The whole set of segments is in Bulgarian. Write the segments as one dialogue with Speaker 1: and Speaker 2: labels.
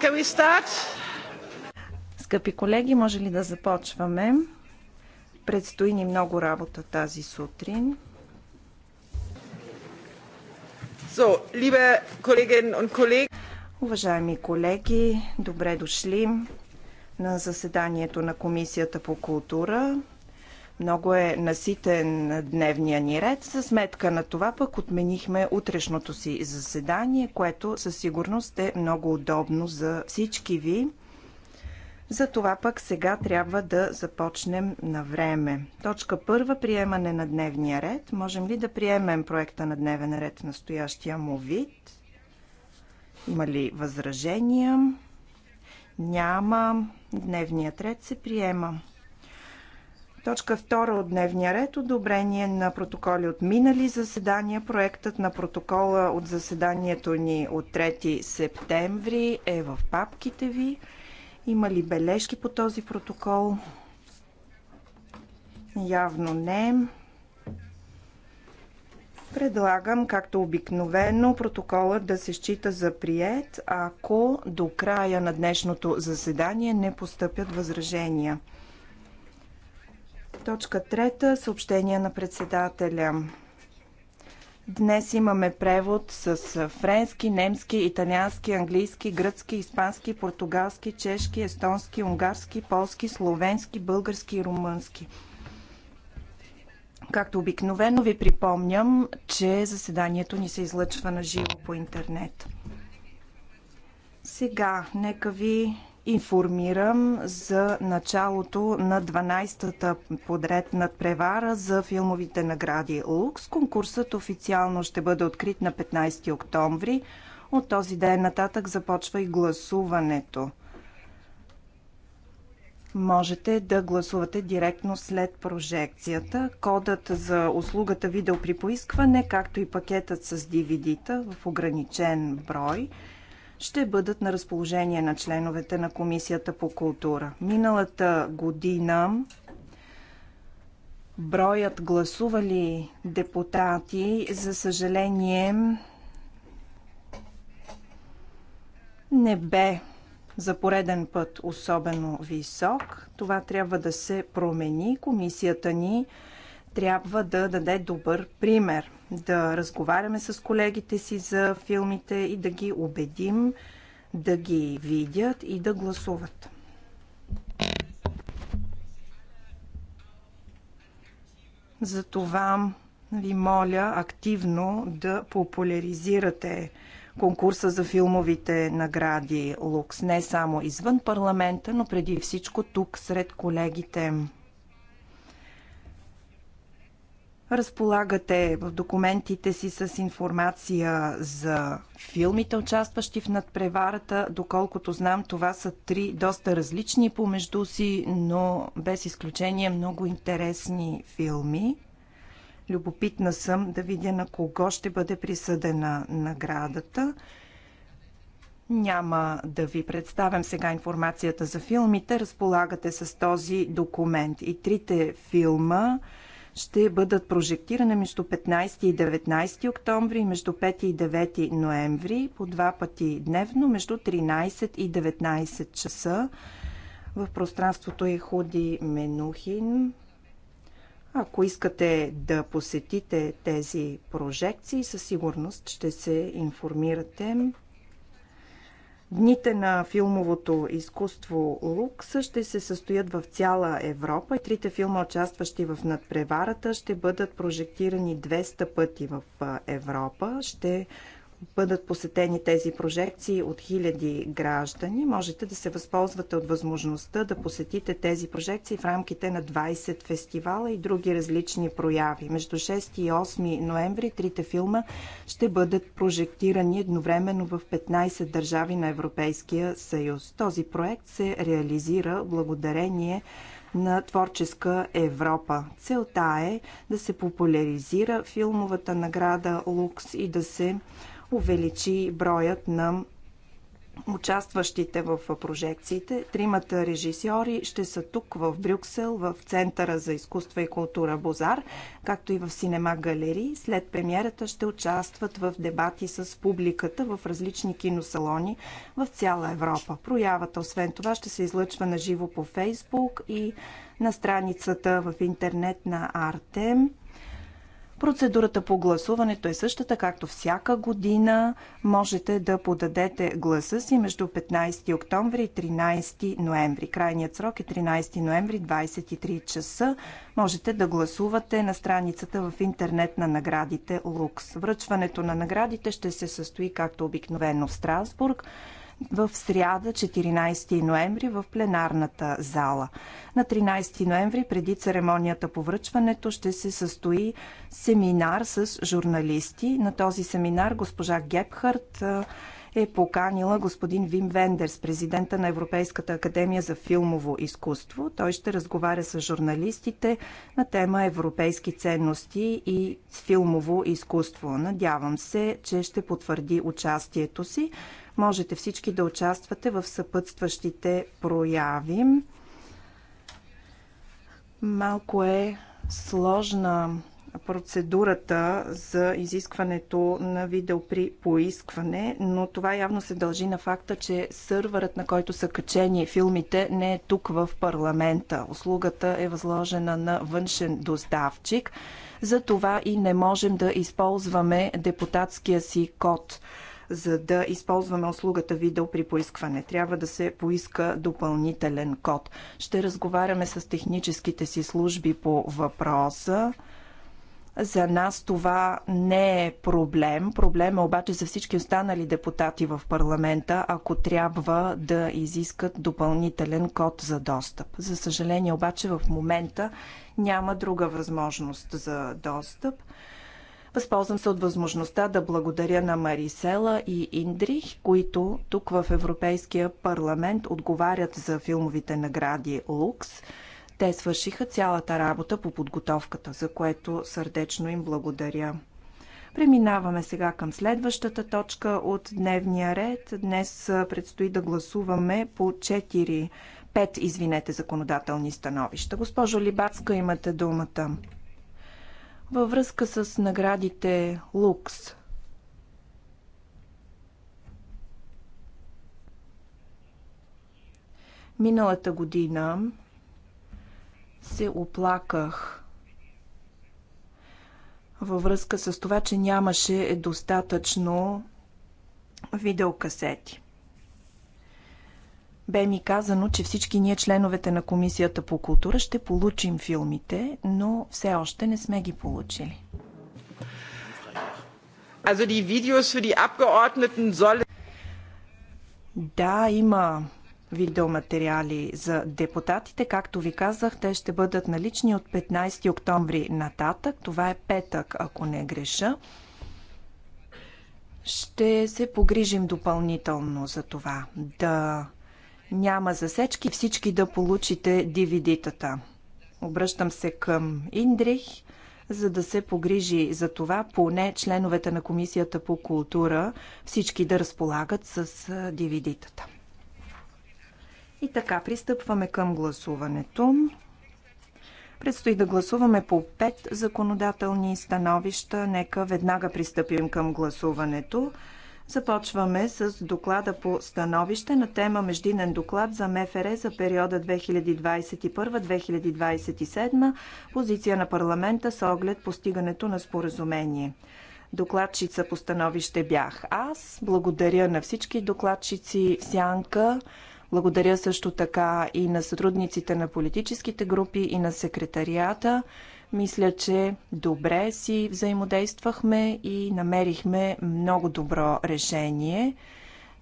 Speaker 1: Can we start? Скъпи колеги, може ли да започваме? Предстои ни много работа тази сутрин. So, liebe Kolleginnen und Kollegen. Уважаеми колеги, добре дошли на заседанието на Комисията по култура. Много е наситен дневния ни ред. За сметка на това пък отменихме утрешното си заседание, което със сигурност е много удобно за всички ви. За това пък сега трябва да започнем на време. Точка първа – приемане на дневния ред. Можем ли да приемем проекта на дневен ред в настоящия му вид? Има ли възражения? Няма. Дневният ред се приема. Точка втора от дневния ред – одобрение на протоколи от минали заседания. Проектът на протокола от заседанието ни от 3 септември е в папките ви. Има ли бележки по този протокол? Явно не. Предлагам, както обикновено, протоколът да се счита за прият, ако до края на днешното заседание не постъпят възражения. Точка трета – съобщение на председателя. Днес имаме превод с френски, немски, италиански, английски, гръцки, испански, португалски, чешки, естонски, унгарски, полски, словенски, български и румънски. Както обикновено ви припомням, че заседанието ни се излъчва на живо по интернет. Сега, нека ви информирам за началото на 12-та подред над превара за филмовите награди Лукс. Конкурсът официално ще бъде открит на 15 октомври. От този ден нататък започва и гласуването. Можете да гласувате директно след прожекцията. Кодът за услугата видео при поискване, както и пакетът с DVD-та в ограничен брой – ще бъдат на разположение на членовете на Комисията по култура. Миналата година броят гласували депутати, за съжаление, не бе за пореден път особено висок. Това трябва да се промени. Комисията ни трябва да даде добър пример да разговаряме с колегите си за филмите и да ги убедим да ги видят и да гласуват. Затова ви моля активно да популяризирате конкурса за филмовите награди Лукс не само извън парламента, но преди всичко тук сред колегите. Разполагате в документите си с информация за филмите, участващи в надпреварата. Доколкото знам, това са три доста различни помежду си, но без изключение много интересни филми. Любопитна съм да видя на кого ще бъде присъдена наградата. Няма да ви представям сега информацията за филмите. Разполагате с този документ. И трите филма ще бъдат прожектирани между 15 и 19 октомври, между 5 и 9 ноември, по два пъти дневно, между 13 и 19 часа. В пространството е Худи Менухин. Ако искате да посетите тези прожекции, със сигурност ще се информирате. Дните на филмовото изкуство Лукс ще се състоят в цяла Европа. Трите филма, участващи в надпреварата, ще бъдат прожектирани 200 пъти в Европа. Ще бъдат посетени тези прожекции от хиляди граждани, можете да се възползвате от възможността да посетите тези прожекции в рамките на 20 фестивала и други различни прояви. Между 6 и 8 ноември трите филма ще бъдат прожектирани едновременно в 15 държави на Европейския съюз. Този проект се реализира благодарение на творческа Европа. Целта е да се популяризира филмовата награда Лукс и да се увеличи броят на участващите в прожекциите. Тримата режисьори ще са тук в Брюксел, в Центъра за изкуство и култура Бозар, както и в Синема Галери. След премиерата ще участват в дебати с публиката в различни киносалони в цяла Европа. Проявата, освен това, ще се излъчва на живо по Фейсбук и на страницата в интернет на Артем. Процедурата по гласуването е същата, както всяка година. Можете да подадете гласа си между 15 октомври и 13 ноември. Крайният срок е 13 ноември, 23 часа. Можете да гласувате на страницата в интернет на наградите Лукс. Връчването на наградите ще се състои както обикновено в Страсбург, в сряда, 14 ноември, в пленарната зала. На 13 ноември, преди церемонията по връчването, ще се състои семинар с журналисти. На този семинар госпожа Гепхарт е поканила господин Вим Вендерс, президента на Европейската академия за филмово изкуство. Той ще разговаря с журналистите на тема европейски ценности и филмово изкуство. Надявам се, че ще потвърди участието си. Можете всички да участвате в съпътстващите прояви. Малко е сложна процедурата за изискването на видео при поискване, но това явно се дължи на факта, че сървърът, на който са качени филмите, не е тук в парламента. Услугата е възложена на външен доставчик. За това и не можем да използваме депутатския си код за да използваме услугата видео при поискване. Трябва да се поиска допълнителен код. Ще разговаряме с техническите си служби по въпроса. За нас това не е проблем. Проблем е обаче за всички останали депутати в парламента, ако трябва да изискат допълнителен код за достъп. За съжаление обаче в момента няма друга възможност за достъп. Възползвам се от възможността да благодаря на Марисела и Индрих, които тук в Европейския парламент отговарят за филмовите награди Лукс. Те свършиха цялата работа по подготовката, за което сърдечно им благодаря. Преминаваме сега към следващата точка от дневния ред. Днес предстои да гласуваме по 4, 5, извинете, законодателни становища. Госпожо Либацка, имате думата. Във връзка с наградите Лукс, миналата година се оплаках във връзка с това, че нямаше достатъчно видеокасети. Бе ми казано, че всички ние, членовете на Комисията по култура, ще получим филмите, но все още не сме ги получили.
Speaker 2: Also die Videos für die Abgeordneten soll...
Speaker 1: Да, има видеоматериали за депутатите. Както ви казах, те ще бъдат налични от 15 октомври нататък. Това е петък, ако не греша. Ще се погрижим допълнително за това да няма засечки, всички да получите DVD-тата. Обръщам се към Индрих, за да се погрижи за това, поне членовете на Комисията по култура всички да разполагат с DVD-тата. И така, пристъпваме към гласуването. Предстои да гласуваме по пет законодателни становища. Нека веднага пристъпим към гласуването. Започваме с доклада по становище на тема Междинен доклад за МФР за периода 2021-2027, позиция на парламента с оглед постигането на споразумение. Докладчица по становище бях аз. Благодаря на всички докладчици в Сянка. Благодаря също така и на сътрудниците на политическите групи и на секретарията. Мисля, че добре си взаимодействахме и намерихме много добро решение.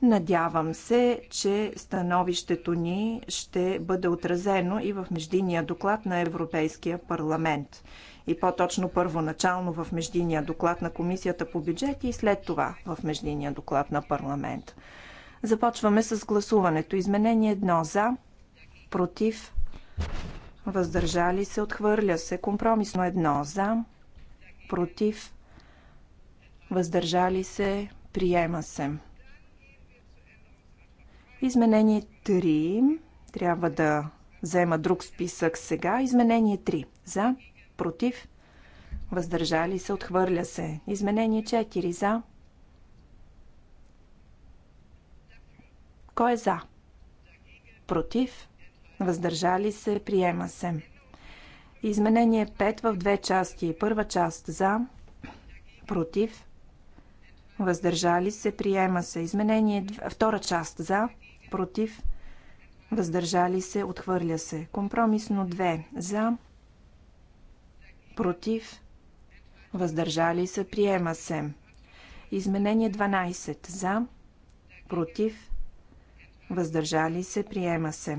Speaker 1: Надявам се, че становището ни ще бъде отразено и в междинния доклад на Европейския парламент. И по-точно първоначално в междинния доклад на Комисията по бюджет и след това в междиния доклад на парламент. Започваме с гласуването. Изменение едно за, против, въздържали се, отхвърля се. Компромисно едно за, против, въздържали се, приема се. Изменение 3 трябва да взема друг списък сега. Изменение 3 за, против, въздържали се, отхвърля се. Изменение 4 за. Кой е за? Против? въздържали се, приема се. Изменение 5 в две части. Първа част за, против, въздържали се, приема се. Изменение 2, втора част за, против, въздържали се, отхвърля се. Компромисно 2 за, против, въздържали се, приема се. Изменение 12 за, против, въздържали се, приема се.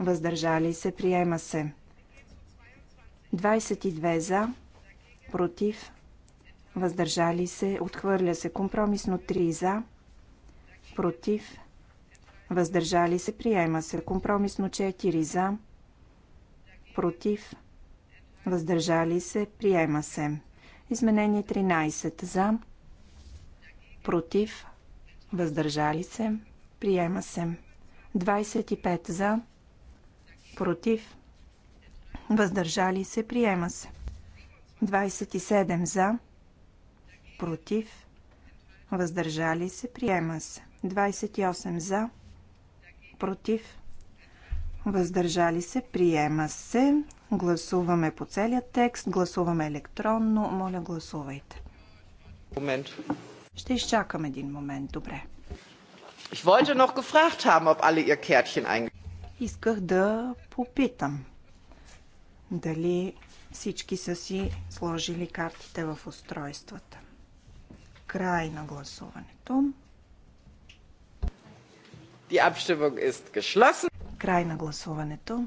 Speaker 1: въздържали се, приема се. 22 за, против, въздържали се, отхвърля се. Компромисно 3 за, против, въздържали се, приема се. Компромисно 4 за, против, въздържали се, приема се. Изменение 13 за, против, въздържали се, приема се. 25 за, против, против, въздържали се, приема се. 27 за, против, въздържали се, приема се. 28 за, против, въздържали се, приема се. Гласуваме по целия текст, гласуваме електронно. Моля, гласувайте. Момент. Ще изчакам един момент, добре.
Speaker 2: Ich wollte noch gefragt haben, ob alle ihr Kärtchen eingegangen
Speaker 1: исках да попитам дали всички са си сложили картите в устройствата. Край на
Speaker 2: гласуването. Die Abstimmung ist geschlossen.
Speaker 1: Край на гласуването.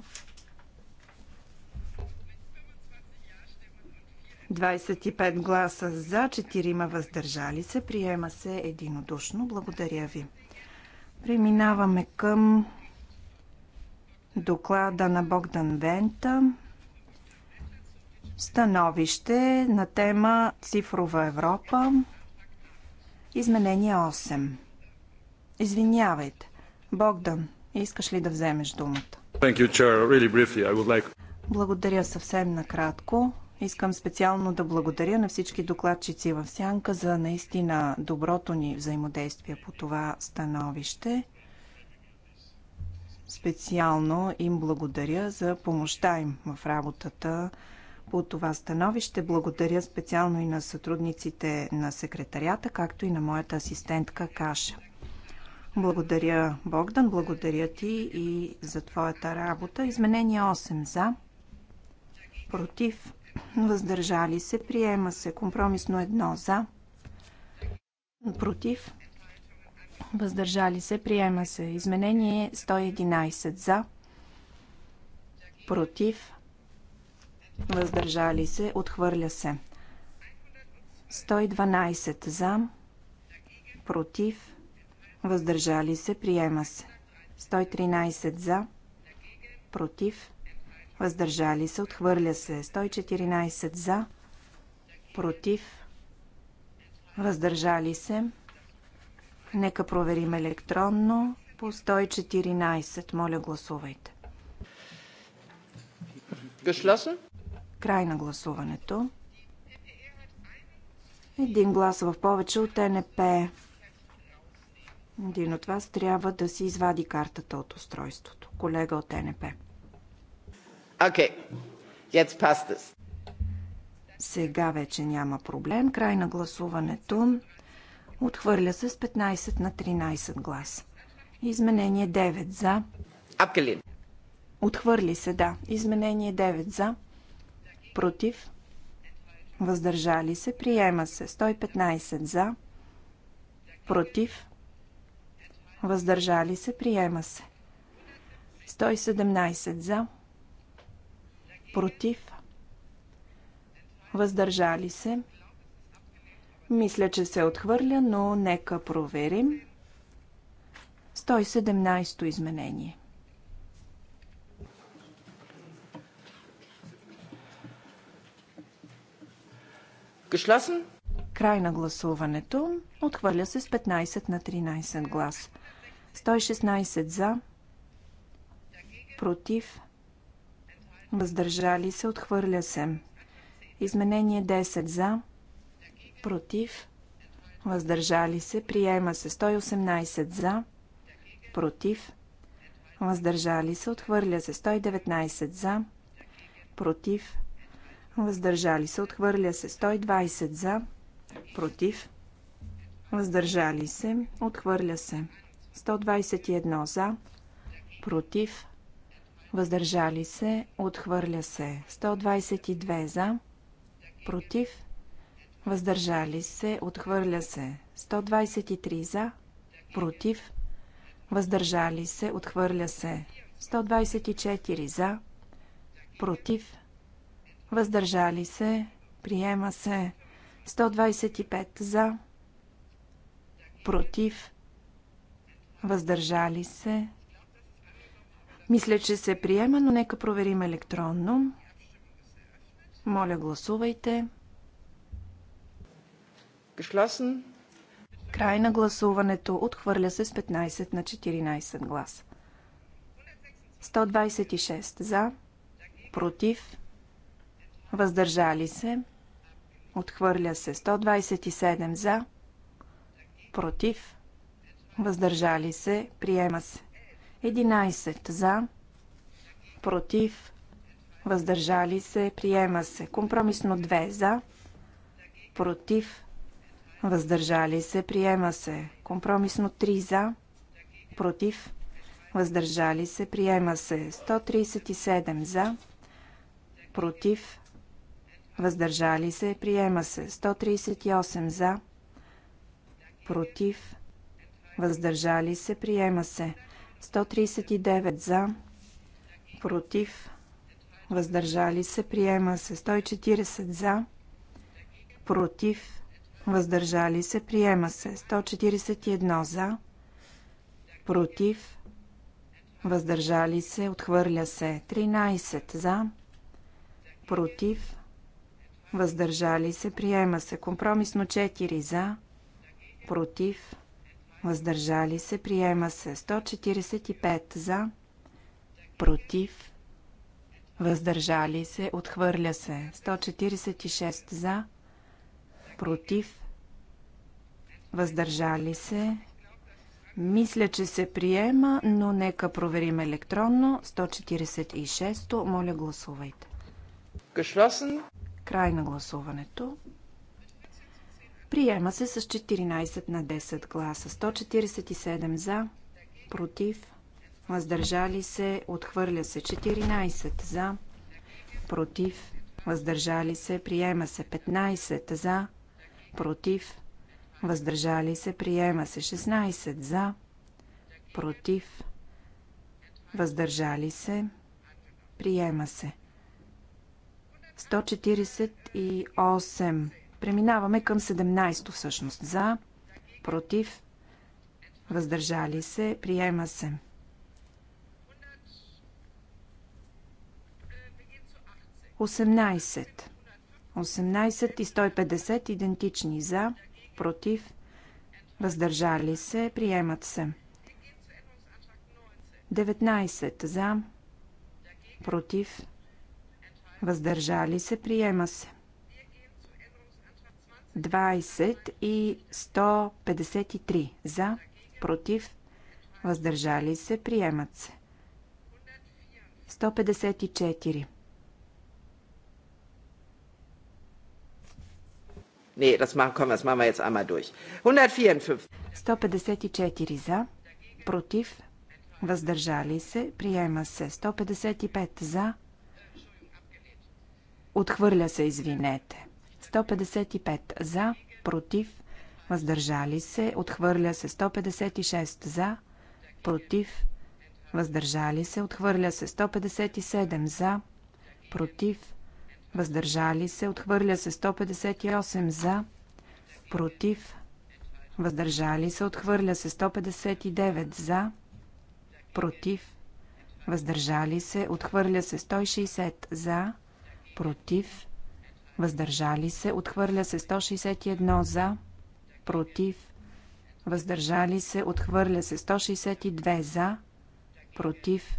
Speaker 1: 25 гласа за, 4 ма въздържали се. Приема се единодушно. Благодаря ви. Преминаваме към доклада на Богдан Вента становище на тема Цифрова Европа изменение 8 Извинявайте Богдан, искаш ли да вземеш думата? You, really briefly, like... Благодаря съвсем накратко. Искам специално да благодаря на всички докладчици в Сянка за наистина доброто ни взаимодействие по това становище – Специално им благодаря за помощта им в работата по това становище. Благодаря специално и на сътрудниците на секретарията, както и на моята асистентка Каша. Благодаря, Богдан, благодаря ти и за твоята работа. Изменение 8 за, против, въздържали се, приема се. Компромисно 1 за, против, въздържали се, приема се. Изменение 111 за, против, въздържали се, отхвърля се. 112 за, против, въздържали се, приема се. 113 за, против, въздържали се, отхвърля се. 114 за, против, въздържали се, Нека проверим електронно по 114. Моля, гласувайте. Geschlossen? Край на гласуването. Един глас в повече от НП. Един от вас трябва да си извади картата от устройството. Колега от НП.
Speaker 2: Окей. Okay. Jetzt passt
Speaker 1: Сега вече няма проблем. Край на гласуването. Отхвърля се с 15 на 13 глас. Изменение 9 за. Апкелин. Отхвърли се, да. Изменение 9 за. Против. Въздържали се. Приема се. 115 за. Против. Въздържали се. Приема се. 117 за. Против. Въздържали се. Мисля, че се отхвърля, но нека проверим. 117-то изменение. Geschlossen. Край на гласуването. Отхвърля се с 15 на 13 глас. 116 за, против, въздържали се, отхвърля се. Изменение 10 за, против, въздържали се, приема се 118 за, против, въздържали се, отхвърля се 119 за, против, въздържали се, отхвърля се 120 за, против, въздържали се, отхвърля се 121 за, против, въздържали се, отхвърля се 122 за, против, въздържали се, отхвърля се. 123 за, против, въздържали се, отхвърля се. 124 за, против, въздържали се, приема се. 125 за, против, въздържали се. Мисля, че се приема, но нека проверим електронно. Моля, гласувайте. Край на гласуването отхвърля се с 15 на 14 гласа. 126 за, против, въздържали се, отхвърля се 127 за, против, въздържали се, приема се 11 за, против, въздържали се, приема се. Компромисно 2 за, против, въздържали се, приема се. Компромисно 3 за, против, въздържали се, приема се. 137 за, против, въздържали се, приема се. 138 за, против, въздържали се, приема се. 139 за, против, въздържали се, приема се. 140 за, против, въздържали се, приема се. 141 за, против, въздържали се, отхвърля се. 13 за, против, въздържали се, приема се. Компромисно 4 за, против, въздържали се, приема се. 145 за, против, въздържали се, отхвърля се. 146 за, против, въздържали се. Мисля, че се приема, но нека проверим електронно. 146-то, моля гласувайте.
Speaker 2: Geschlossen.
Speaker 1: Край на гласуването. Приема се с 14 на 10 гласа. 147 за, против, въздържали се, отхвърля се 14 за, против, въздържали се, приема се 15 за, против, въздържали се, приема се 16 за, против, въздържали се, приема се 148. Преминаваме към 17 всъщност за, против, въздържали се, приема се. 18. 18 и 150 идентични за, против, въздържали се, приемат се. 19 за, против, въздържали се, приема се. 20 и 153 за, против, въздържали се, приемат се. 154
Speaker 2: Nee, das machen, komm, das machen wir jetzt einmal durch. 154.
Speaker 1: 154 за, против, въздържали се, приема се. 155 за, отхвърля се, извинете. 155 за, против, въздържали се, отхвърля се. 156 за, против, въздържали се, отхвърля се. 157 за, против, въздържали се, отхвърля се 158 за, против, въздържали се, отхвърля се 159 за, против, въздържали се, отхвърля се 160 за, против, въздържали се, отхвърля се 161 за, против, въздържали се, отхвърля се 162 за, против,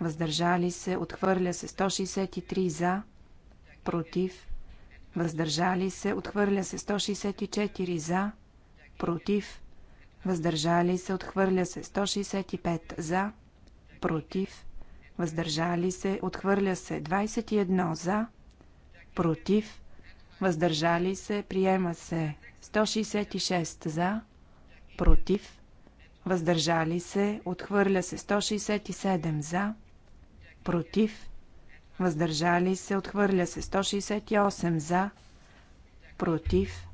Speaker 1: въздържали се, отхвърля се 163 за, против, въздържали се, отхвърля се 164 за, против, въздържали се, отхвърля се 165 за, против, въздържали се, отхвърля се 21 за, против, въздържали се, приема се 166 за, против, въздържали се, отхвърля се 167 за, против, въздържали се, отхвърля се. 168 за, против,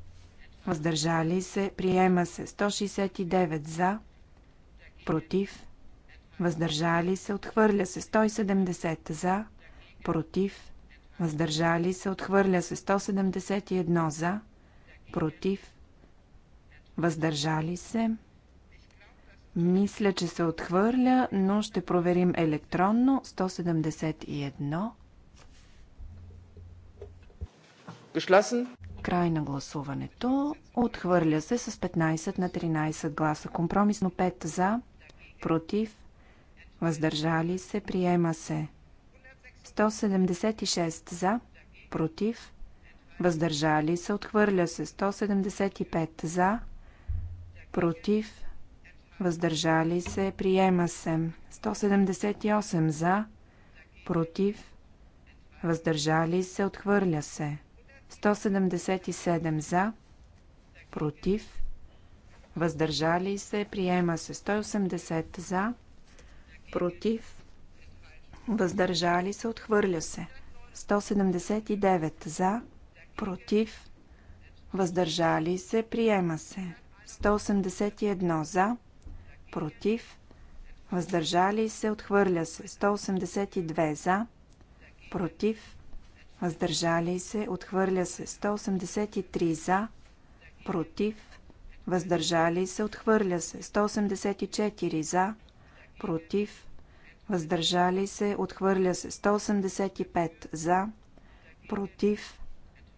Speaker 1: въздържали се, приема се. 169 за, против, въздържали се, отхвърля се. 170 за, против, въздържали се, отхвърля се. 171 за, против, въздържали се. Мисля, че се отхвърля, но ще проверим електронно. 171. Geschlossen. Край на гласуването. Отхвърля се с 15 на 13 гласа. Компромисно 5 за, против, въздържали се, приема се. 176 за, против, въздържали се, отхвърля се. 175 за, против, въздържали се, приема се. 178 за, против, въздържали се, отхвърля се. 177 за, против, въздържали се, приема се. 180 за, против, въздържали се, отхвърля се. 179 за, против, въздържали се, приема се. 181 за, против, против, въздържали се, отхвърля се. 182 за, против, въздържали се, отхвърля се. 183 за, против, въздържали се, отхвърля се. 184 за, против, въздържали се, отхвърля се. 185 за, против,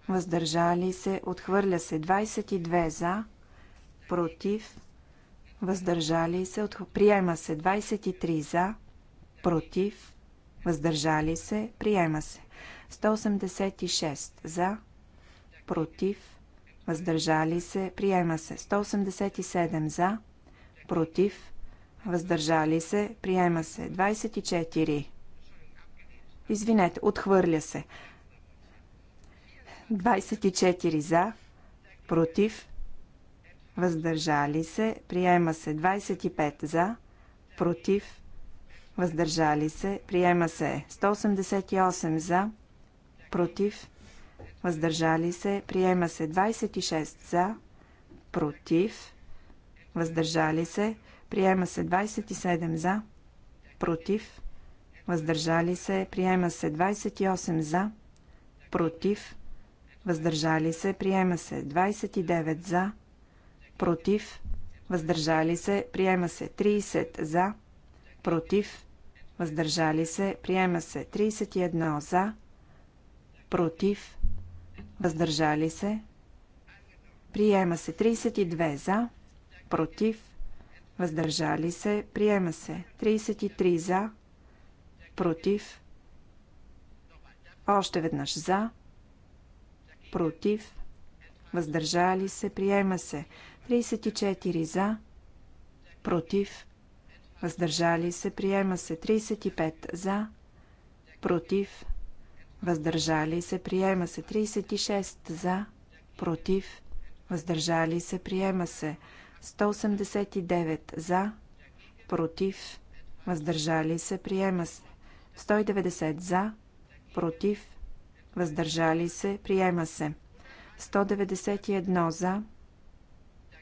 Speaker 1: въздържали се, отхвърля се. 22 за, против, въздържали се, отх... приема се 23 за, против, въздържали се, приема се 186 за, против, въздържали се, приема се 187 за, против, въздържали се, приема се 24. Извинете, отхвърля се. 24 за, против, въздържали се, приема се 25 за, против, въздържали се, приема се 188 за, против, въздържали се, приема се 26 за, против, въздържали се, приема се 27 за, против, въздържали се, приема се 28 за, против, въздържали се, приема се 29 за, против, против, въздържали се, приема се 30 за, против, въздържали се, приема се 31 за, против, въздържали се, приема се 32 за, против, въздържали се, приема се 33 за, против, още веднъж за, против, въздържали се, приема се 34 за, против, въздържали се, приема се 35 за, против, въздържали се, приема се 36 за, против, въздържали се, приема се 189 за, против, въздържали се, приема се 190 за, против, въздържали се, приема се 191 за,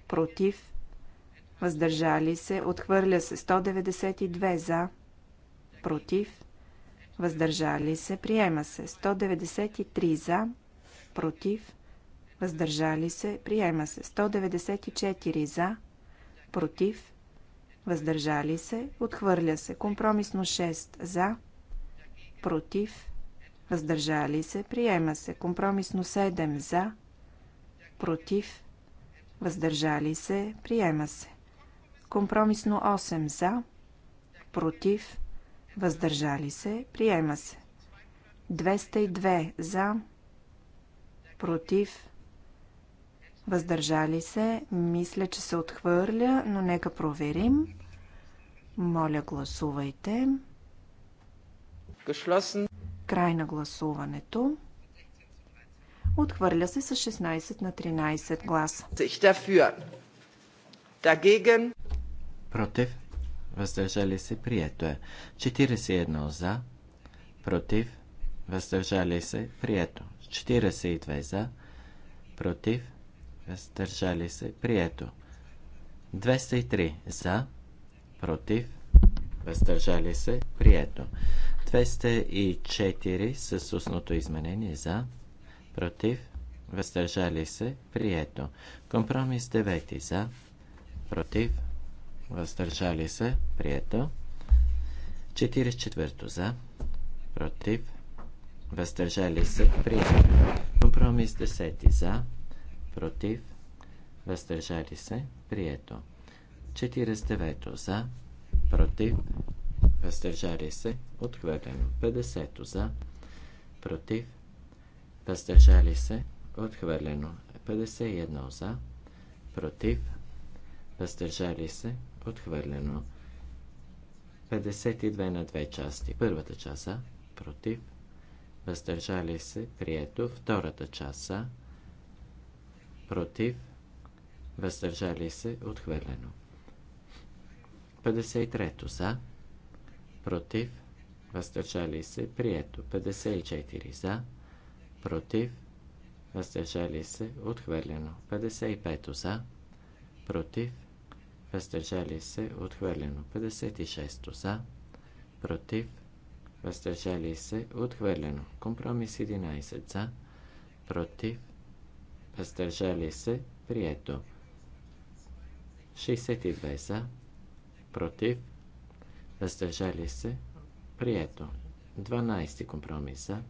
Speaker 1: против, въздържали се, отхвърля се 192 за, против, въздържали се, приема се 193 за, против, въздържали се, приема се 194 за, против, въздържали се, отхвърля се, компромисно 6 за, против, въздържали се, приема се, компромисно 7 за, против, въздържали се, приема се. Компромисно 8 за, против, въздържали се, приема се. 202 за, против, въздържали се, мисля, че се отхвърля, но нека проверим. Моля, гласувайте. Край на гласуването. Отхвърля се с 16 на 13 гласа.
Speaker 3: Против. Въздържали се. Прието е. 41 за. Против. Въздържали се. Прието. 42 за. Против. Въздържали се. Прието. 203 за. Против. Въздържали се. Прието. 204 с устното изменение за против, въздържали се, прието. Компромис 9 за, против, въздържали се, прието. 44 за, против, въздържали се, прието. Компромис 10 за, против, въздържали се, прието. 49 за, против, въздържали се, отхвърлено. 50 за, против, въздържали се, отхвърлено. 51 за, против, въздържали се, отхвърлено. 52 на две части. Първата част за, против, въздържали се, прието. Втората част за, против, въздържали се, отхвърлено. 53 за, против, въздържали се, прието. 54 за, против, въздържали се, отхвърлено. 55 за, против, въздържали се, отхвърлено. 56 за, против, въздържали се, отхвърлено. Компромис 11 за, против, въздържали се, прието. 62 за, против, въздържали се, прието. 12 компромиса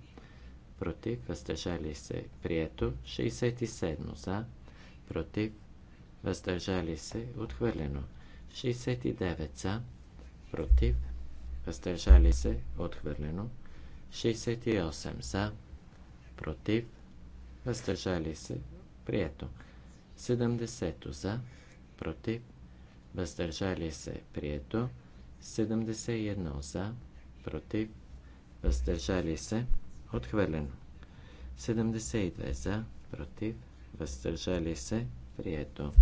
Speaker 3: против, въздържали се, прието. 67 за, против, въздържали се, отхвърлено. 69 за, против, въздържали се, отхвърлено. 68 за, против, въздържали се, прието. 70 за, против, въздържали се, прието. 71 за, против, въздържали се, прието. Отхвърлено. 72 за, против, въздържали се, прието.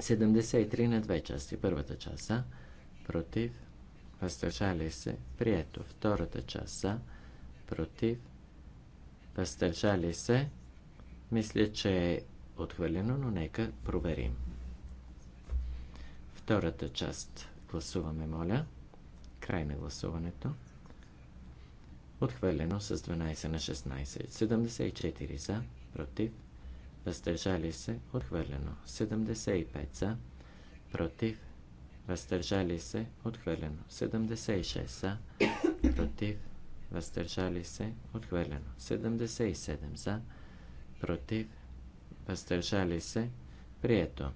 Speaker 3: 73 на две части. Първата част за, против, въздържали се, прието. Втората част за, против, въздържали се. Мисля, че е отхвърлено, но нека проверим. Втората част гласуваме, моля. Край на гласуването. Отхвърлено с 12 на 16. 74 за, против, въздържали се. Отхвърлено. 75 за, против, въздържали се. Отхвърлено. 76 за, против, въздържали се. Отхвърлено. 77 за, против, въздържали се. Прието.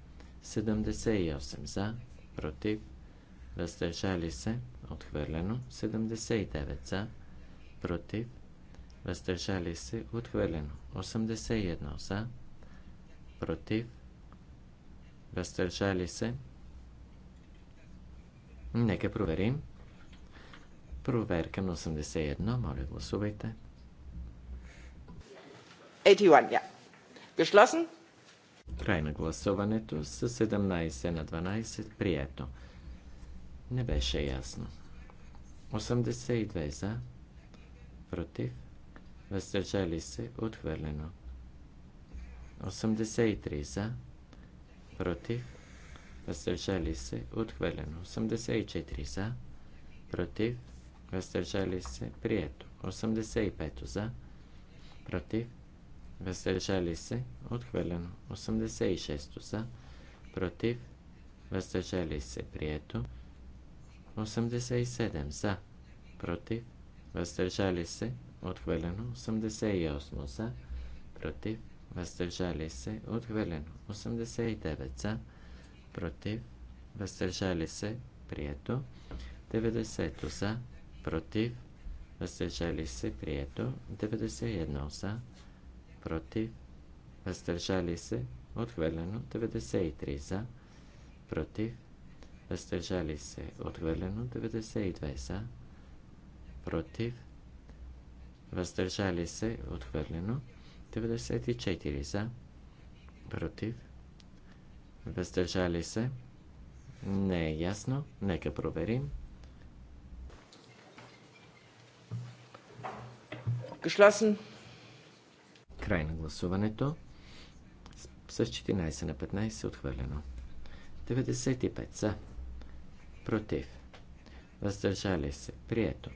Speaker 3: 78 за, против, въздържали се. Отхвърлено. 79 за, против, против, въздържали се, отхвърлено. 81 за, против, въздържали се. Нека проверим. Проверка на 81, моля гласувайте.
Speaker 2: 81, я. Geschlossen.
Speaker 3: Край на гласуването с 17 на 12 прието. Не беше ясно. 82 за, против, въздържали се, отхвърлено. 83 за, против, въздържали се, отхвърлено. 84 за, против, въздържали се, прието. 85 за, против, въздържали се, отхвърлено. 86 за, против, въздържали се, прието. 87 за, против, въздържали се, отхвърлено. 88 за, против, въздържали се, отхвърлено. 89 за, против, въздържали се, прието. 90 за, против, въздържали се, прието. 91 за, против, въздържали се, отхвърлено. 93 за, против, въздържали се, отхвърлено. 92 за, против, въздържали се, отхвърлено. 94 за, против, въздържали се, не е ясно, нека проверим. Geschlossen. Край на гласуването. С 14 на 15 е отхвърлено. 95 за. Против. Въздържали се. Прието.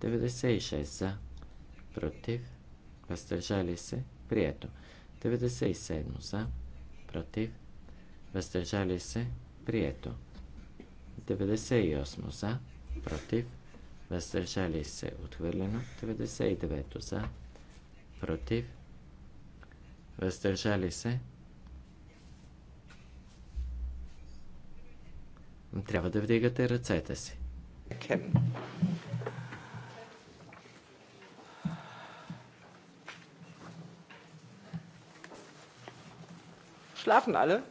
Speaker 3: 96 за, против, въздържали се, прието. 97 за, против, въздържали се, прието. 98 за, против, въздържали се, отхвърлено. 99 за, против, въздържали се. Трябва да вдигате ръцете си.
Speaker 2: Okay. Schlafen alle?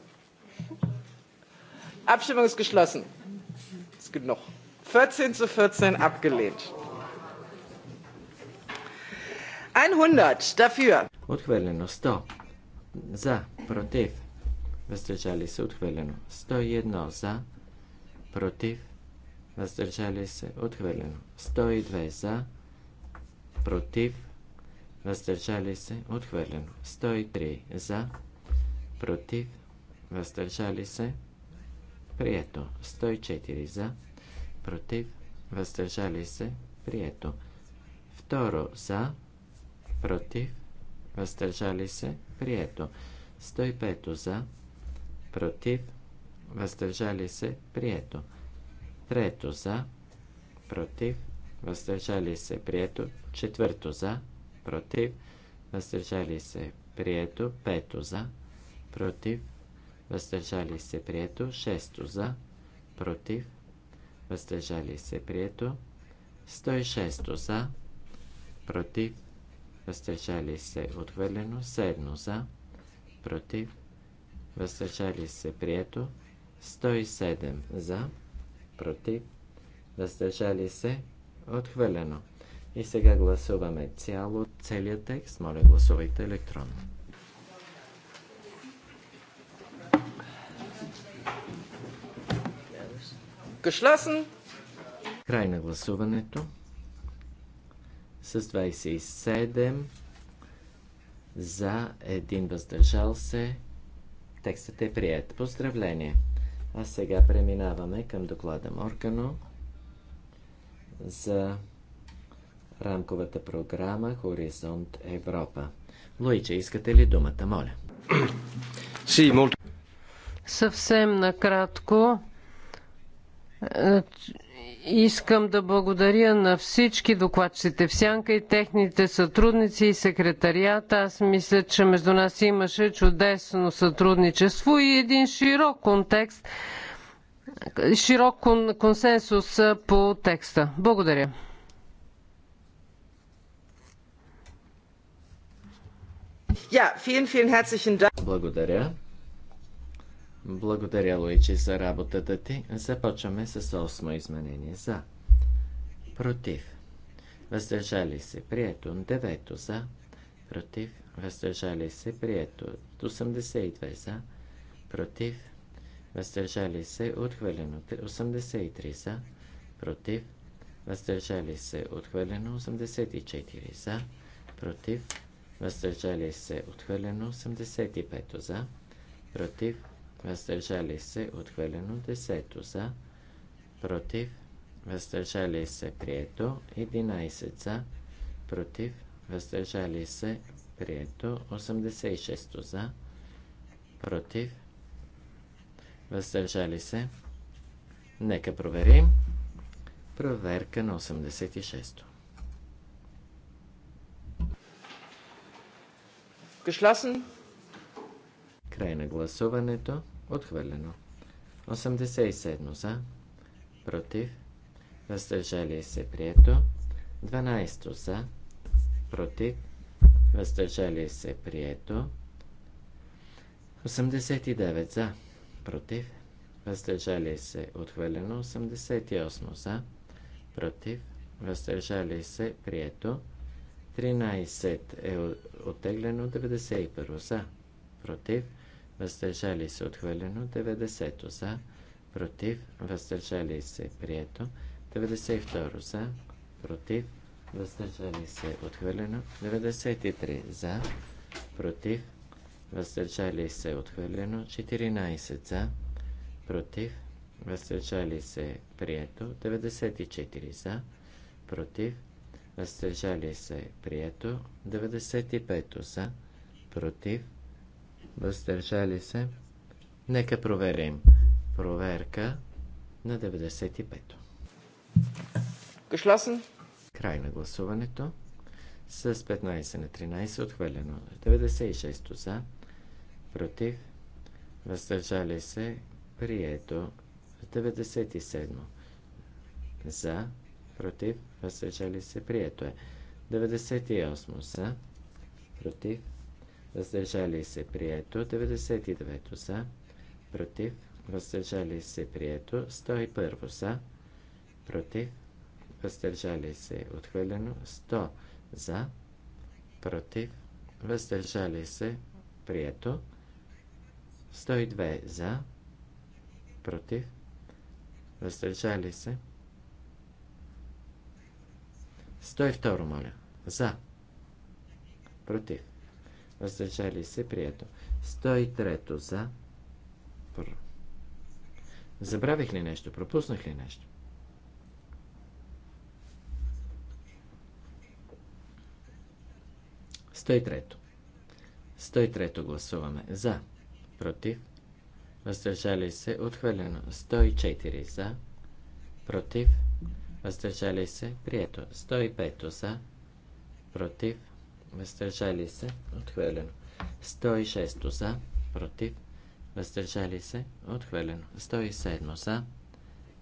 Speaker 2: Abstimmung ist geschlossen. Ist genug. 14 zu 14 abgelehnt. 100 dafür.
Speaker 3: Отхвърлено 100. За, против. Въздържали се отхвърлено. 101 за, против. Въздържали се отхвърлено. 102 за, против. Въздържали се отхвърлено. 103 за, против против, въздържали се, прието. 104 за, против, въздържали се, прието. Второ за, против, въздържали се, прието. 105 за, против, въздържали се, прието. Трето за, против, въздържали се, прието. Четвърто за, против, въздържали се, прието. Пето за, против, въздържали се прието, 6 за, против, въздържали се прието, 106 за, против, въздържали се отхвърлено, 7 за, против, въздържали се прието, 107 за, против, въздържали се отхвърлено. И сега гласуваме цяло, целият текст. Моля, гласувайте електронно. Geschlossen. Край на гласуването. С 27 за един въздържал се. Текстът е прият. Поздравление! А сега преминаваме към доклада Моргано за рамковата програма Хоризонт Европа. Луиче, искате ли думата, моля?
Speaker 4: Съвсем накратко е, искам да благодаря на всички докладчите в Сянка и техните сътрудници и секретарията. Аз мисля, че между нас имаше чудесно сътрудничество и един широк контекст, широк консенсус по текста. Благодаря.
Speaker 3: Благодаря. Благодаря, Луичи, за работата ти. Започваме с осмо изменение. За. Против. Въздържали се. Прието. Девето. За. Против. Въздържали се. Прието. 82. За. Против. Въздържали се. Отхвърлено. 83. За. Против. Въздържали се. Отхвърлено. 84. За. Против. Въздържали се. Отхвърлено. 85. За. Против въздържали се, отхвърлено. 10 за, против, въздържали се, прието. 11 за, против, въздържали се, прието. 86 за, против, въздържали се. Нека проверим. Проверка на 86-то. Geschlossen. Край на гласуването. Отхвърлено. 87 за. Против. Въздържали се. Прието. 12 за. Против. Въздържали се. Прието. 89 за. Против. Въздържали се. Отхвърлено. 88 за. Против. Въздържали се. Прието. 13 е оттеглено. 91 за. Против въздържали се отхвърлено, 90 за, против, въздържали се прието, 92 за, против, въздържали се отхвърлено, 93 за, против, въздържали се отхвърлено, 14 за, против, въздържали се прието, 94 за, против, въздържали се прието, 95 за, против, въздържали се. Нека проверим. Проверка на 95-то. Geschlossen. Край на гласуването. С 15 на 13 отхвърлено. 96-то за. Против. Въздържали се. Прието. 97 За. Против. Въздържали се. Прието е. 98 за. Против въздържали се прието, 99 за, против, въздържали се прието, 101 за, против, въздържали се отхвърлено, 100 за, против, въздържали се прието, 102 за, против, въздържали се. 102 моля. За. Против въздържали се, прието. 103 за. Забравих ли нещо? Пропуснах ли нещо? Стой трето. Стой трето гласуваме. За. Против. Въздържали се. Отхвърлено. 104 за. Против. Въздържали се. Прието. 105 за. Против въздържали се, отхвърлено. 106 за, против, въздържали се, отхвърлено. 107 за,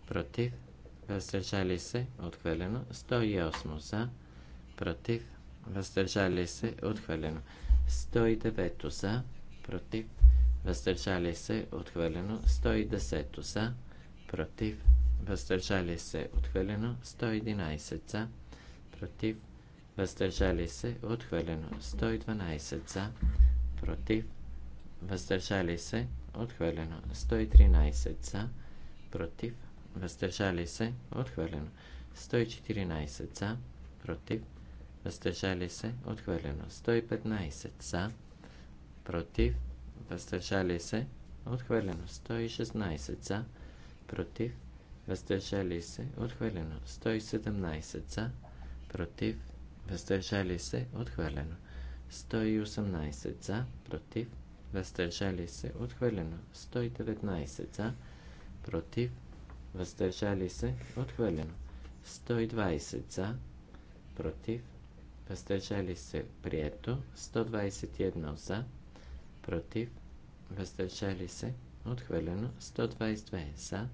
Speaker 3: против, въздържали се, отхвърлено. 108 за, против, въздържали се, отхвърлено. 109 за, против, въздържали се, отхвърлено. 110 за, против, въздържали се, отхвърлено. 111 за, против, въздържали се, отхвърлено. 112 за, против, въздържали се, отхвърлено. 113 за, против, въздържали се, отхвърлено. 114 за, против, въздържали се, отхвърлено. 115 за, против, въздържали се, отхвърлено. 116 за, против, въздържали се, отхвърлено. 117 за, против, въздържали се, отхвърлено. 118 за, против, въздържали се, отхвърлено. 119 за, против, въздържали се, отхвърлено. 120 за, против, въздържали се, прието. 121 за, против, въздържали се, отхвърлено. 122 за,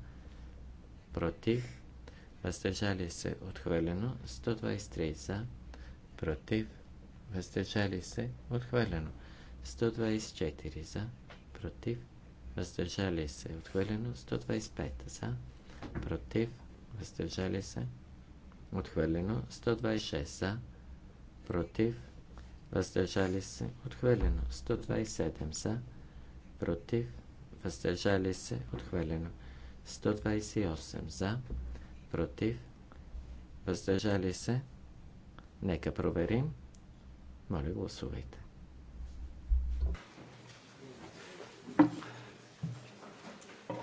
Speaker 3: против, въздържали се, отхвърлено. 123 за, против, въздържали се, отхвърлено. 124 за, против, въздържали се, отхвърлено. 125 за, против, въздържали се, отхвърлено. 126 за, против, въздържали се, отхвърлено. 127 за, против, въздържали се, отхвърлено. 128 за, против, въздържали се, отхвърлено Нека проверим. Моля, гласувайте.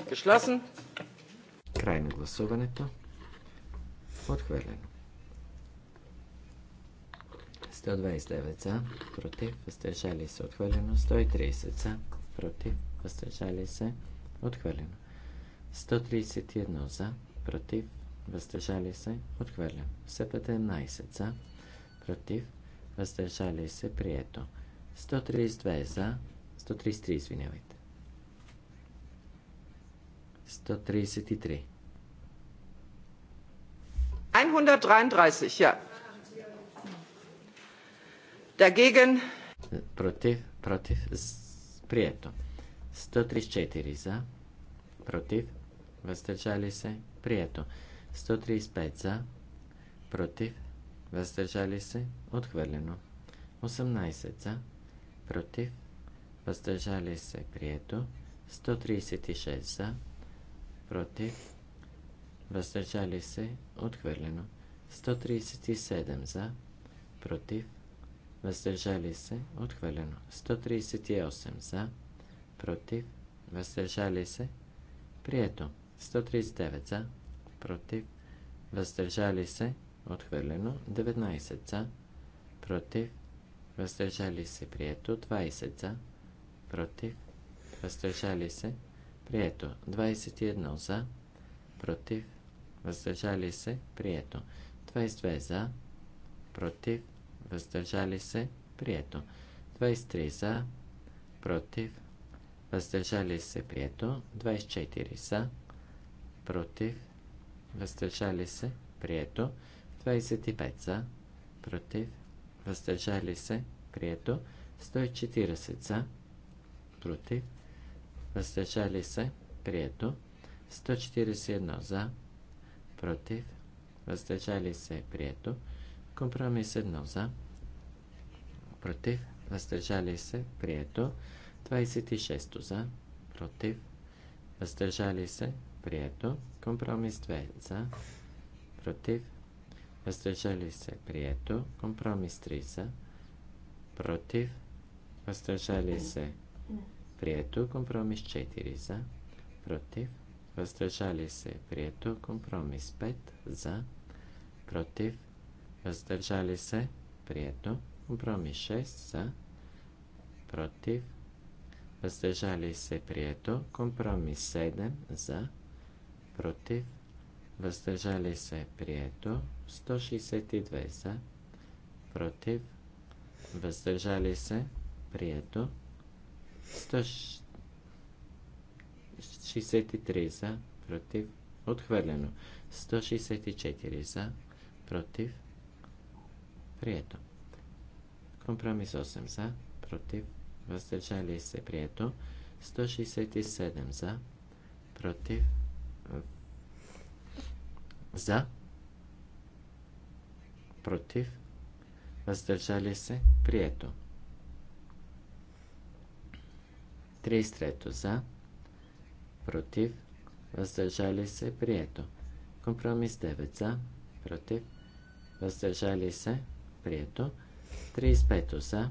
Speaker 3: Geschlossen. Край на гласуването. Отхвърлено. 129 за, против, въздържали се, отхвърлено. 130 за, против, въздържали се, отхвърлено. 131 за, против, въздържали се, отхвърлено. 15 за, против, въздържали се, прието. 132 за, 133, извинявайте. 133.
Speaker 2: 133, ja. Dagegen.
Speaker 3: Против, против, прието. 134 за, против, въздържали се, прието. 135 за, против, въздържали се, отхвърлено. 18 за, против, въздържали се, прието. 136 за, против, въздържали се, отхвърлено. 137 за, против, въздържали се, отхвърлено. 138 за, против, въздържали се, прието. 139 за, против, въздържали се, Отхвърлено. 19 за. Против. Въздържали се. Прието. 20 за. Против. Въздържали се. Прието. 21 за. Против. Въздържали се. Прието. 22 за. Против. Въздържали се. Прието. 23 за. Против. Въздържали се. Прието. 24 за. Против. Въздържали се. Прието. 25 за, против, въздържали се, прието. 140 за, против, въздържали се, прието. 141 за, против, въздържали се, прието. Компромис 1 за, против, въздържали се, прието. 26 за, против, въздържали се, прието. Компромис 2 за, против, въздържали се, прието. Компромис 3 за, против, въздържали се, прието. Компромис 4 за, против, въздържали се, прието. Компромис 5 за, против, въздържали се, прието. Компромис 6 за, против, въздържали се, прието. Компромис 7 за, против, въздържали се, прието. 162 за, против, въздържали се, прието. 163 за, против, отхвърлено. 164 за, против, прието. Компромис 8 за, против, въздържали се, прието. 167 за, против, за, против, въздържали се, прието. 33 за, против, въздържали се, прието. Компромис 9 за, против, въздържали се, прието. 35 за,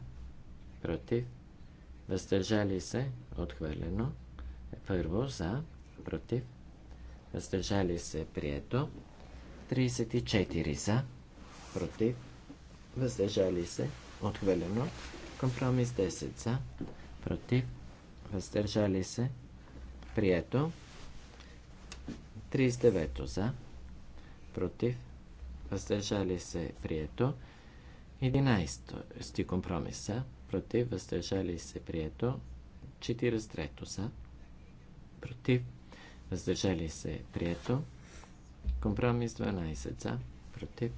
Speaker 3: против, въздържали се, отхвърлено. Първо за, против, въздържали се, прието. 34 за, против, въздържали се, отхвърлено. Компромис 10 за, против, въздържали се, прието. 39 за, против, въздържали се, прието. 11 компромиса, против, въздържали се, прието. 43 за, против, въздържали се, прието. Компромис 12 за, против,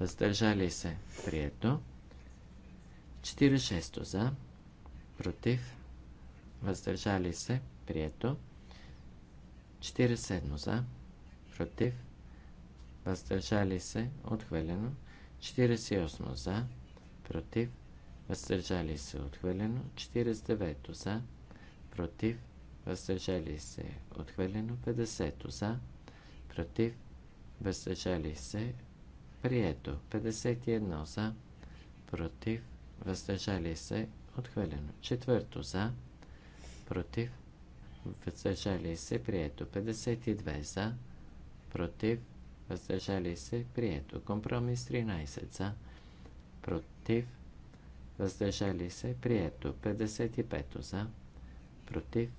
Speaker 3: въздържали се, прието. 46 за, против, въздържали се, прието. 47 за, против, въздържали се, отхвърлено. 48 за, против, въздържали се, отхвърлено. 49 за, против, въздържали се, отхвърлено. 50 за, против, въздържали се, Прието. 51 за. Против. Въздържали се. Отхвърлено. Четвърто за. Против. Въздържали се. Прието. 52 за. Против. Въздържали се. Прието. Компромис 13 за. Против. Въздържали се. Прието. 55 за. Против.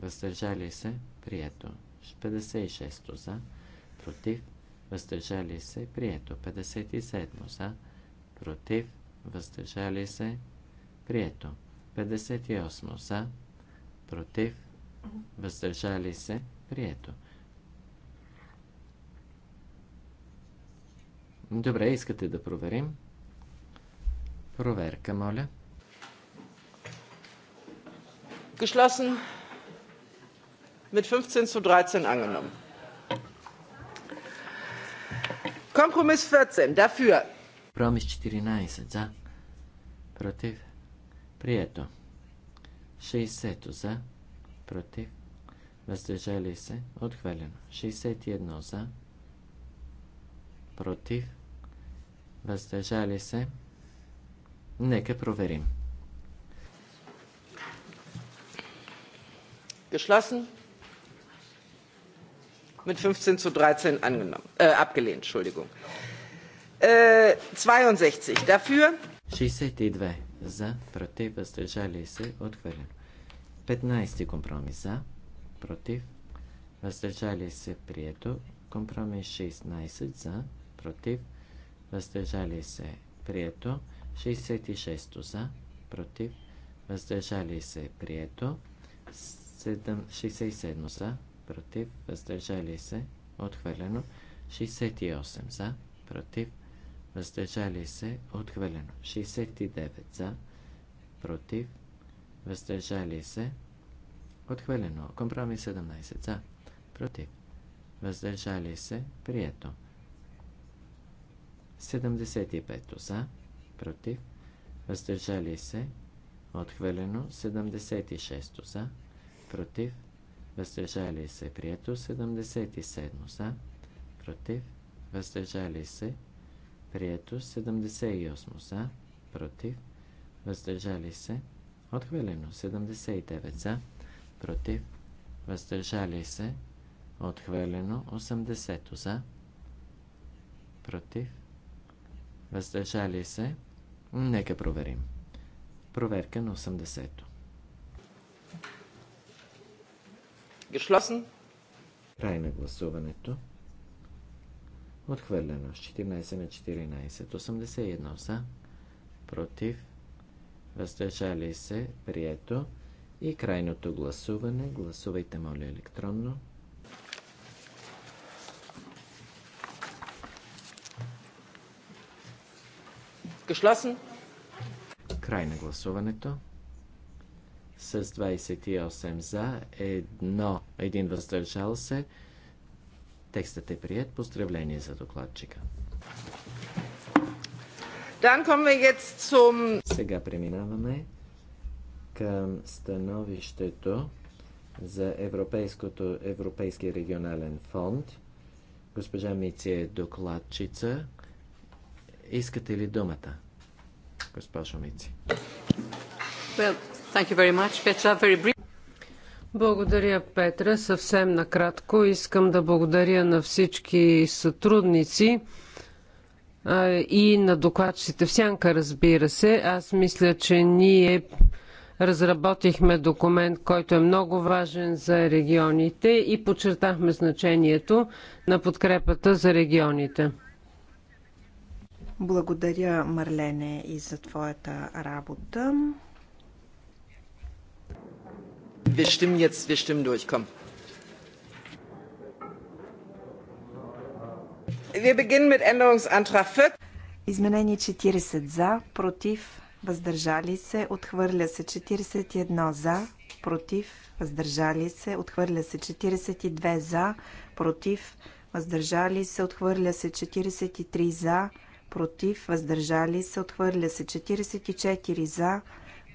Speaker 3: Въздържали се. Прието. 56 за. Против въздържали се, прието. 57 за, против, въздържали се, прието. 58 за, против, въздържали се, прието. Добре, искате да проверим? Проверка, моля.
Speaker 2: Geschlossen mit 15 zu 13 angenommen. Компромис 14. Dafür.
Speaker 3: Промис 14. За. Против. Прието. 60 за. Против. Въздържали се. Отхвалено. 61 за. Против. Въздържали се. Нека проверим.
Speaker 2: Geschlossen mit 15 zu 13 angenommen, äh, abgelehnt. Entschuldigung. Äh, 62 dafür.
Speaker 3: 62 за, против, въздържали се, отхвърлено. 15 компромис за, против, въздържали се, прието. Компромис 16 за, против, въздържали се, прието. 66 за, против, въздържали се, прието. 67 за, против, въздържали се, отхвърлено. 68 за, против, въздържали се, отхвърлено. 69 за, против, въздържали се, отхвърлено. Компромис 17 за, против, въздържали се, прието. 75 за, против, въздържали се, отхвърлено. 76 за, против, въздържали се, прието 77 за, против, въздържали се, прието 78 за, против, въздържали се, отхвърлено 79 за, против, въздържали се, отхвърлено 80 за, против, въздържали се, нека проверим. Проверка на 80-то. Geschlossen. Край на гласуването. Отхвърлено. 14 на 14. 81 са. Против. Въздържали се. Прието. И крайното гласуване. Гласувайте, моля, електронно. Geschlossen. Край на гласуването с 28 за, едно, един въздържал се. Текстът е прият. Поздравление за докладчика. Сега преминаваме към становището за Европейското, Европейски регионален фонд. Госпожа Мици е докладчица. Искате ли думата, госпожо Мици?
Speaker 4: Well, благодаря, Петра. Съвсем накратко искам да благодаря на всички сътрудници и на докладчиците в Сянка, разбира се. Аз мисля, че ние разработихме документ, който е много важен за регионите и подчертахме значението на подкрепата за регионите. Благодаря, Марлене, и за твоята работа
Speaker 2: wir stimmen jetzt, wir stimmen durch, komm. Wir beginnen mit Änderungsantrag 4.
Speaker 1: Изменение 40 за, против, въздържали се, отхвърля се 41 за, против, въздържали се, отхвърля се 42 за, против, въздържали се, отхвърля се 43 за, против, въздържали се, отхвърля се 44 за,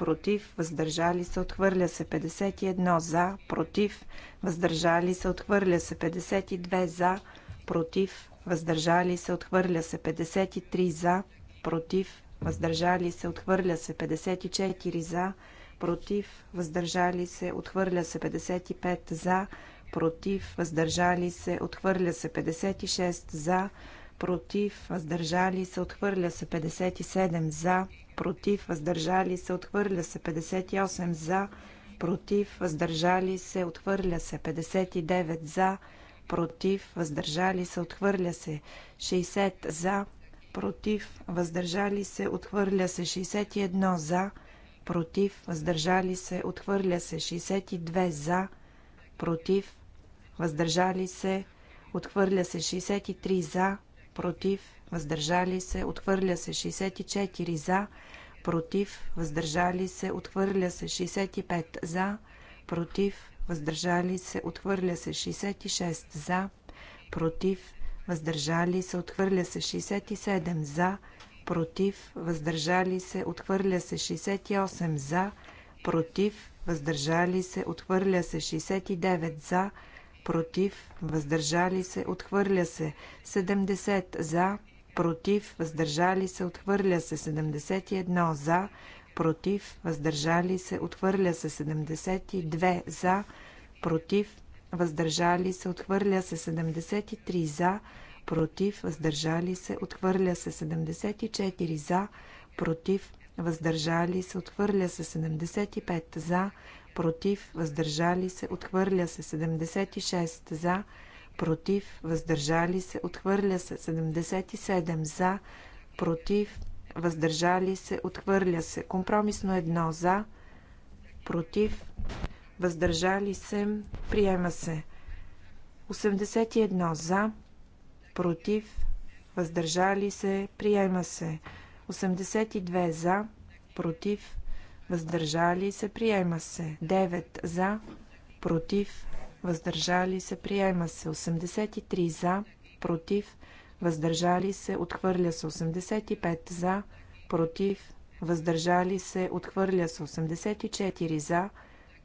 Speaker 1: против, въздържали се, отхвърля се 51 за, против, въздържали се, отхвърля се 52 за, против, въздържали се, отхвърля се 53 за, против, въздържали се, отхвърля се 54 за, против, въздържали се, отхвърля се 55 за, против, въздържали се, отхвърля се 56 за, против, въздържали се, отхвърля се 57 за, против, въздържали се, отхвърля се 58 за, против, въздържали се, отхвърля се 59 за, против, въздържали се, отхвърля се 60 за, против, въздържали се, отхвърля се 61 за, против, въздържали се, отхвърля се 62 за, против, въздържали се, отхвърля се 63 за, против, въздържали се, отхвърля се 64 за, против, въздържали се, отхвърля се 65 за, против, въздържали се, отхвърля се 66 за, против, въздържали се, отхвърля се 67 за, против, въздържали се, отхвърля се 68 за, против, въздържали се, отхвърля се 69 за, против, въздържали се, отхвърля се. 70 за, против, въздържали се, отхвърля се. 71 за, против, въздържали се, отхвърля се. 72 за, против, въздържали се, отхвърля се. 73 за, против, въздържали се, отхвърля се. 74 за, против, въздържали се, отхвърля се. 75 за, против, въздържали се, отхвърля се 76 за, против, въздържали се, отхвърля се 77 за, против, въздържали се, отхвърля се. Компромисно едно за, против, въздържали се, приема се. 81 за, против, въздържали се, приема се. 82 за, против, въздържали се, приема се. 9 за, против, въздържали се, приема се. 83 за, против, въздържали се, отхвърля се. 85 за, против, въздържали се, отхвърля се. 84 за,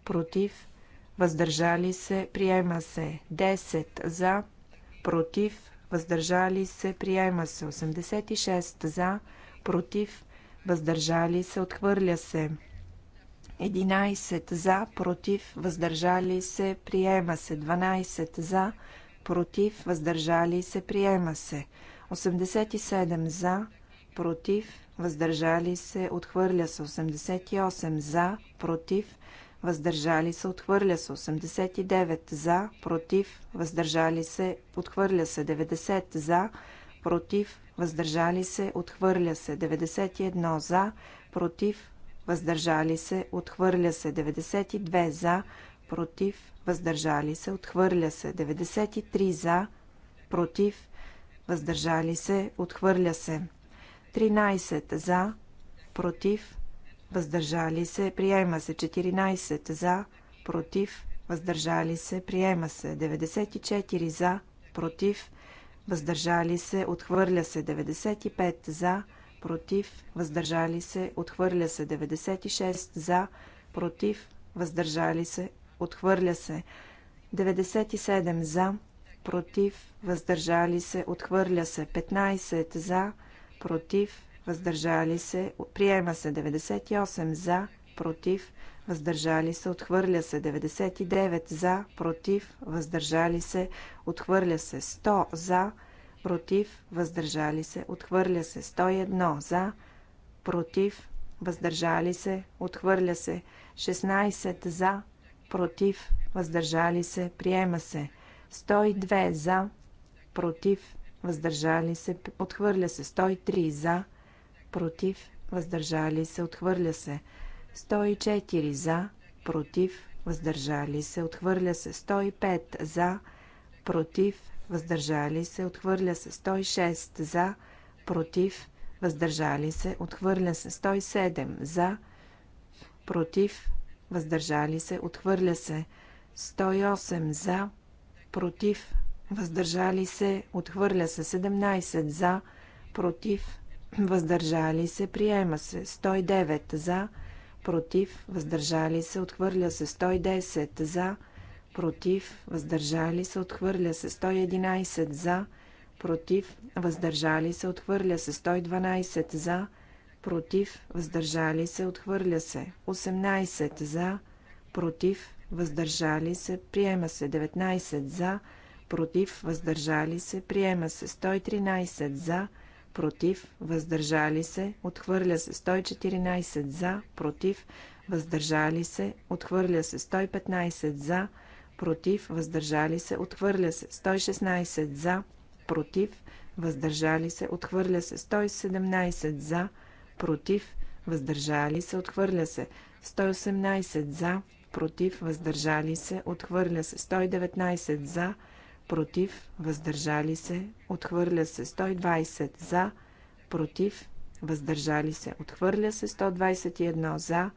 Speaker 1: против, въздържали се, приема се. 10 за, против, въздържали се, приема се. 86 за, против, въздържали се, отхвърля се. 11 за, против, въздържали се, приема се. 12 за, против, въздържали се, приема се. 87 за, против, въздържали се, отхвърля се. 88 за, против, въздържали се, отхвърля се. 89 за, против, въздържали се, отхвърля се. 90 за, против, въздържали се, отхвърля се. 91 за, против, въздържали се, отхвърля се 92 за, против, въздържали се, отхвърля се 93 за, против, въздържали се, отхвърля се 13 за, против, въздържали се, приема се 14 за, против, въздържали се, приема се 94 за, против, въздържали се, отхвърля се 95 за, против, против, въздържали се, отхвърля се. 96 за, против, въздържали се, отхвърля се. 97 за, против, въздържали се, отхвърля се. 15 за, против, въздържали се, приема се. 98 за, против, въздържали се, отхвърля се. 99 за, против, въздържали се, отхвърля се. 100 за, против, против, въздържали се, отхвърля се. 101 за, против, въздържали се, отхвърля се. 16 за, против, въздържали се, приема се. 102 за, против, въздържали се, отхвърля се. 103 за, против, въздържали се, отхвърля се. 104 за, против, въздържали се, отхвърля се. 105 за, против, въздържали се, отхвърля се 106 за, против, въздържали се, отхвърля се 107 за, против, въздържали се, отхвърля се 108 за, против, въздържали се, отхвърля се 17 за, против, въздържали се, приема се 109 за, против, въздържали се, отхвърля се 110 за, против, против, въздържали се, отхвърля се. 111 за, против, въздържали се, отхвърля се. 112 за, против, въздържали се, отхвърля се. 18 за, против, въздържали се, приема се. 19 за, против, въздържали се, приема се. 113 за, против, въздържали се, отхвърля се. 114 за, против, въздържали се, отхвърля се. 115 за, против, против, въздържали се, отхвърля се. 116 за, против, въздържали се, отхвърля се. 117 за, против, въздържали се, отхвърля се. 118 за, против, въздържали се, отхвърля се. 119 за, против, въздържали се, отхвърля се. 120 за, против, въздържали се, отхвърля се. 121 за,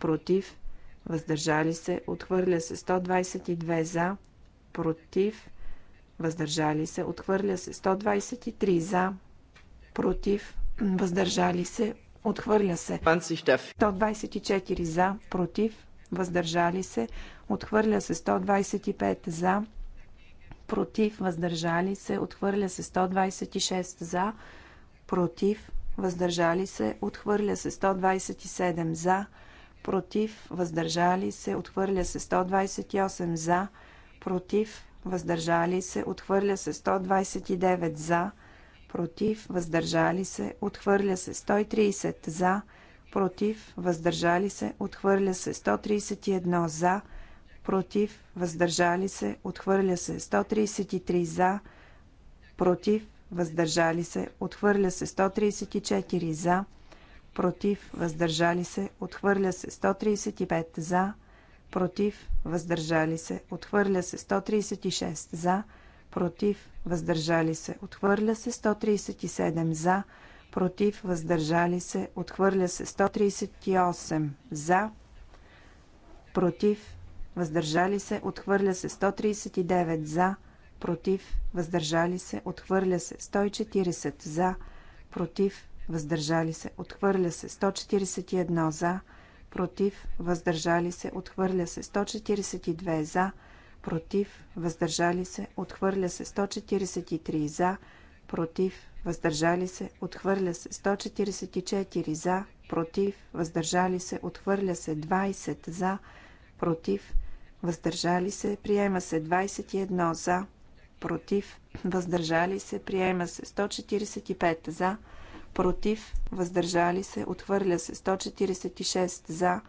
Speaker 1: против, въздържали се, отхвърля се 122 за, против, въздържали се, отхвърля се 123 за, против, въздържали се, отхвърля се 124 за, против, въздържали се, отхвърля се 125 за, против, въздържали се, отхвърля се 126 за, против, въздържали се, отхвърля се 127 за, против, против, въздържали се, отхвърля се 128 за, против, въздържали се, отхвърля се 129 за, против, въздържали се, отхвърля се 130 за, против, въздържали се, отхвърля се 131 за, против, въздържали се, отхвърля се 133 за, против, въздържали се, отхвърля се 134 за, против, въздържали се, отхвърля се 135 за, против, въздържали се, отхвърля се 136 за, против, въздържали се, отхвърля се 137 за, против, въздържали се, отхвърля се 138 за, против, въздържали се, отхвърля се 139 за, против, въздържали се, отхвърля се 140 за, против, въздържали се, отхвърля се. 141 за, против, въздържали се, отхвърля се. 142 за, против, въздържали се, отхвърля се. 143 за, против, въздържали се, отхвърля се. 144 за, против, въздържали се, отхвърля се. 20 за, против, въздържали се, приема се. 21 за, против, въздържали се, приема се 145 за, против, въздържали се, отхвърля се 146 за,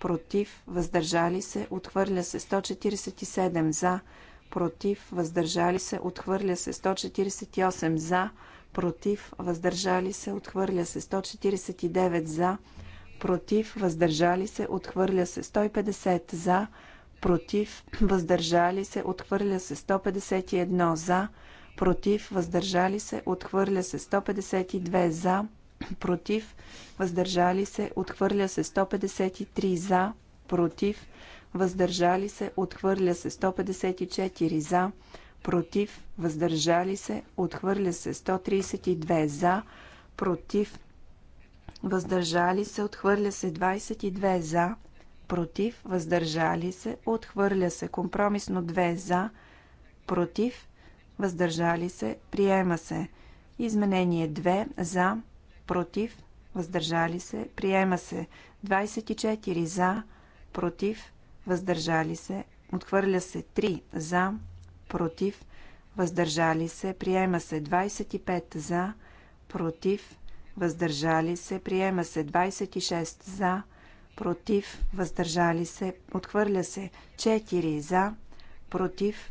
Speaker 1: против, въздържали се, отхвърля се 147 за, против, въздържали се, отхвърля се 148 за, против, въздържали се, отхвърля се 149 за, против, въздържали се, отхвърля се 150 за, против, въздържали се, отхвърля се 151 за, против, въздържали се, отхвърля се 152 за, против, въздържали се, отхвърля се 153 за, против, въздържали се, отхвърля се 154 за, против, въздържали се, отхвърля се 132 за, против, въздържали се, отхвърля се 22 за, против, въздържали се, отхвърля се компромисно 2 за, против, въздържали се, приема се. Изменение 2 за, против, въздържали се, приема се. 24 за, против, въздържали се, отхвърля се 3 за, против, въздържали се, приема се 25 за, против, въздържали се, приема се 26 за, против, въздържали се, отхвърля се 4 за, против,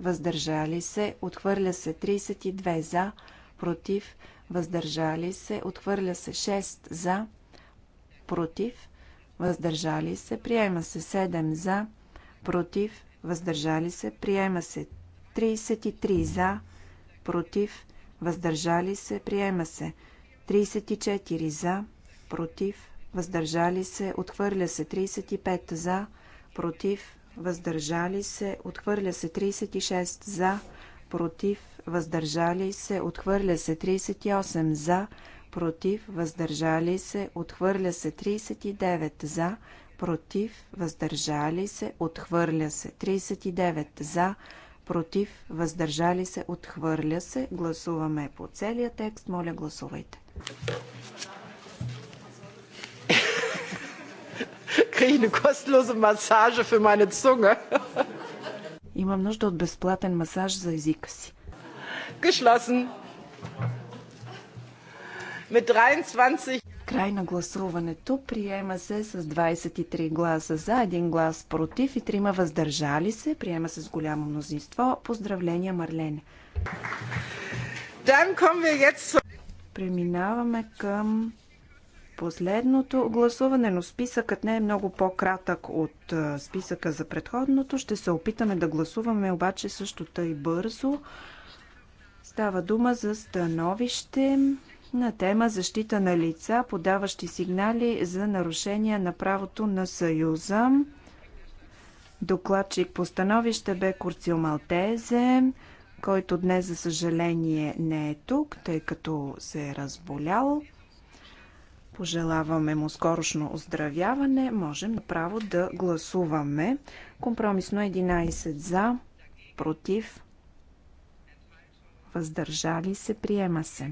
Speaker 1: въздържали се, отхвърля се 32 за, против, въздържали се, отхвърля се 6 за, против, въздържали се, приема се 7 за, против, въздържали се, приема се 33 за, против, въздържали се, приема се 34 за, против, въздържали се, отхвърля се 35 за, против, въздържали се, отхвърля се 36 за, против, въздържали се, отхвърля се 38 за, против, въздържали се, отхвърля се 39 за, против, въздържали се, отхвърля се 39 за, против, въздържали се, отхвърля се. Гласуваме
Speaker 2: по целия текст. Моля, гласувайте. Kriege ich eine kostenlose Massage für meine Zunge.
Speaker 1: Имам нужда от безплатен масаж за езика си.
Speaker 2: Geschlossen.
Speaker 1: Mit 23. Край на гласуването приема се с 23 гласа за, 1 глас против и 3 въздържали се. Приема се с голямо мнозинство. Поздравления, Марлене. Dann kommen wir jetzt... Преминаваме към последното гласуване, но списъкът не е много по-кратък от списъка за предходното. Ще се опитаме да гласуваме обаче също тъй бързо. Става дума за становище на тема защита на лица, подаващи сигнали за нарушения на правото на Съюза. Докладчик по становище бе Курцио Малтезе, който днес, за съжаление, не е тук, тъй като се е разболял. Пожелаваме му скорошно оздравяване. Можем направо да гласуваме. Компромисно 11 е за, против, въздържали се, приема се.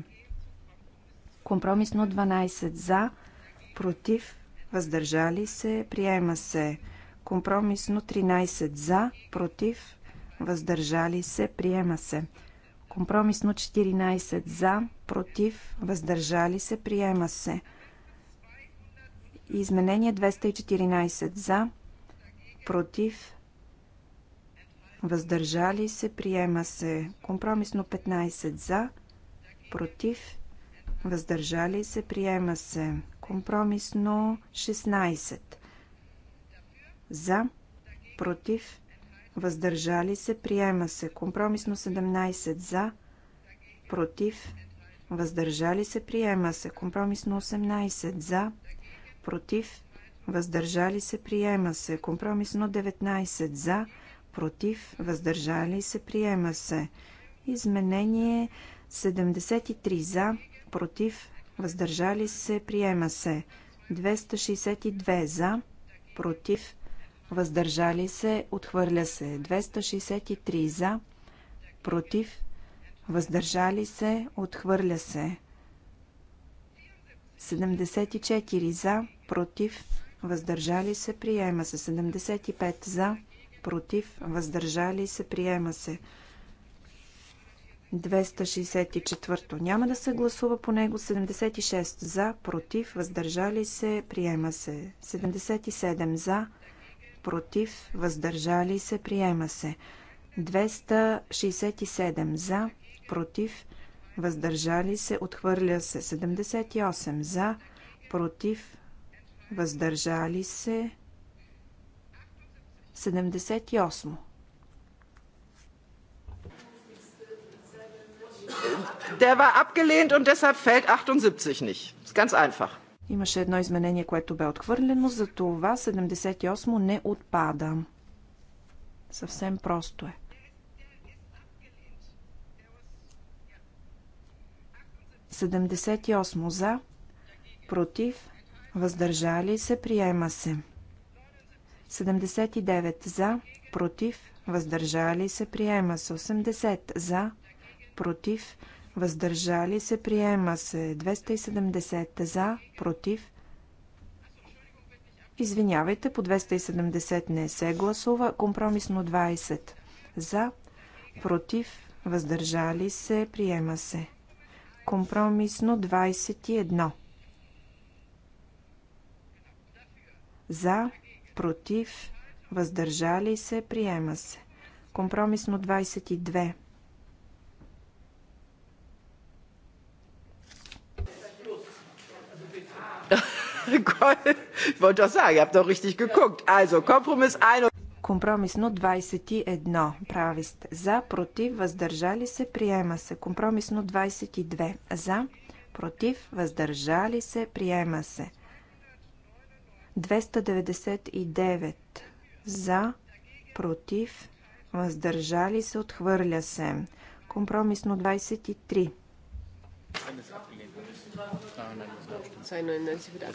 Speaker 1: Компромисно 12 за, против, въздържали се, приема се. Компромисно 13 за, против, въздържали се, приема се. Компромисно 14 за, против, въздържали се, приема се. И изменение 214 за, против, въздържали се, приема се. Компромисно 15 за, против, въздържали се, приема се. Компромисно 16 за, против, въздържали се, приема се. Компромисно 17 за, против, въздържали се, приема се. Компромисно 18 за, против, въздържали се, приема се. Компромисно 19 за, против, въздържали се, приема се. Изменение 73 за, против, въздържали се, приема се. 262 за, против, въздържали се, отхвърля се. 263 за, против, въздържали се, отхвърля се. 74 за, против, въздържали се, приема се. 75 за, против, въздържали се, приема се. 264. Няма да се гласува по него. 76 за, против, въздържали се, приема се. 77 за, против, въздържали се, приема се. 267 за, против, въздържали се, отхвърля се. 78 за, против, въздържали се 78.
Speaker 2: Der war abgelehnt und deshalb fällt 78 nicht. Ist ganz einfach.
Speaker 1: Имаше едно изменение, което бе отхвърлено, за това 78 не отпада. Съвсем просто е. 78 за, против, въздържали се, приема се. 79 за, против, въздържали се, приема се. 80 за, против, въздържали се, приема се. 270 за, против. Извинявайте, по 270 не се гласува. Компромисно 20 за, против, въздържали се, приема се. Компромисно 21 За, против, въздържали се, приема се. Компромисно 22.
Speaker 2: Компромисно
Speaker 1: 21. Прави сте. За, против, въздържали се, приема се. Компромисно 22. За, против, въздържали се, приема се. 299 за, против, въздържали се, отхвърля се. Компромисно 23.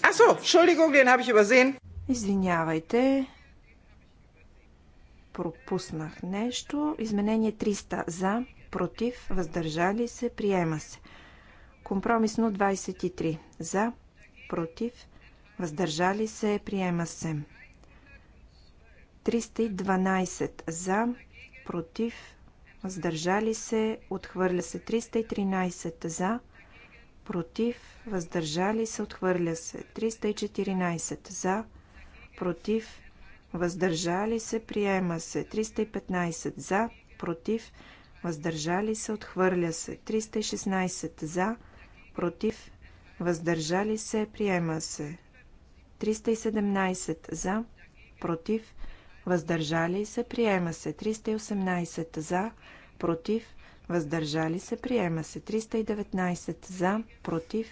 Speaker 1: Асо, Entschuldigung, den habe Извинявайте, пропуснах нещо. Изменение 300 за, против, въздържали се, приема се. Компромисно 23 за, против, въздържали се, приема се. 312 за, против, въздържали се, отхвърля се. 313 за, против, въздържали се, отхвърля се. 314 за, против, въздържали се, приема се. 315 за, против, въздържали се, отхвърля се. 316 за, против, въздържали се, приема се. 317 за, против, въздържали се, приема се. 318 за, против, въздържали се, приема се. 319 за, против,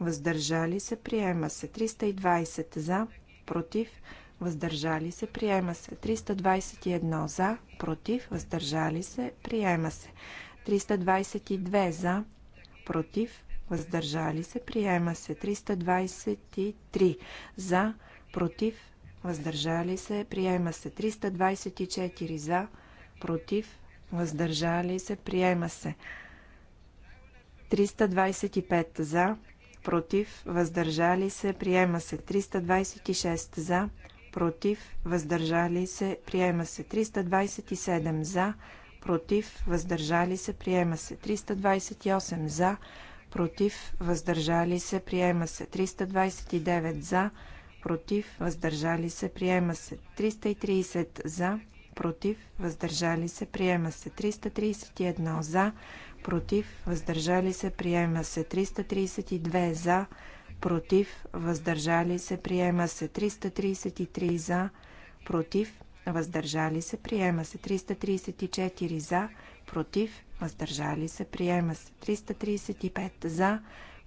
Speaker 1: въздържали се, приема се. 320 за, против, въздържали се, приема се. 321 за, против, въздържали се, приема се. 322 за, против, въздържали се, приема се 323 за, против, въздържали се, приема се 324 за, против, въздържали се, приема се 325 за, против, въздържали се, приема се 326 за, против, въздържали се, приема се 327 за, против, въздържали се, приема се 328 за, против, въздържали се, приема се. 329 за, против, въздържали се, приема се. 330 за, против, въздържали се, приема се. 331 за, против, въздържали се, приема се. 332 за, против, въздържали се, приема се. 333 за, против, въздържали се, приема се. 334 за, против, против, въздържали се, приема се. 335 за,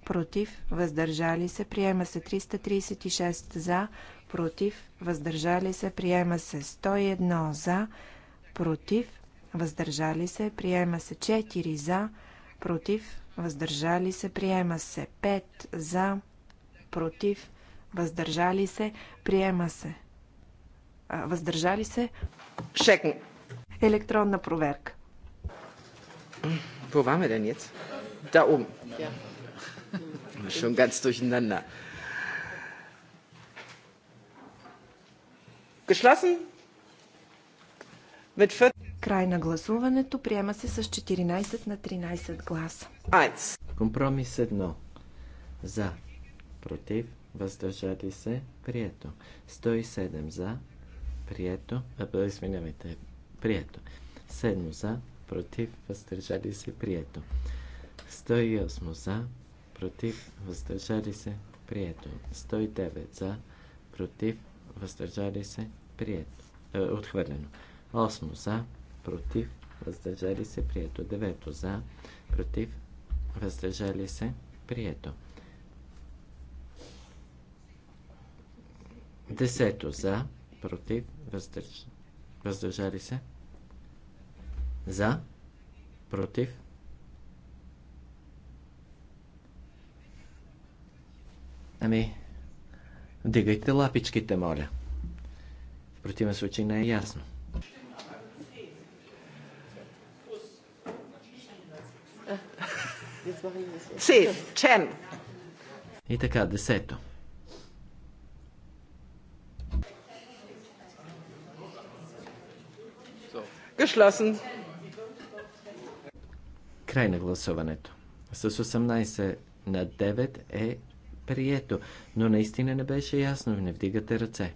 Speaker 1: против, въздържали се, приема се. 336 за, против, въздържали се, приема се. 101 за, против, въздържали се, приема се. 4 за, против, въздържали се, приема се. 5 за, против, въздържали се, приема се. А, въздържали се. Шекни. Електронна проверка.
Speaker 2: Wo waren wir denn jetzt? Da oben. Ja. Schon ganz durcheinander. Geschlossen. Mit
Speaker 1: 14. Край на гласуването приема се с 14 на 13 гласа.
Speaker 3: Айц. Компромис 1. За. Против. Въздържали се. Прието. 107 за. Прието. извинявайте. Прието. 7 за против, въздържали се, прието. 108 за, против, въздържали се, прието. 109 за, против, въздържали се, прието. Е, отхвърлено. 8 за, против, въздържали се, прието. 9 за, против, въздържали се, прието. 10 за, против, въздърж... въздържали се, за. Против. Ами, дигайте лапичките, моля. В противен случай не е ясно.
Speaker 2: Си, чен.
Speaker 3: И така, десето.
Speaker 2: Geschlossen.
Speaker 3: Край на гласуването. С 18 на 9 е прието, но наистина не беше ясно. Не вдигате ръце.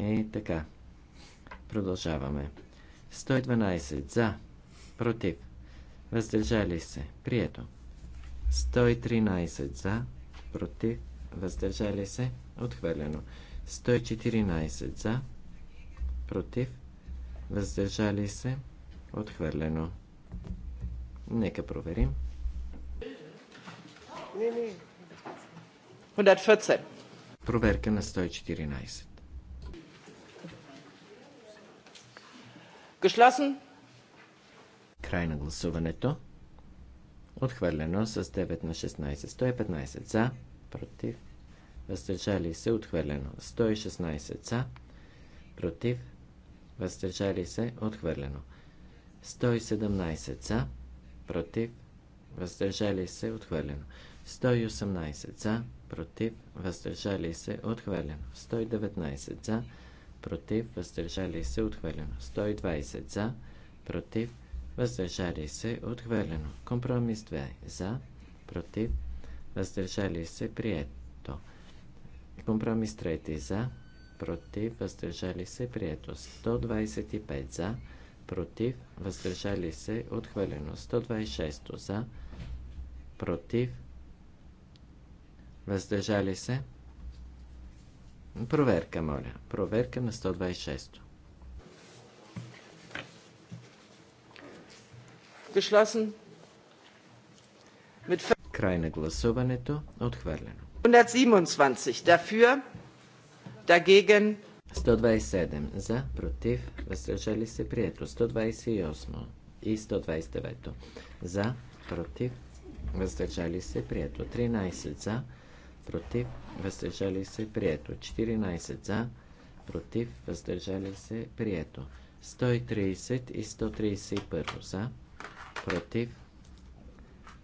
Speaker 3: И е, така. Продължаваме. 112 за, против, въздържали се, прието. 113 за, против, въздържали се, отхвърлено. 114 за, против, въздържали се, Отхвърлено. Нека проверим.
Speaker 2: 114.
Speaker 3: Проверка на 114. Geschlossen. Край на гласуването. Отхвърлено с 9 на 16. 115 за, против. Въздържали се, отхвърлено. 116 за, против. Въздържали се, отхвърлено. 117 за, против, въздържали се, отхвърлено. 118 за, против, въздържали се, отхвърлено. 119 за, против, въздържали се, отхвърлено. 120 за, против, въздържали се, отхвърлено. Компромис 2 за, против, въздържали се, прието. Компромис 3 за, против, въздържали се, прието. 125 за, против, въздържали се, отхвърлено. 126 за, против, въздържали се. Проверка, моля. Проверка на 126. Geschlossen. Край на гласуването. Отхвърлено.
Speaker 2: 127 dafür, dagegen
Speaker 3: 127 за, против, въздържали се, прието. 128 и 129 за, против, въздържали се, прието. 13 за, против, въздържали се, прието. 14 за, против, въздържали се, прието. 130 и 131 за, против,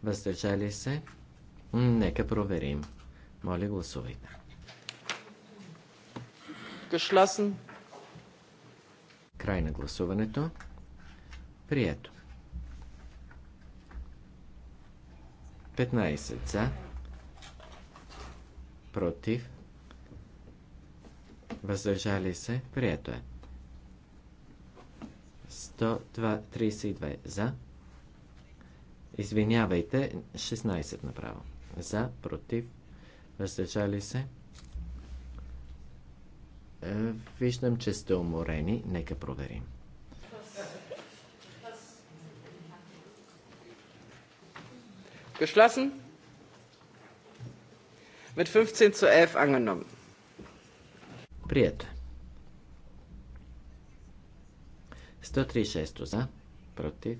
Speaker 3: въздържали се. Нека проверим. Моля, гласувайте. Geschlossen. Край на гласуването. Прието. 15 за. Против. Въздържали се. Прието е. 132 за. Извинявайте, 16 направо. За, против, въздържали се. Е, виждам, че сте уморени.
Speaker 2: Нека проверим. Geschlossen? Mit 15 zu 11 angenommen. Прието.
Speaker 3: 136 е. за, против,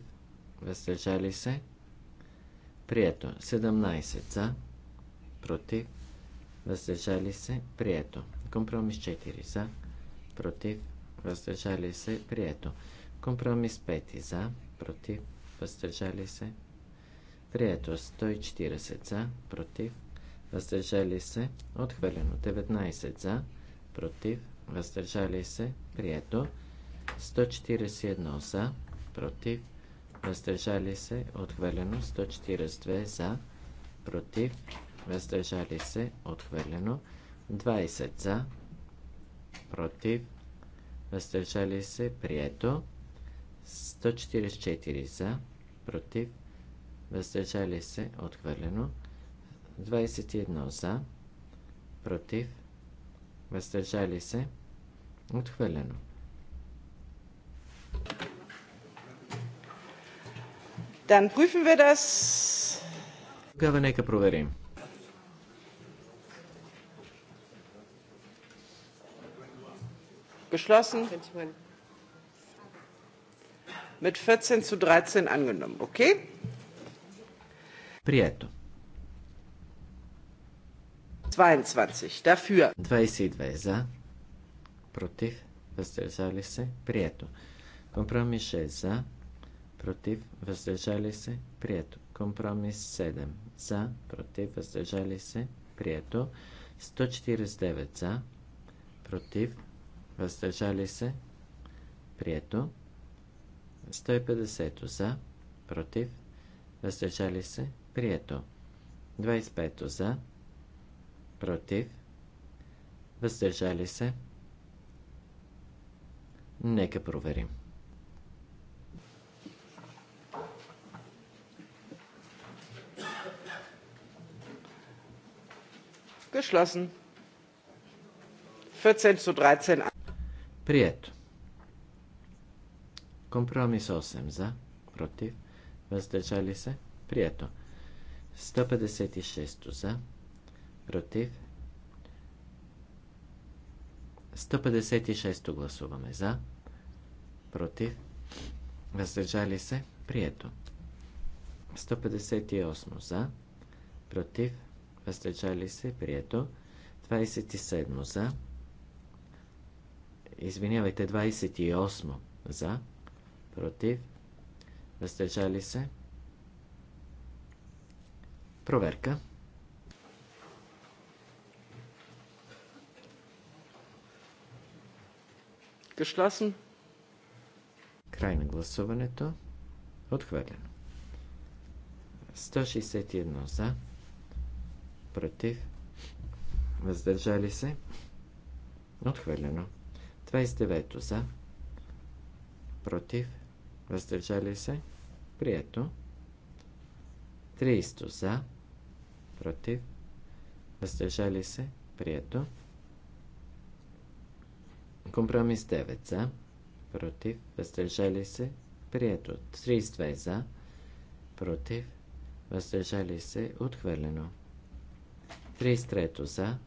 Speaker 3: въздържали се. Прието. 17 за, против, въздържали се. Прието. Компромис 4 за, против, въздържали се, прието. Компромис 5 за, против, въздържали се, прието. 140 за, против, въздържали се, отхвърлено. 19 за, против, въздържали се, прието. 141 за, против, въздържали се, отхвърлено. 142 за, против, въздържали се, отхвърлено. 20 за, против, въздържали се, прието. 144 за, против, въздържали се, отхвърлено. 21 за, против, въздържали се, отхвърлено.
Speaker 2: Dann prüfen wir das.
Speaker 3: Тогава нека проверим.
Speaker 2: Geschlossen. Mit 14 zu 13 angenommen. Okay?
Speaker 5: Prieto.
Speaker 3: 22. Dafür. 22 за. Против. Въздържали се. Прието. Компромис 6 за. Против. Въздържали се. Прието. Компромис 7 за. Против. Въздържали се. Прието. 149 за. Против въздържали се, прието. 150 за, против, въздържали се, прието. 25 за, против, въздържали се. Нека проверим.
Speaker 2: Geschlossen. 14 zu 13.
Speaker 5: Прието.
Speaker 3: Компромис 8 за, против, въздържали се, прието. 156 за, против. 156 гласуваме за, против, въздържали се, прието. 158 за, против, въздържали се, прието. 27 за, Извинявайте, 28 за, против, въздържали се.
Speaker 5: Проверка.
Speaker 2: Geschlossen.
Speaker 3: Край на гласуването. Отхвърлено. 161 за. Против. Въздържали се. Отхвърлено. 29 за, против, въздържали се, прието. 30 за, против, въздържали се, прието. Компромис 9 за, против, въздържали се, прието. 32 за, против, въздържали се, отхвърлено. 33 за,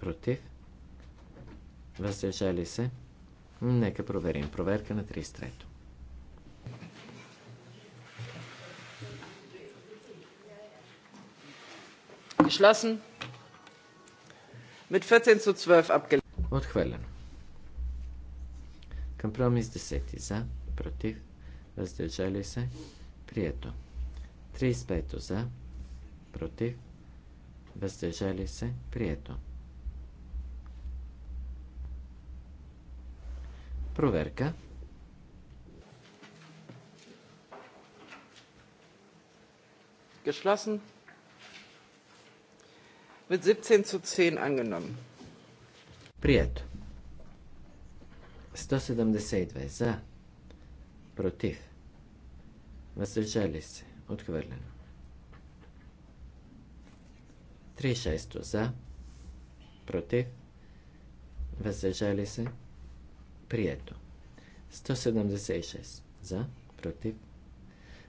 Speaker 3: против, въздържали се. Нека проверим. Проверка на 33-то. Отхвърлено. Компромис 10. За, против, въздържали се, прието. 35 за, против, въздържали се, прието.
Speaker 5: Проверка.
Speaker 2: Geschlossen. Mit 17 zu 10 angenommen.
Speaker 5: Прието.
Speaker 3: 172 за. Против. Въздържали се. Отхвърлено. 36 за. Против. Въздържали се. Прието. 176. За. Против.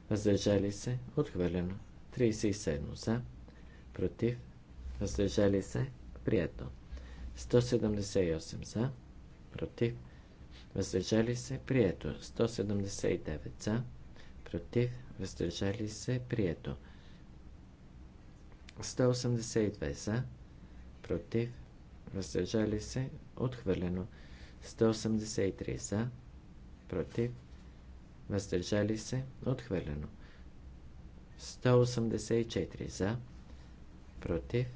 Speaker 3: Въздържали се. Отхвърлено. 37. За. Против. Въздържали се. Прието. 178. За. Против. Въздържали се. Прието. 179. За. Против. Въздържали се. Прието. 182. За. Против. Въздържали се. Отхвърлено. 183 за, против, въздържали се, отхвърлено. 184 за, против,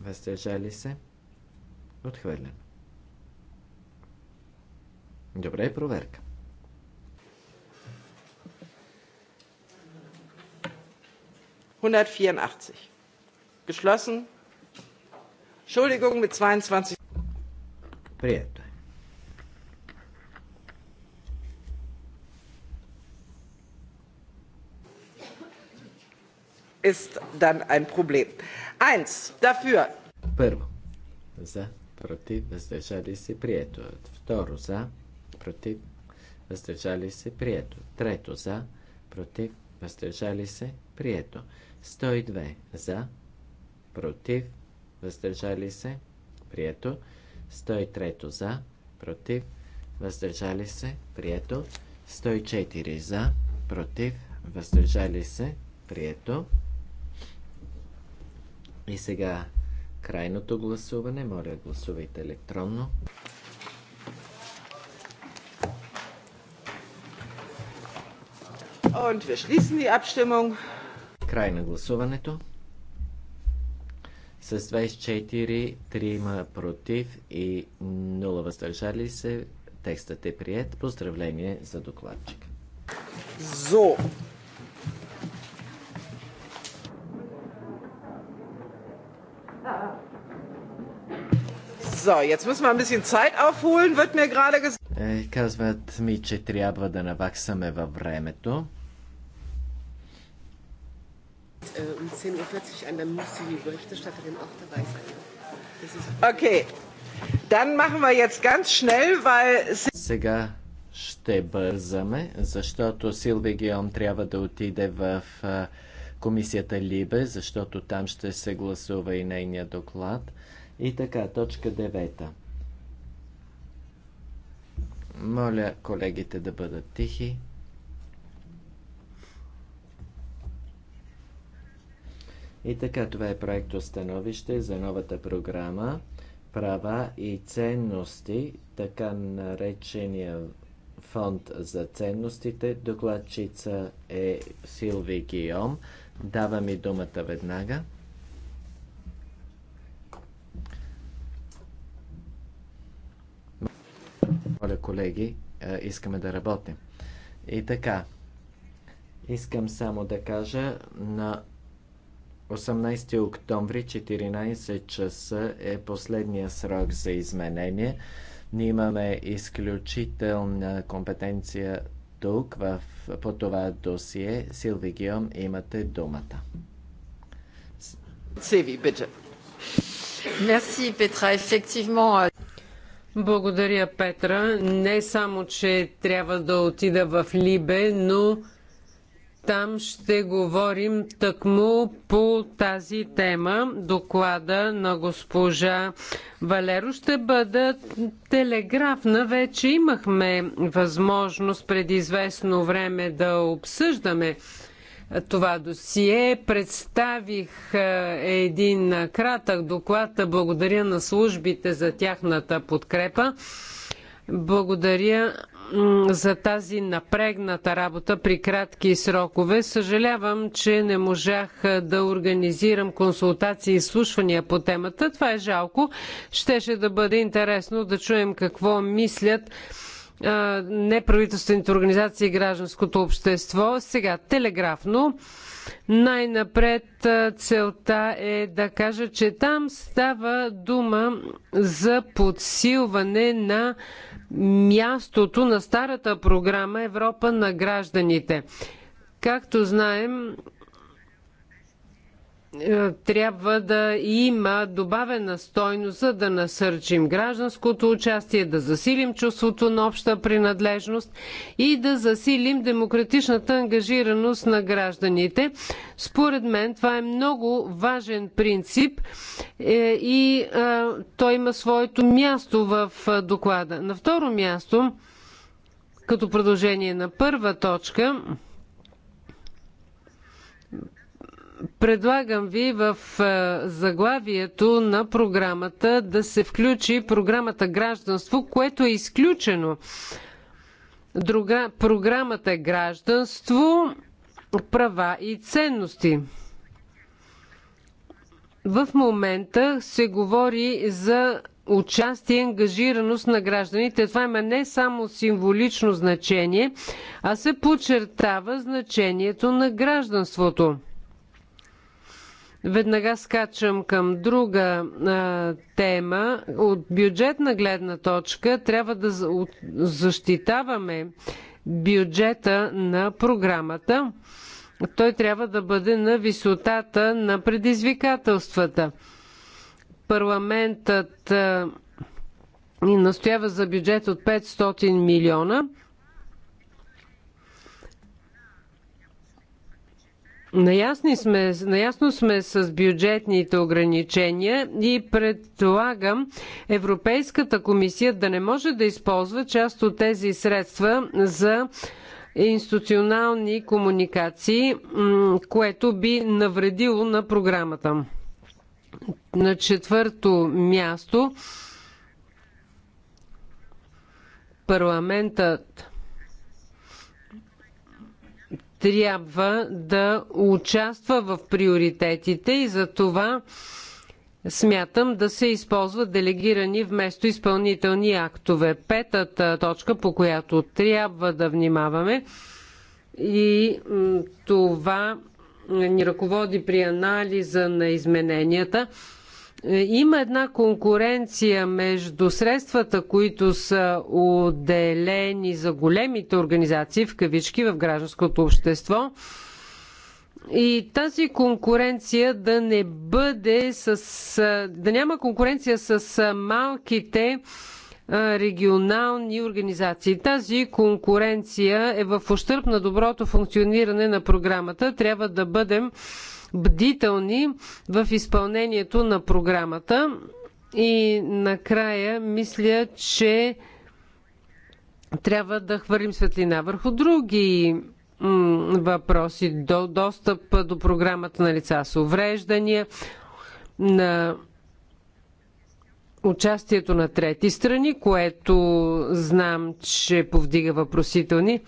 Speaker 3: въздържали се, отхвърлено.
Speaker 5: Добре, проверка.
Speaker 2: einhundertvierundachtzig geschlossen entschuldigung mit Прието. ist dann ein Problem. Eins, dafür.
Speaker 3: Първо, за, против, въздържали се, прието. Второ, за, против, въздържали се, прието. Трето, за, против, въздържали се, прието. 102, за, против, въздържали се, прието. 103 за, против, въздържали се, прието. 104 за, против, въздържали се, прието. И сега крайното гласуване. Моля, гласувайте електронно.
Speaker 2: Und wir schließen die Abstimmung.
Speaker 3: Край на гласуването. С 24, 3 против и 0 въздържали се, текстът е прият. Поздравление за докладчика.
Speaker 5: So,
Speaker 2: So, jetzt müssen wir ein bisschen Zeit aufholen, wird mir gerade gesagt.
Speaker 3: Е, казват ми, че трябва да наваксаме във времето.
Speaker 2: Um 10.40 Uhr an, dann muss die Berichterstatterin
Speaker 4: auch dabei sein.
Speaker 2: Okay, dann machen wir jetzt ganz schnell,
Speaker 3: weil... Сега ще бързаме, защото Силви Гиом трябва да отиде в комисията Либе, защото там ще се гласува и нейния доклад. И така, точка 9. Моля колегите да бъдат тихи. И така, това е проекто становище за новата програма Права и ценности, така наречения фонд за ценностите. Докладчица е Силви Гиом. Дава ми думата веднага. Моля, колеги, е, искаме да работим. И така, искам само да кажа на 18 октомври 14 часа е последния срок за изменение. Ние имаме изключителна компетенция тук в, по това досие. Силви Гиом, имате думата.
Speaker 2: Сиви, бича.
Speaker 4: Merci, Petra. Effectivement, благодаря, Петра. Не само, че трябва да отида в Либе, но там ще говорим тъкмо по тази тема. Доклада на госпожа Валеро ще бъда телеграфна. Вече имахме възможност преди известно време да обсъждаме това досие. Представих е, един кратък доклад. Благодаря на службите за тяхната подкрепа. Благодаря за тази напрегната работа при кратки срокове. Съжалявам, че не можах е, да организирам консултации и слушвания по темата. Това е жалко. Щеше да бъде интересно да чуем какво мислят неправителствените организации и гражданското общество. Сега, телеграфно, най-напред целта е да кажа, че там става дума за подсилване на мястото на старата програма Европа на гражданите. Както знаем, е, трябва да има добавена стойност, за да насърчим гражданското участие, да засилим чувството на обща принадлежност и да засилим демократичната ангажираност на гражданите. Според мен това е много важен принцип е, и е, той има своето място в доклада. На второ място, като продължение на първа точка, Предлагам ви в е, заглавието на програмата да се включи програмата гражданство, което е изключено. Друга, програмата е гражданство, права и ценности. В момента се говори за участие и ангажираност на гражданите. Това има не само символично значение, а се подчертава значението на гражданството. Веднага скачам към друга а, тема. От бюджетна гледна точка трябва да защитаваме бюджета на програмата. Той трябва да бъде на висотата на предизвикателствата. Парламентът а, ни настоява за бюджет от 500 милиона – Наясни сме, наясно сме с бюджетните ограничения и предполагам Европейската комисия да не може да използва част от тези средства за институционални комуникации, което би навредило на програмата. На четвърто място парламентът трябва да участва в приоритетите и за това смятам да се използват делегирани вместо изпълнителни актове. Петата точка, по която трябва да внимаваме и това ни ръководи при анализа на измененията – е, има една конкуренция между средствата, които са отделени за големите организации в кавички в гражданското общество и тази конкуренция да не бъде с. да няма конкуренция с малките регионални организации. Тази конкуренция е в ущърп на доброто функциониране на програмата. Трябва да бъдем бдителни в изпълнението на програмата. И накрая мисля, че трябва да хвърлим светлина върху други въпроси. До, достъп до програмата на лица с увреждания, на участието на трети страни, което знам, че повдига въпросителни.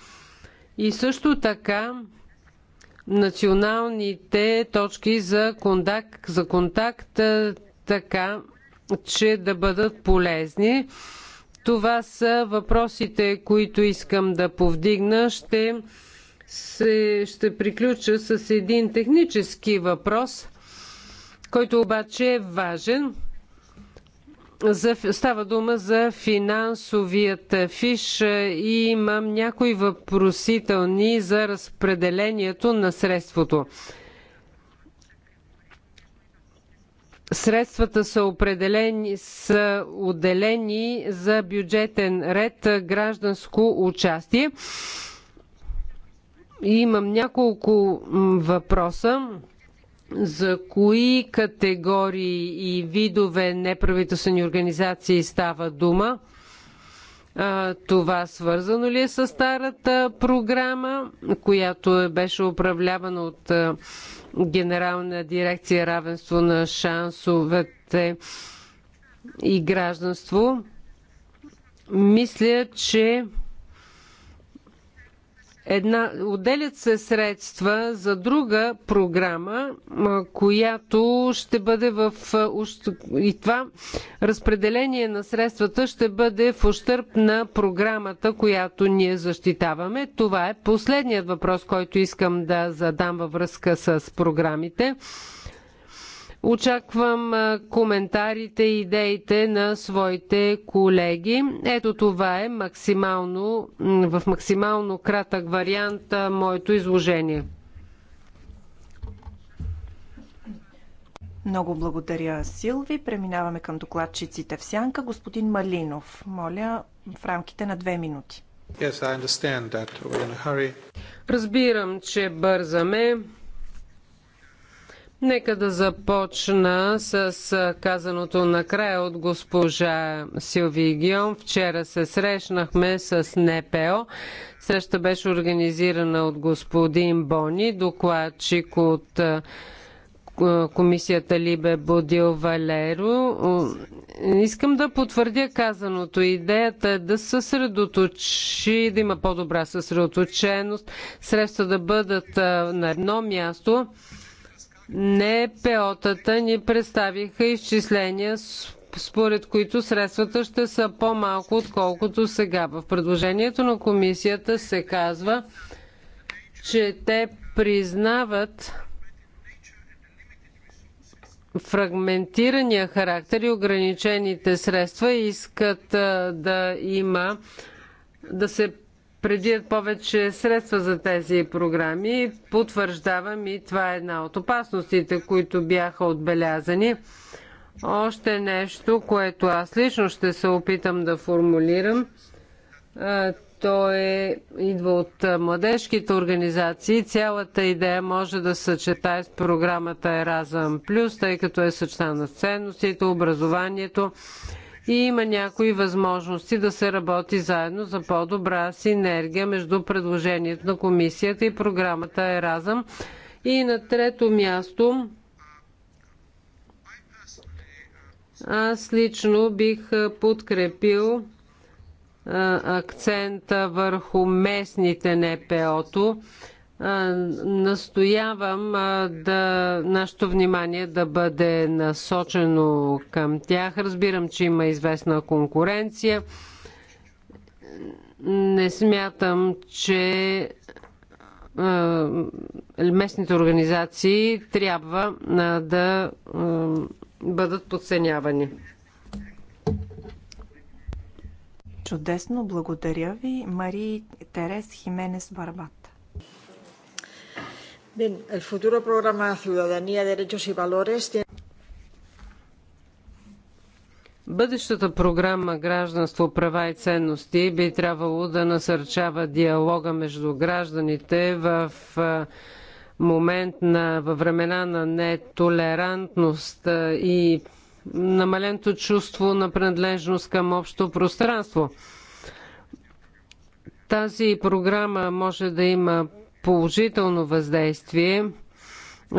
Speaker 4: И също така националните точки за контакт, за контакт така, че да бъдат полезни. Това са въпросите, които искам да повдигна. Ще, се, ще приключа с един технически въпрос, който обаче е важен за, става дума за финансовият фиш е, и имам някои въпросителни за разпределението на средството. Средствата са, определени, са отделени за бюджетен ред е, гражданско участие. И имам няколко въпроса за кои категории и видове неправителствени организации става дума. Това свързано ли е с старата програма, която е, беше управлявана от Генерална дирекция равенство на шансовете и гражданство? Мисля, че Една, отделят се средства за друга програма, която ще бъде в... И това разпределение на средствата ще бъде в ущърп на програмата, която ние защитаваме. Това е последният въпрос, който искам да задам във връзка с програмите. Очаквам коментарите и идеите на своите колеги. Ето това е максимално, в максимално кратък вариант моето изложение.
Speaker 1: Много благодаря, Силви. Преминаваме към докладчиците в сянка. Господин Малинов, моля в
Speaker 4: рамките на две минути. Yes, Разбирам, че бързаме. Нека да започна с казаното накрая от госпожа Силви Гион. Вчера се срещнахме с НПО. Среща беше организирана от господин Бони, докладчик от комисията Либе Бодил Валеро. Искам да потвърдя казаното. Идеята е да съсредоточи, да има по-добра съсредоточеност, средства да бъдат на едно място по тата ни представиха изчисления, според които средствата ще са по-малко, отколкото сега. В предложението на комисията се казва, че те признават фрагментирания характер и ограничените средства и искат да има да се предвидят повече средства за тези програми. Потвърждавам и това е една от опасностите, които бяха отбелязани. Още нещо, което аз лично ще се опитам да формулирам. то е, идва от младежките организации. Цялата идея може да съчетае с програмата Еразъм Плюс, тъй като е съчетана с ценностите, образованието и има някои възможности да се работи заедно за по-добра синергия между предложението на комисията и програмата Еразъм. И на трето място аз лично бих подкрепил акцента върху местните НПО-то настоявам да нашето внимание да бъде насочено към тях. Разбирам, че има известна конкуренция. Не смятам, че местните организации трябва да бъдат подценявани. Чудесно,
Speaker 1: благодаря ви, Мари Терес Хименес Барбат. Bien, el futuro programa Ciudadanía, Derechos y Valores tiene...
Speaker 4: Бъдещата програма Гражданство, права и ценности би трябвало да насърчава диалога между гражданите в момент на, във времена на нетолерантност и намаленото чувство на принадлежност към общо пространство. Тази програма може да има положително въздействие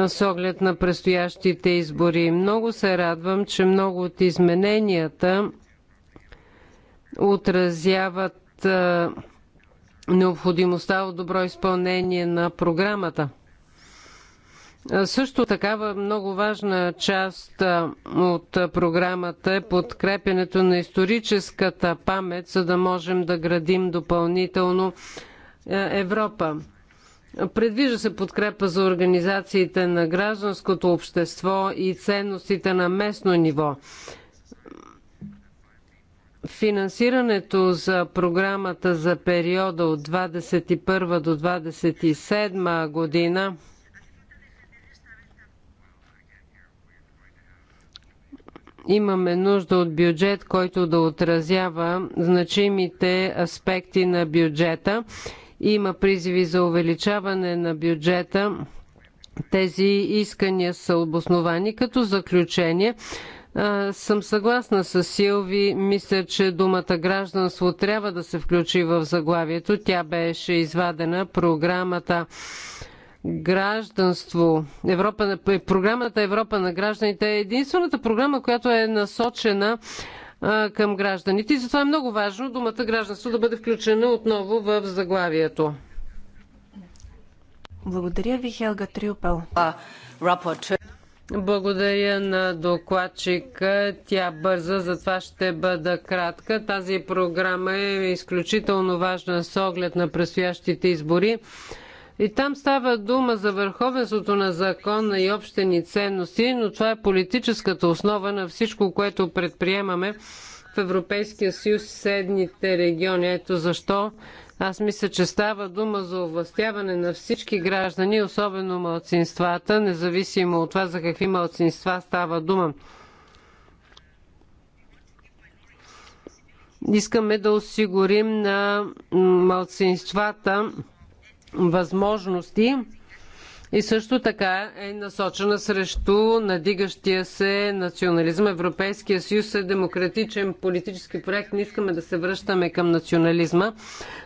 Speaker 4: с оглед на предстоящите избори. Много се радвам, че много от измененията отразяват необходимостта от добро изпълнение на програмата. Също такава много важна част от програмата е подкрепянето на историческата памет, за да можем да градим допълнително Европа. Предвижда се подкрепа за организациите на гражданското общество и ценностите на местно ниво. Финансирането за програмата за периода от 21 до 27 година имаме нужда от бюджет, който да отразява значимите аспекти на бюджета има призиви за увеличаване на бюджета. Тези искания са обосновани. Като заключение, съм съгласна с Силви. Мисля, че думата гражданство трябва да се включи в заглавието. Тя беше извадена. Програмата гражданство. Европа, програмата Европа на гражданите е единствената програма, която е насочена към гражданите. И затова е много важно думата гражданство да бъде включена отново в заглавието. Благодаря ви, Хелга Триопел. Благодаря на докладчика. Тя бърза, затова ще бъда кратка. Тази програма е изключително важна с оглед на предстоящите избори. И там става дума за върховенството на закона и общени ценности, но това е политическата основа на всичко, което предприемаме в Европейския съюз и седните региони. Ето защо аз мисля, че става дума за овластяване на всички граждани, особено малцинствата, независимо от това за какви малцинства става дума. Искаме да осигурим на малцинствата възможности и също така е насочена срещу надигащия се национализъм. Европейския съюз е демократичен политически проект. Не искаме да се връщаме към национализма,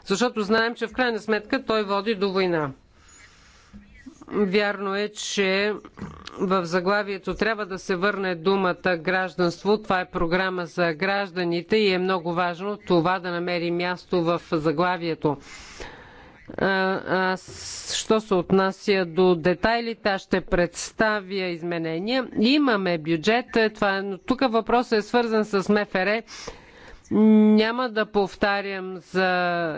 Speaker 4: защото знаем, че в крайна сметка той води до война. Вярно е, че в заглавието трябва да се върне думата гражданство. Това е програма за гражданите и е много важно това да намери място в заглавието. Аз, що се отнася до детайлите, аз ще представя изменения. Имаме бюджет, е, това, но тук въпросът е свързан с МФР. Няма да повтарям за...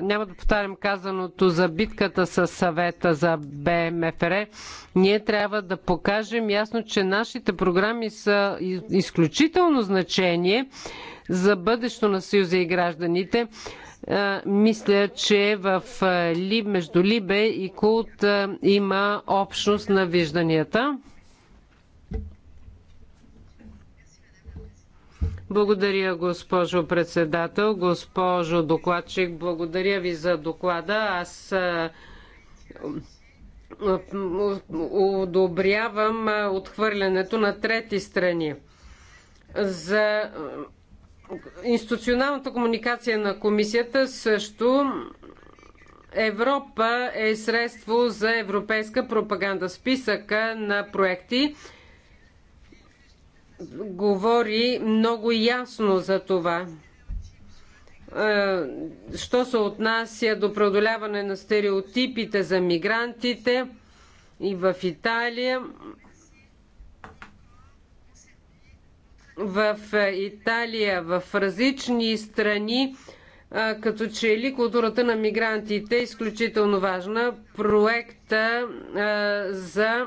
Speaker 4: Няма да повтарям казаното за битката с съвета за БМФР. Ние трябва да покажем ясно, че нашите програми са изключително значение за бъдещето на Съюза и гражданите мисля, че в Либ, между Либе и Култ има общност на вижданията. Благодаря, госпожо председател, госпожо докладчик. Благодаря ви за доклада. Аз одобрявам отхвърлянето на трети страни. За институционалната комуникация на комисията също Европа е средство за европейска пропаганда. Списъка на проекти говори много ясно за това. Що се отнася до преодоляване на стереотипите за мигрантите и в Италия, в е, Италия, в различни страни, е, като че ли културата на мигрантите е изключително важна. Проекта е, за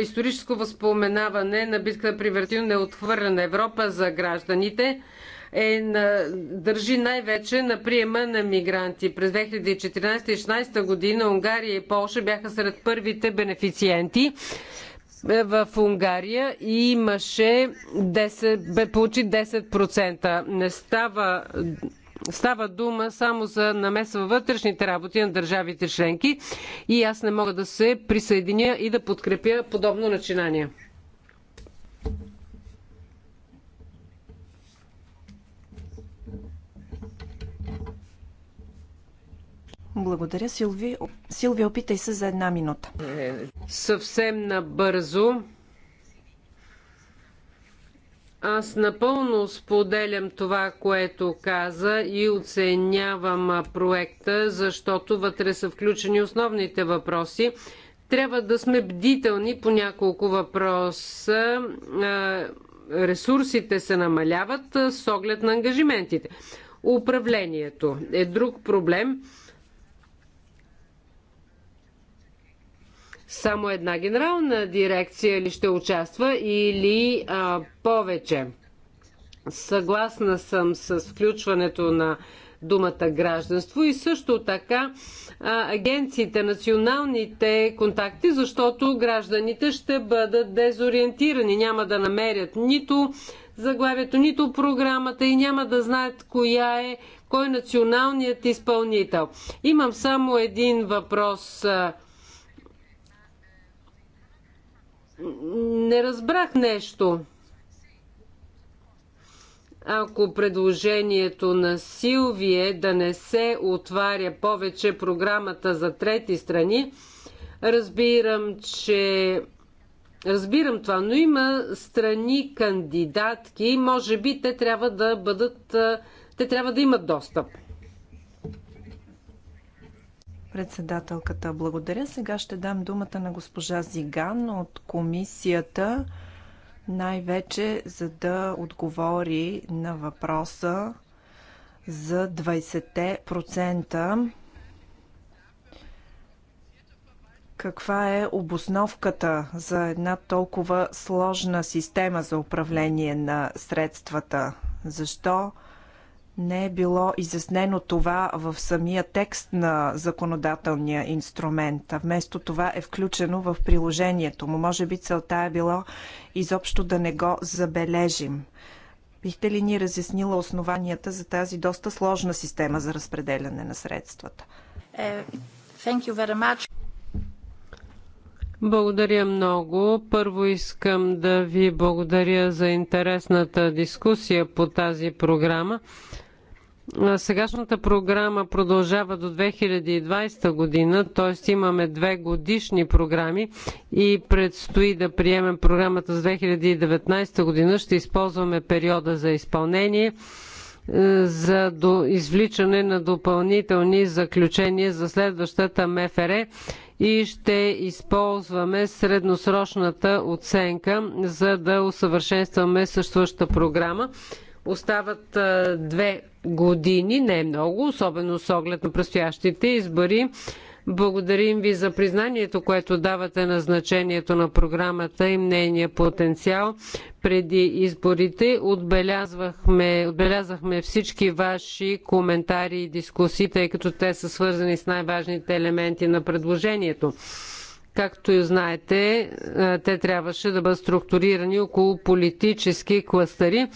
Speaker 4: историческо възпоменаване на битката при Вертин е отхвърлена Европа за гражданите е на, държи най-вече на приема на мигранти. През 2014 2016 година Унгария и Полша бяха сред първите бенефициенти. Е, в Унгария имаше 10, бе получи 10%. Не става Става дума само за намеса във вътрешните работи на държавите членки и аз не мога да се присъединя и да подкрепя подобно начинание.
Speaker 1: Благодаря, Силви. Силви, опитай се за една
Speaker 4: минута. Съвсем набързо. Аз напълно споделям това, което каза и оценявам проекта, защото вътре са включени основните въпроси. Трябва да сме бдителни по няколко въпроса. Ресурсите се намаляват с оглед на ангажиментите. Управлението е друг проблем. само една генерална дирекция ли ще участва или а, повече. Съгласна съм с включването на думата гражданство и също така а, агенциите, националните контакти, защото гражданите ще бъдат дезориентирани, няма да намерят нито заглавието, нито програмата и няма да знаят коя е, кой е националният изпълнител. Имам само един въпрос. А, Не разбрах нещо. Ако предложението на Силвие да не се отваря повече програмата за трети страни, разбирам, че Разбирам това, но има страни кандидатки, може би те трябва да бъдат, те трябва да имат достъп.
Speaker 1: Председателката, благодаря. Сега ще дам думата на госпожа Зиган от комисията, най-вече за да отговори на въпроса за 20% каква е обосновката за една толкова сложна система за управление на средствата? Защо не е било изяснено това в самия текст на законодателния инструмент, а вместо това е включено в приложението му. Може би целта е било изобщо да не го забележим. Бихте ли ни разяснила основанията за тази доста сложна система
Speaker 4: за разпределяне
Speaker 1: на средствата? Uh,
Speaker 4: благодаря много. Първо искам да ви благодаря за интересната дискусия по тази програма. Сегашната програма продължава до 2020 година, т.е. имаме две годишни програми и предстои да приемем програмата с 2019 година. Ще използваме периода за изпълнение е, за до извличане на допълнителни заключения за следващата МФР и ще използваме средносрочната оценка, за да усъвършенстваме съществуващата програма. Остават две години, не е много, особено с оглед на предстоящите избори. Благодарим ви за признанието, което давате на значението на програмата и нейния потенциал. Преди изборите отбелязвахме, отбелязахме всички ваши коментари и дискусии, тъй като те са свързани с най-важните елементи на предложението. Както и знаете, те трябваше да бъдат структурирани около политически кластъри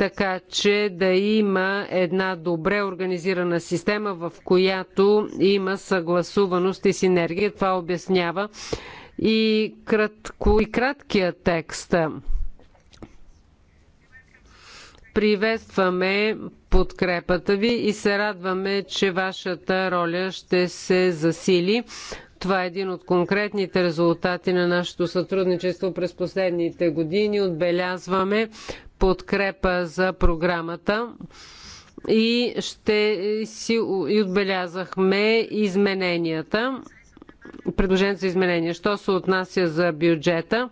Speaker 4: така че да има една добре организирана система, в която има съгласуваност и синергия. Това обяснява и, кратко, и краткия текст. Приветстваме подкрепата ви и се радваме, че вашата роля ще се засили това е един от конкретните резултати на нашето сътрудничество през последните години. Отбелязваме подкрепа за програмата и ще си и отбелязахме измененията, предложението за изменения. Що се отнася за бюджета?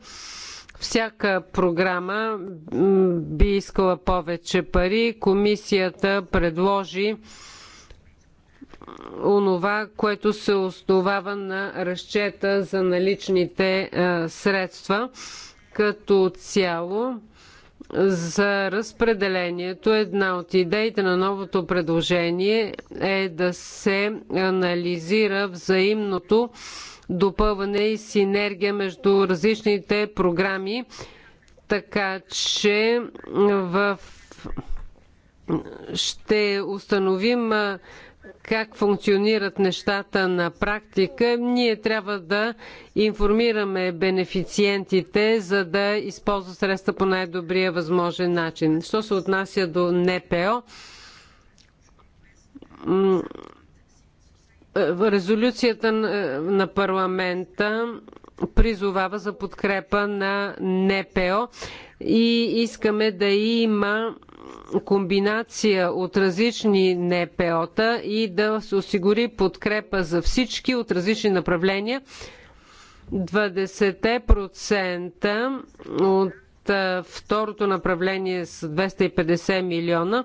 Speaker 4: Всяка програма би искала повече пари. Комисията предложи онова, което се основава на разчета за наличните е, средства като цяло за разпределението. Една от идеите на новото предложение е да се анализира взаимното допълване и синергия между различните програми, така че в... ще установим е, как функционират нещата на практика, ние трябва да информираме бенефициентите, за да използват средства по най-добрия възможен начин. Що се отнася до НПО, е, резолюцията е, на парламента призовава за подкрепа на НПО и искаме да има комбинация от различни НПО-та и да се осигури подкрепа за всички от различни направления. 20% от второто направление с 250 милиона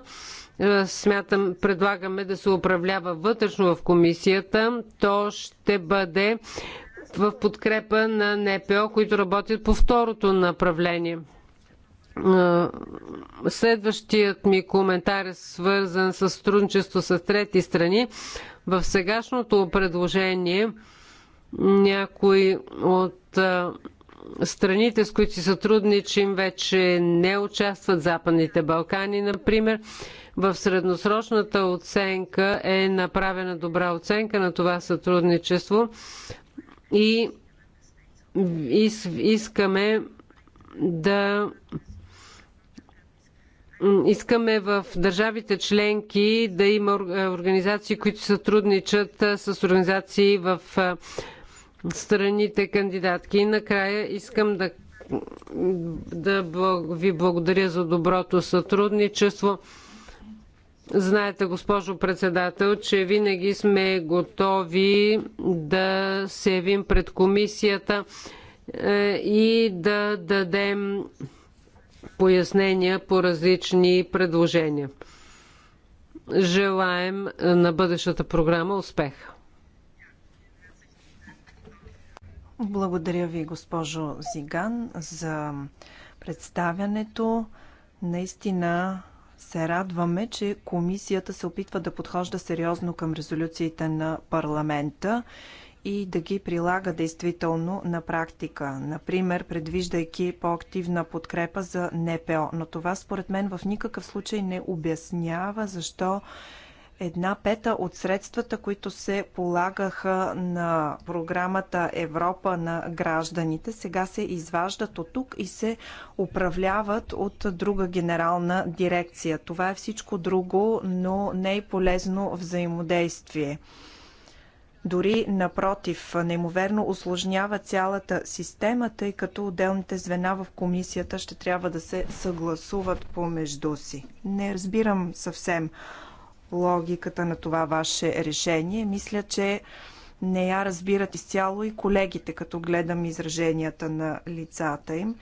Speaker 4: смятам, предлагаме да се управлява вътрешно в комисията. То ще бъде в подкрепа на НПО, които работят по второто направление. Следващият ми коментар е свързан с сътрудничество с трети страни. В сегашното предложение някои от страните, с които си сътрудничим, вече не участват Западните Балкани, например. В средносрочната оценка е направена добра оценка на това сътрудничество и искаме да Искаме в държавите членки да има е, организации, които сътрудничат е, с организации в е, страните кандидатки. И накрая искам да, да ви благодаря за доброто сътрудничество. Знаете, госпожо председател, че винаги сме готови да се явим пред комисията и да дадем пояснения по различни предложения. Желаем е, на бъдещата програма успех!
Speaker 1: Благодаря ви, госпожо Зиган, за представянето. Наистина се радваме, че комисията се опитва да подхожда сериозно към резолюциите на парламента и да ги прилага действително на практика. Например, предвиждайки по-активна подкрепа за НПО. Но това според мен в никакъв случай не обяснява защо една пета от средствата, които се полагаха на програмата Европа на гражданите, сега се изваждат от тук и се управляват от друга генерална дирекция. Това е всичко друго, но не е полезно взаимодействие. Дори напротив, неимоверно осложнява цялата система, тъй като отделните звена в комисията ще трябва да се съгласуват помежду си. Не разбирам съвсем логиката на това ваше решение. Мисля, че не я разбират изцяло и колегите, като гледам израженията на лицата им.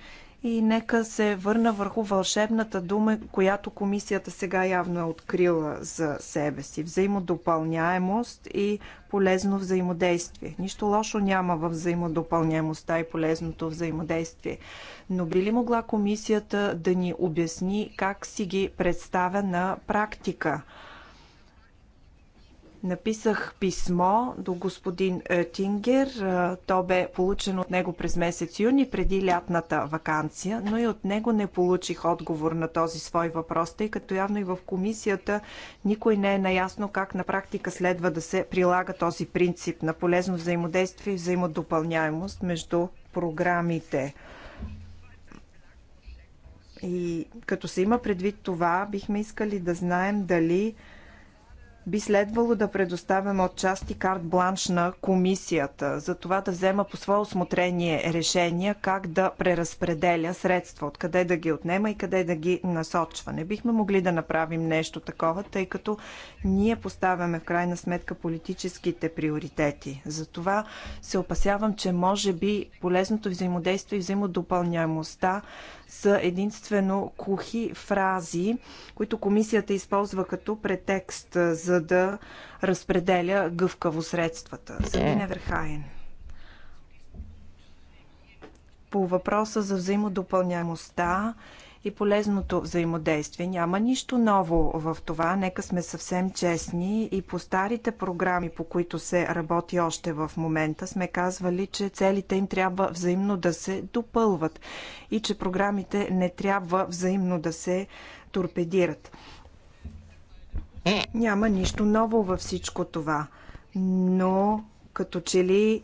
Speaker 1: И нека се върна върху вълшебната дума, която комисията сега явно е открила за себе си. Взаимодопълняемост и полезно взаимодействие. Нищо лошо няма в взаимодопълняемостта и полезното взаимодействие. Но би ли могла комисията да ни обясни как си ги представя на практика? Написах писмо до господин Оттингер. То бе получено от него през месец юни, преди лятната вакансия, но и от него не получих отговор на този свой въпрос, тъй като явно и в комисията никой не е наясно как на практика следва да се прилага този принцип на полезно взаимодействие и взаимодопълняемост между програмите. И като се има предвид това, бихме искали да знаем дали би следвало да предоставяме отчасти карт бланш на комисията за това да взема по свое осмотрение решения как да преразпределя средства, откъде да ги отнема и къде да ги насочва. Не бихме могли да направим нещо такова, тъй като ние поставяме в крайна сметка политическите приоритети. Затова се опасявам, че може би полезното взаимодействие и взаимодопълняемостта са единствено кухи фрази, които комисията използва като претекст, за да разпределя гъвкаво средствата. Сабина е. Верхаен. По въпроса за взаимодопълняемостта и полезното взаимодействие. Няма нищо ново в това. Нека сме съвсем честни и по старите програми, по които се работи още в момента, сме казвали, че целите им трябва взаимно да се допълват и че програмите не трябва взаимно да се торпедират. Няма нищо ново във всичко това, но като че ли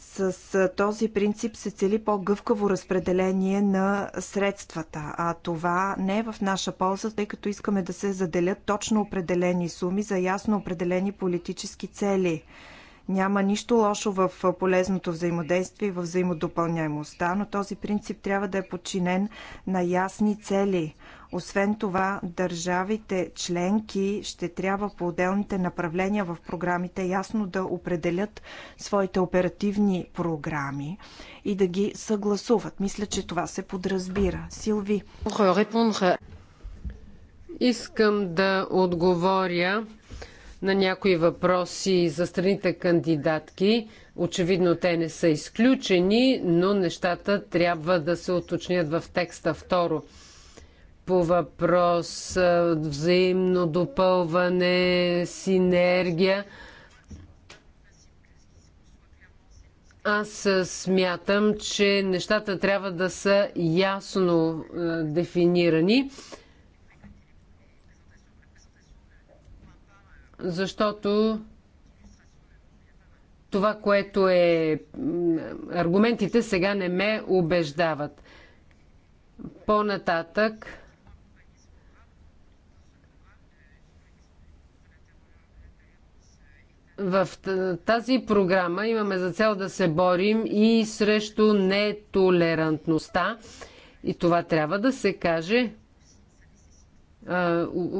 Speaker 1: с този принцип се цели по-гъвкаво разпределение на средствата, а това не е в наша полза, тъй като искаме да се заделят точно определени суми за ясно определени политически цели. Няма нищо лошо в полезното взаимодействие и в взаимодопълняемостта, но този принцип трябва да е подчинен на ясни цели. Освен това, държавите членки ще трябва по отделните направления в програмите ясно да определят своите оперативни програми и да ги съгласуват. Мисля, че това се подразбира. Силви.
Speaker 4: Искам да отговоря на някои въпроси за страните кандидатки. Очевидно те не са изключени, но нещата трябва да се уточнят в текста. Второ, по въпрос взаимно допълване, синергия. Аз смятам, че нещата трябва да са ясно дефинирани защото това, което е... Аргументите сега не ме убеждават. По-нататък... В тази програма имаме за цел да се борим и срещу нетолерантността. И това трябва да се каже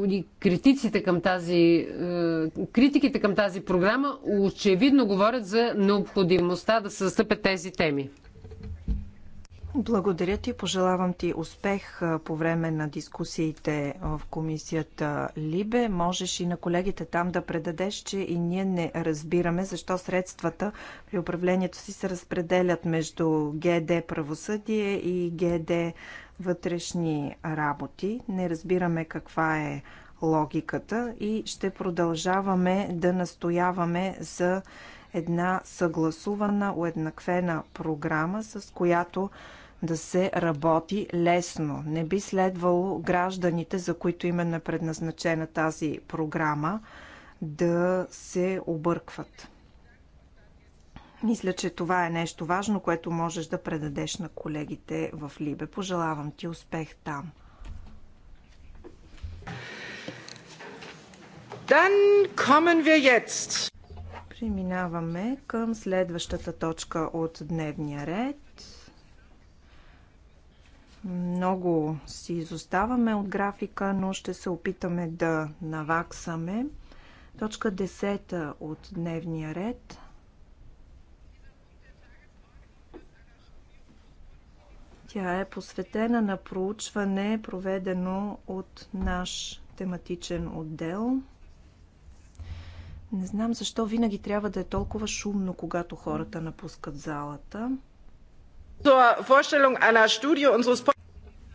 Speaker 4: и критиците към тази, критиките към тази програма очевидно говорят за необходимостта да се застъпят тези теми.
Speaker 1: Благодаря ти, пожелавам ти успех по време на дискусиите в комисията Либе. Можеш и на колегите там да предадеш, че и ние не разбираме защо средствата при управлението си се разпределят между ГД правосъдие и ГД вътрешни работи. Не разбираме каква е логиката и ще продължаваме да настояваме за една съгласувана, уеднаквена програма, с която да се работи лесно. Не би следвало гражданите, за които именно е предназначена тази програма, да се объркват. Мисля, че това е нещо важно, което можеш да предадеш на колегите в Либе. Пожелавам ти успех там. Dann kommen wir jetzt. Преминаваме към следващата точка от дневния ред. Много си изоставаме от графика, но ще се опитаме да наваксаме. Точка 10 от дневния ред. Тя е посветена на проучване, проведено от наш тематичен отдел – не знам защо винаги трябва да е толкова шумно, когато хората напускат залата.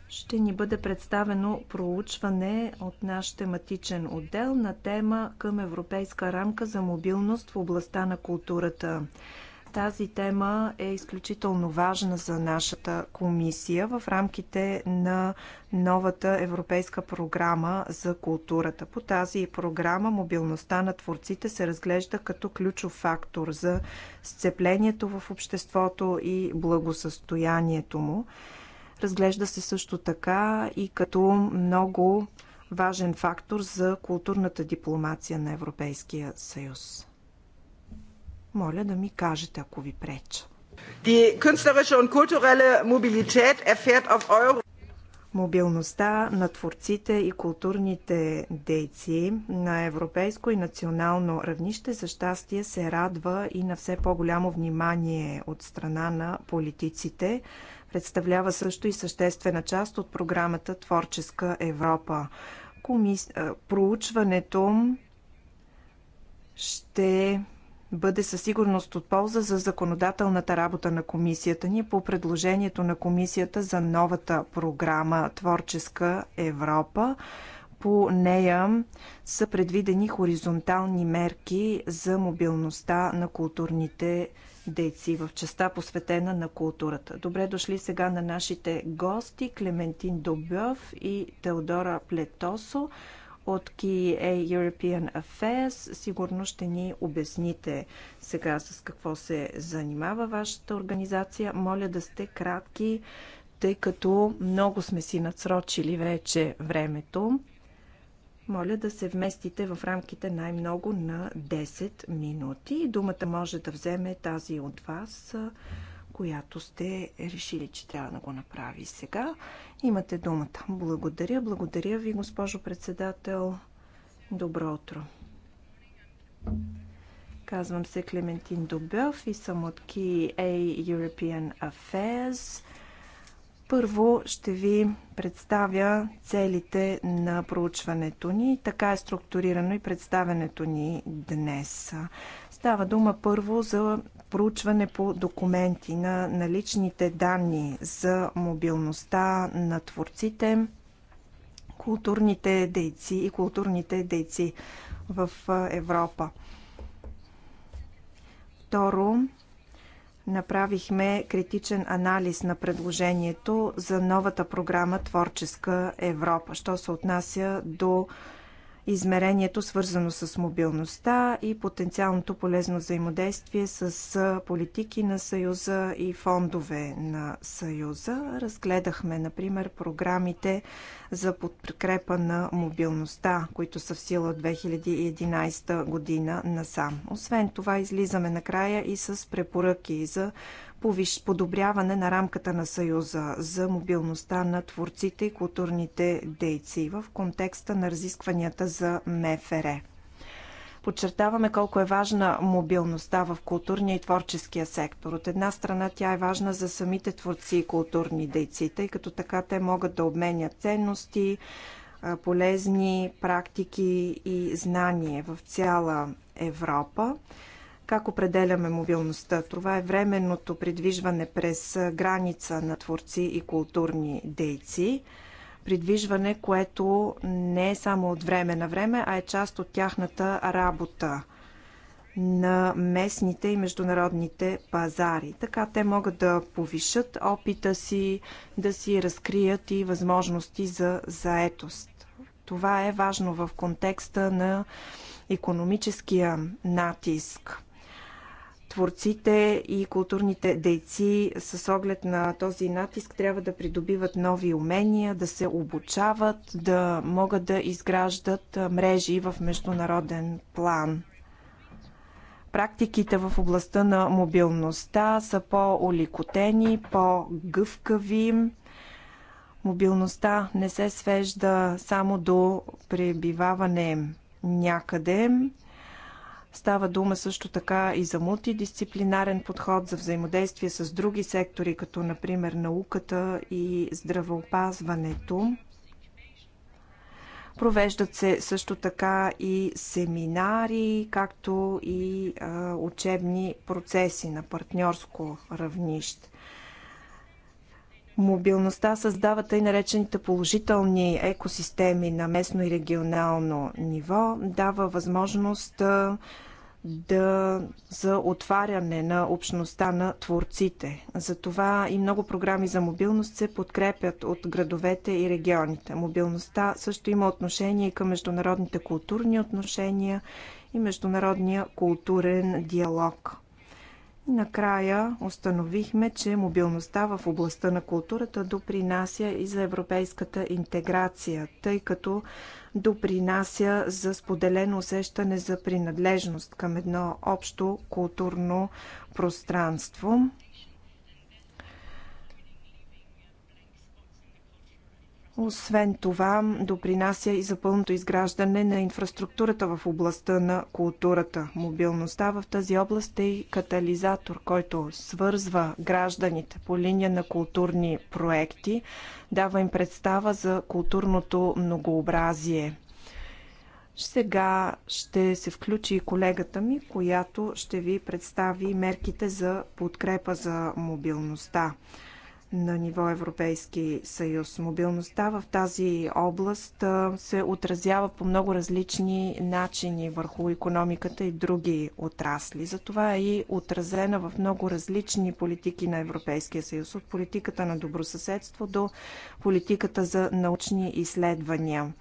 Speaker 2: Ще ни бъде
Speaker 1: представено проучване от наш тематичен отдел на тема към Европейска рамка за мобилност в областта на културата. Тази тема е изключително важна за нашата комисия в рамките на новата европейска програма за културата. По тази програма мобилността на творците се разглежда като ключов фактор за сцеплението в обществото и благосъстоянието му. Разглежда се също така и като много важен фактор за културната дипломация на Европейския съюз. Моля да ми кажете, ако ви преча. мобилността на творците и културните дейци на европейско и национално равнище за щастие се радва и на все по-голямо внимание от страна на политиците. Представлява също и съществена част от програмата Творческа Европа. Комис... Проучването ще бъде със сигурност от полза за законодателната работа на комисията ни по предложението на комисията за новата програма Творческа Европа. По нея са предвидени хоризонтални мерки за мобилността на културните дейци в частта посветена на културата. Добре дошли сега на нашите гости Клементин Добьов и Теодора Плетосо от KEA European Affairs. Сигурно ще ни обясните сега с какво се занимава вашата организация. Моля да сте кратки, тъй като много сме си надсрочили вече времето. Моля да се вместите в рамките най-много на 10 минути. Думата може да вземе тази от вас, която сте решили, че трябва да го направи сега. Имате думата. Благодаря, благодаря ви, госпожо председател. Добро утро. Казвам се Клементин Добев и съм от KA European Affairs. Първо ще ви представя целите на проучването ни. Така е структурирано и представенето ни днес. Става дума първо за проучване по документи на наличните данни за мобилността на творците, културните дейци и културните дейци в Европа. Второ, направихме критичен анализ на предложението за новата програма Творческа Европа, що се отнася до измерението свързано с мобилността и потенциалното полезно взаимодействие с политики на Съюза и фондове на Съюза. Разгледахме, например, програмите за подкрепа на мобилността, които са в сила от 2011 година насам. Освен това, излизаме накрая и с препоръки за повиш, подобряване на рамката на Съюза за мобилността на творците и културните дейци в контекста на разискванията за МФР. Подчертаваме колко е важна мобилността в културния и творческия сектор. От една страна тя е важна за самите творци и културни дейци, тъй като така те могат да обменят ценности, полезни практики и знания в цяла Европа. Как определяме мобилността? Това е временното придвижване през граница на творци и културни дейци. Придвижване, което не е само от време на време, а е част от тяхната работа на местните и международните пазари. Така те могат да повишат опита си, да си разкрият и възможности за заетост. Това е важно в контекста на економическия натиск творците и културните дейци с оглед на този натиск трябва да придобиват нови умения, да се обучават, да могат да изграждат мрежи в международен план. Практиките в областта на мобилността са по-оликотени, по-гъвкави. Мобилността не се свежда само до пребиваване някъде, Става дума също така и за мултидисциплинарен подход за взаимодействие с други сектори, като например науката и здравеопазването. Провеждат се също така и семинари, както и а, учебни процеси на партньорско равнище. Мобилността създава тъй наречените положителни екосистеми на местно и регионално ниво, дава възможност да, за отваряне на общността на творците. Затова и много програми за мобилност се подкрепят от градовете и регионите. Мобилността също има отношение и към международните културни отношения и международния културен диалог. Накрая установихме, че мобилността в областта на културата допринася и за европейската интеграция, тъй като допринася за споделено усещане за принадлежност към едно общо културно пространство. Освен това, допринася и за пълното изграждане на инфраструктурата в областта на културата. Мобилността в тази област е и катализатор, който свързва гражданите по линия на културни проекти, дава им представа за културното многообразие. Сега ще се включи и колегата ми, която ще ви представи мерките за подкрепа за мобилността на ниво Европейски съюз. Мобилността в тази област се отразява по много различни начини върху економиката и други отрасли. Затова е и отразена в много различни политики на Европейския съюз, от политиката на добросъседство до политиката за научни изследвания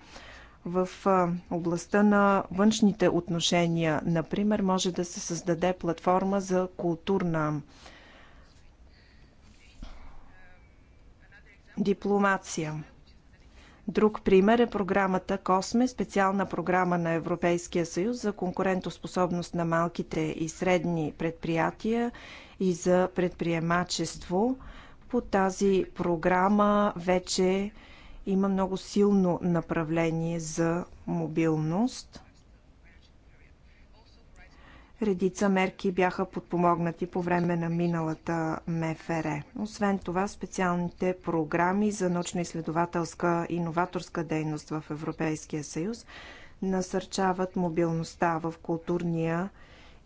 Speaker 1: в областта на външните отношения, например, може да се създаде платформа за културна дипломация. Друг пример е програмата КОСМЕ, специална програма на Европейския съюз за конкурентоспособност на малките и средни предприятия и за предприемачество. По тази програма вече има много силно направление за мобилност. Редица мерки бяха подпомогнати по време на миналата МФР. Освен това, специалните програми за научно-изследователска и новаторска дейност в Европейския съюз насърчават мобилността в културния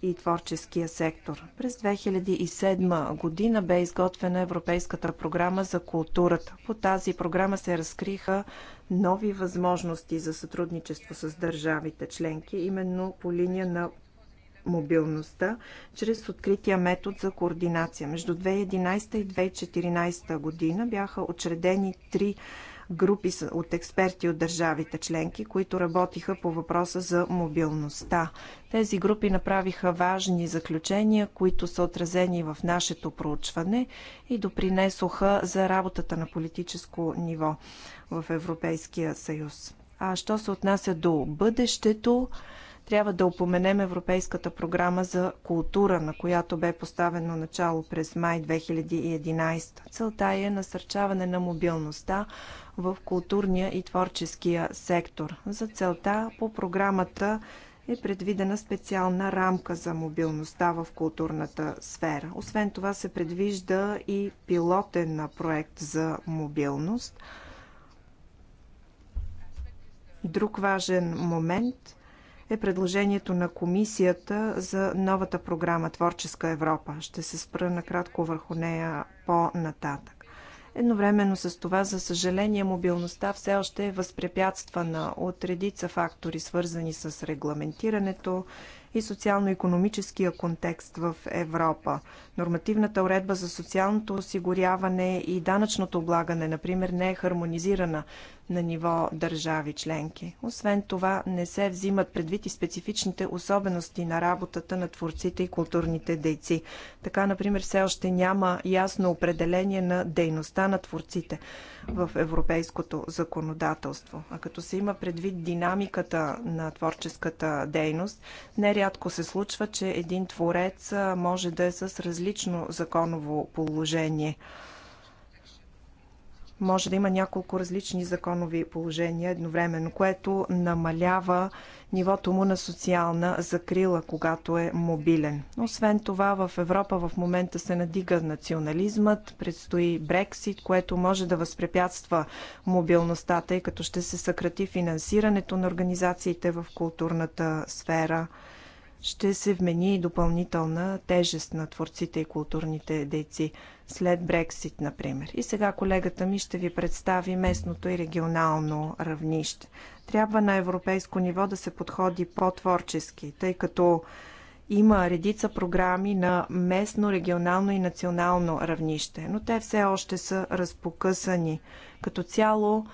Speaker 1: и творческия сектор. През 2007 година бе изготвена Европейската програма за културата. По тази програма се разкриха нови възможности за сътрудничество с държавите членки, именно по линия на мобилността чрез открития метод за координация. Между 2011 и 2014 година бяха учредени три групи от експерти от държавите членки, които работиха по въпроса за мобилността. Тези групи направиха важни заключения, които са отразени в нашето проучване и допринесоха за работата на политическо ниво в Европейския съюз. А що се отнася до бъдещето, трябва да упоменем Европейската програма за култура, на която бе поставено начало през май 2011. Целта е насърчаване на мобилността в културния и творческия сектор. За целта по програмата е предвидена специална рамка за мобилността в културната сфера. Освен това се предвижда и пилотен проект за мобилност. Друг важен момент е предложението на комисията за новата програма Творческа Европа. Ще се спра накратко върху нея по-нататък. Едновременно с това, за съжаление, мобилността все още е възпрепятствана от редица фактори, свързани с регламентирането, и социално-економическия контекст в Европа. Нормативната уредба за социалното осигуряване и данъчното облагане, например, не е хармонизирана на ниво държави членки. Освен това, не се взимат предвид и специфичните особености на работата на творците и културните дейци. Така, например, все още няма ясно определение на дейността на творците в европейското законодателство. А като се има предвид динамиката на творческата дейност, нерядко се случва, че един творец може да е с различно законово положение може да има няколко различни законови положения едновременно, което намалява нивото му на социална закрила, когато е мобилен. Освен това, в Европа в момента се надига национализмът, предстои Брексит, което може да възпрепятства мобилността, тъй като ще се съкрати финансирането на организациите в културната сфера ще се вмени и допълнителна тежест на творците и културните дейци след Брексит, например. И сега колегата ми ще ви представи местното и регионално равнище. Трябва на европейско ниво да се подходи по-творчески, тъй като има редица програми на местно, регионално и национално равнище, но те все още са разпокъсани. Като цяло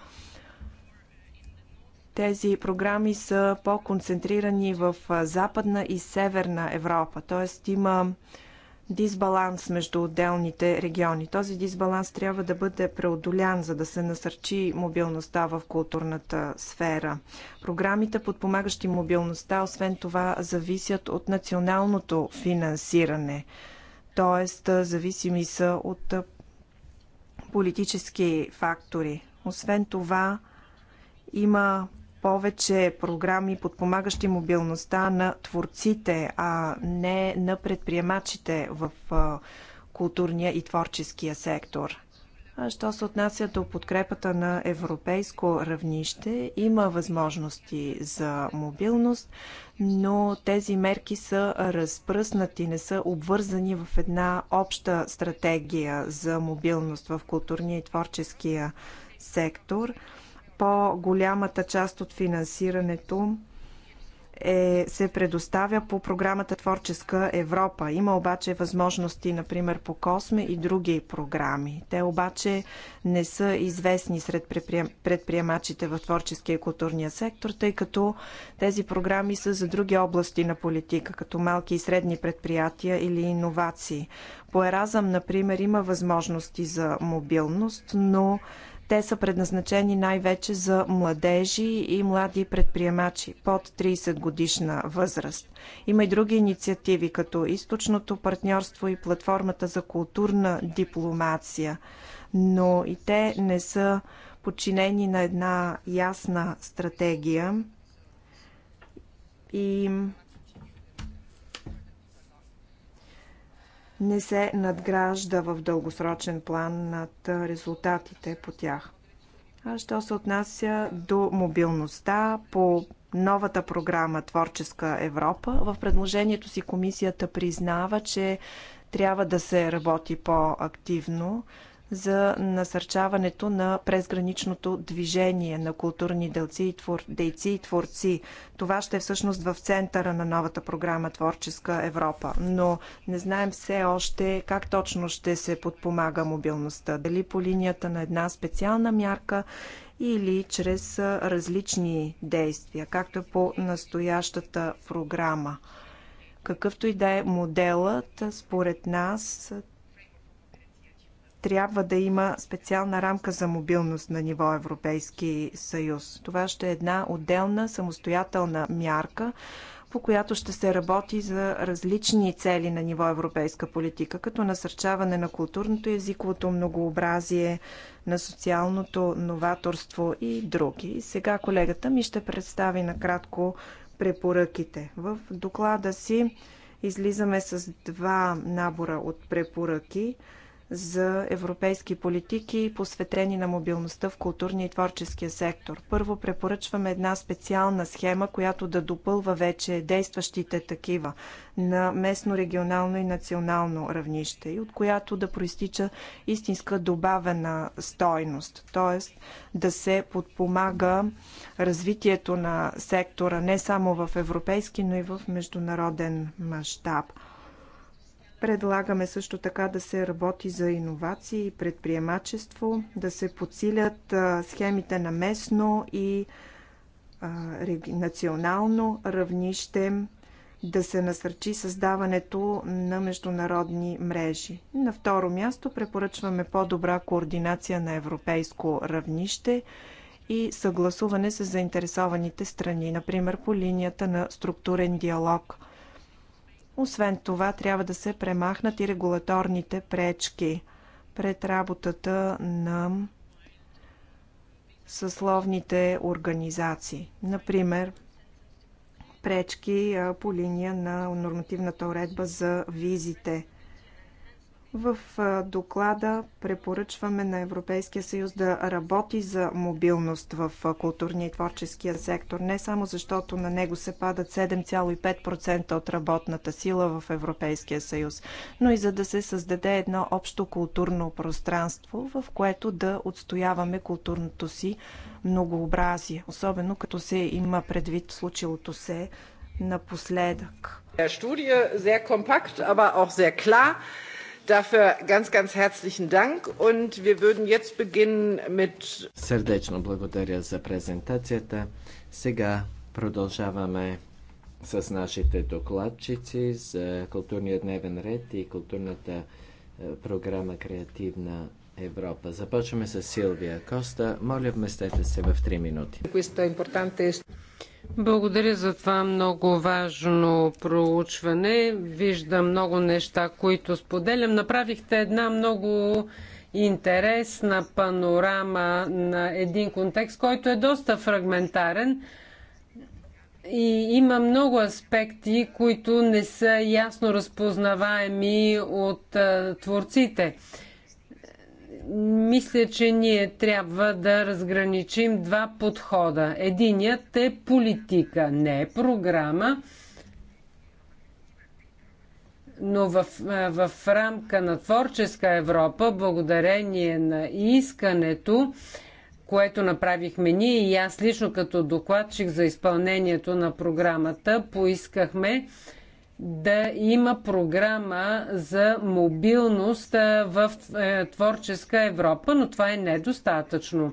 Speaker 1: тези програми са по-концентрирани в Западна и Северна Европа, т.е. има дисбаланс между отделните региони. Този дисбаланс трябва да бъде преодолян, за да се насърчи мобилността в културната сфера. Програмите, подпомагащи мобилността, освен това, зависят от националното финансиране, т.е. зависими са от политически фактори. Освен това, има повече програми, подпомагащи мобилността на творците, а не на предприемачите в културния и творческия сектор. Що се отнася до подкрепата на европейско равнище, има възможности за мобилност, но тези мерки са разпръснати, не са обвързани в една обща стратегия за мобилност в културния и творческия сектор. По-голямата част от финансирането е, се предоставя по програмата Творческа Европа. Има обаче възможности, например, по Косме и други програми. Те обаче не са известни сред предприемачите в творческия и културния сектор, тъй като тези програми са за други области на политика, като малки и средни предприятия или иновации. По Еразъм, например, има възможности за мобилност, но те са предназначени най-вече за младежи и млади предприемачи под 30 годишна възраст. Има и други инициативи, като източното партньорство и платформата за културна дипломация, но и те не са подчинени на една ясна стратегия и не се надгражда в дългосрочен план над резултатите по тях. А що се отнася до мобилността по новата програма Творческа Европа, в предложението си комисията признава, че трябва да се работи по-активно за насърчаването на презграничното движение на културни дълци и твор... дейци и творци. Това ще е всъщност в центъра на новата програма Творческа Европа. Но не знаем все още как точно ще се подпомага мобилността. Дали по линията на една специална мярка или чрез различни действия, както е по настоящата програма. Какъвто и да е моделът, според нас трябва да има специална рамка за мобилност на ниво Европейски съюз. Това ще е една отделна, самостоятелна мярка, по която ще се работи за различни цели на ниво европейска политика, като насърчаване на културното и езиковото многообразие, на социалното новаторство и други. Сега колегата ми ще представи накратко препоръките. В доклада си излизаме с два набора от препоръки – за европейски политики, посветени на мобилността в културния и творческия сектор. Първо препоръчваме една специална схема, която да допълва вече действащите такива на местно, регионално и национално равнище и от която да проистича истинска добавена стойност, т.е. да се подпомага развитието на сектора не само в европейски, но и в международен мащаб. Предлагаме също така да се работи за иновации и предприемачество, да се подсилят схемите на местно и национално равнище, да се насърчи създаването на международни мрежи. На второ място препоръчваме по-добра координация на европейско равнище и съгласуване с заинтересованите страни, например по линията на структурен диалог – освен това, трябва да се премахнат и регулаторните пречки пред работата на съсловните организации. Например, пречки по линия на нормативната уредба за визите. В доклада препоръчваме на Европейския съюз да работи за мобилност в културния и творческия сектор, не само защото на него се падат 7,5% от работната сила в Европейския съюз, но и за да се създаде едно общо културно пространство, в което да отстояваме културното си многообразие, особено като се има предвид случилото се напоследък.
Speaker 2: Студия Studie sehr kompakt, aber auch sehr klar. Dafür ganz, ganz herzlichen Dank und wir würden jetzt beginnen mit...
Speaker 3: Сърдечно благодаря за презентацията. Сега продължаваме с нашите докладчици за културния дневен ред и културната е, програма Креативна Европа. Започваме с Силвия Коста. Моля, вместете се в 3
Speaker 4: минути. Благодаря за това много важно проучване. Виждам много неща, които споделям. Направихте една много интересна панорама на един контекст, който е доста фрагментарен. И има много аспекти, които не са ясно разпознаваеми от а, творците мисля, че ние трябва да разграничим два подхода. Единият е политика, не е програма, но в, в рамка на творческа Европа, благодарение на искането, което направихме ние и аз лично като докладчик за изпълнението на програмата, поискахме да има програма за мобилност в е, творческа Европа, но това е недостатъчно.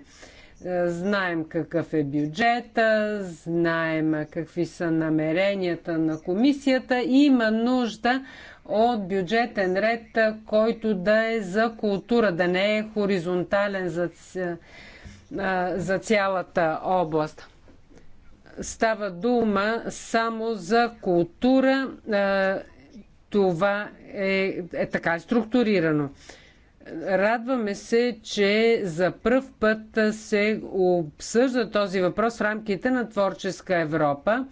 Speaker 4: Е, знаем какъв е бюджета, знаем какви са намеренията на комисията и има нужда от бюджетен ред, който да е за култура, да не е хоризонтален за, за цялата област става дума само за култура. Това е, е така структурирано. Радваме се, че за пръв път се обсъжда този въпрос в рамките на Творческа Европа.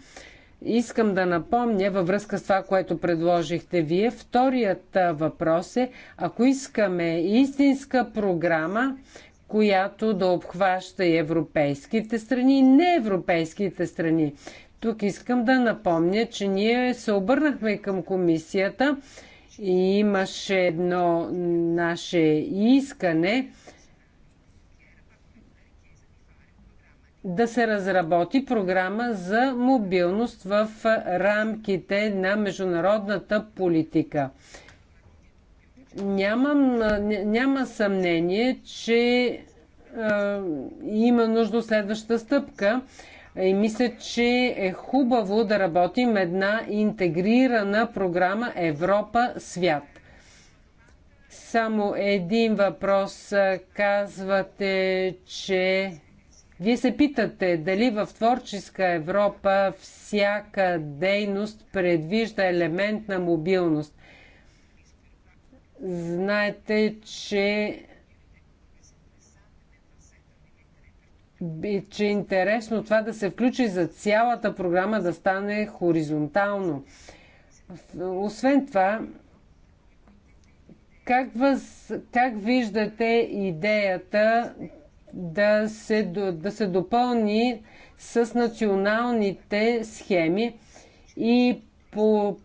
Speaker 4: Искам да напомня във връзка с това, което предложихте вие. Вторият въпрос е, ако искаме истинска програма, която да обхваща и европейските страни, и неевропейските страни. Тук искам да напомня, че ние се обърнахме към комисията и имаше едно наше искане да се разработи програма за мобилност в рамките на международната политика. Нямам, няма съмнение, че има нужда следваща стъпка. И мисля, че е хубаво да работим една интегрирана програма Европа свят. Само един въпрос. Казвате, че вие се питате дали в творческа Европа всяка дейност предвижда елемент на мобилност. Знаете, че че е интересно това да се включи за цялата програма да стане хоризонтално. Освен това, как, въз, как виждате идеята да се, да се допълни с националните схеми и по,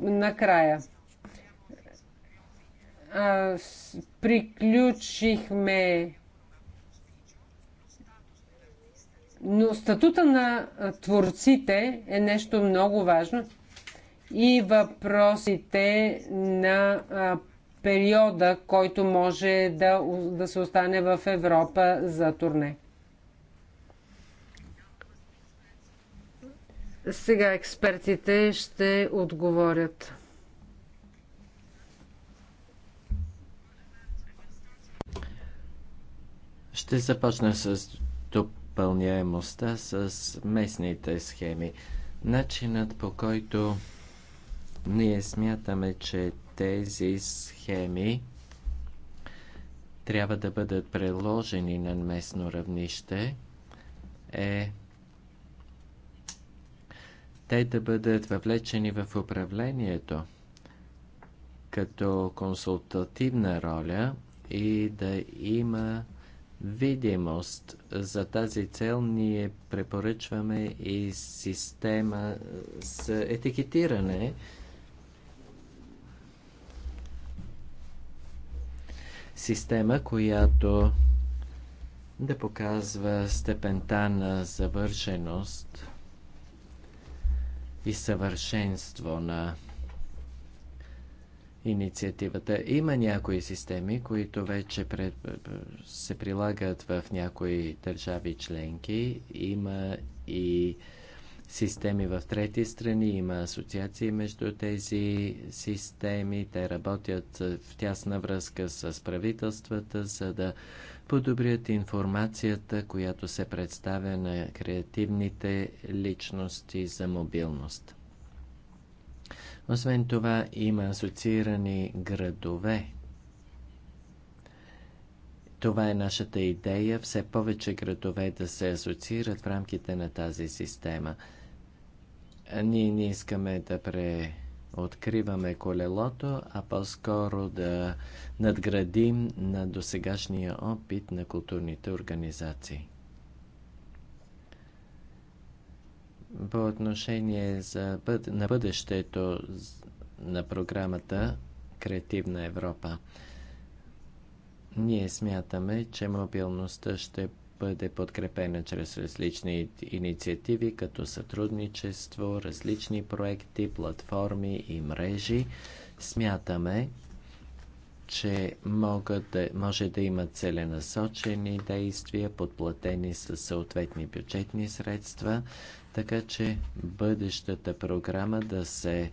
Speaker 4: накрая? а, приключихме но статута на творците е нещо много важно и въпросите на периода, който може да, да се остане в Европа за турне. Сега експертите ще отговорят.
Speaker 3: Ще започна с допълняемостта с местните схеми. Начинът по който ние смятаме, че тези схеми трябва да бъдат приложени на местно равнище е те да бъдат въвлечени в управлението като консултативна роля и да има видимост. За тази цел ние препоръчваме и система с етикетиране. Система, която да показва степента на завършеност и съвършенство на инициативата. Има някои системи, които вече пред, се прилагат в някои държави членки. Има и системи в трети страни, има асоциации между тези системи. Те работят в тясна връзка с правителствата, за да подобрят информацията, която се представя на креативните личности за мобилност. Освен това има асоциирани градове. Това е нашата идея все повече градове да се асоциират в рамките на тази система. Ние не искаме да преоткриваме колелото, а по-скоро да надградим на досегашния опит на културните организации. по отношение за, на бъдещето на програмата Креативна Европа. Ние смятаме, че мобилността ще бъде подкрепена чрез различни инициативи, като сътрудничество, различни проекти, платформи и мрежи. Смятаме, че могат да, може да има целенасочени действия, подплатени с съответни бюджетни средства така че бъдещата програма да се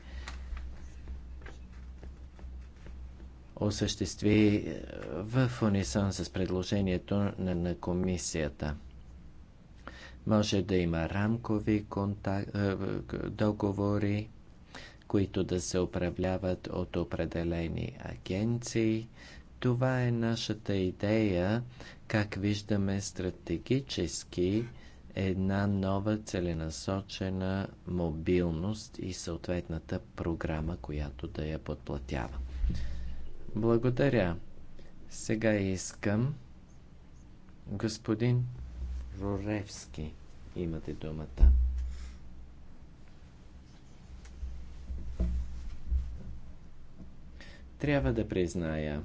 Speaker 3: осъществи е, в унисон с предложението на, на комисията. Може да има рамкови контакт, е, е, договори, които да се управляват от определени агенции. Това е нашата идея, как виждаме стратегически една нова целенасочена мобилност и съответната програма, която да я подплатява. Благодаря. Сега искам господин Руревски. Имате думата. Трябва да призная,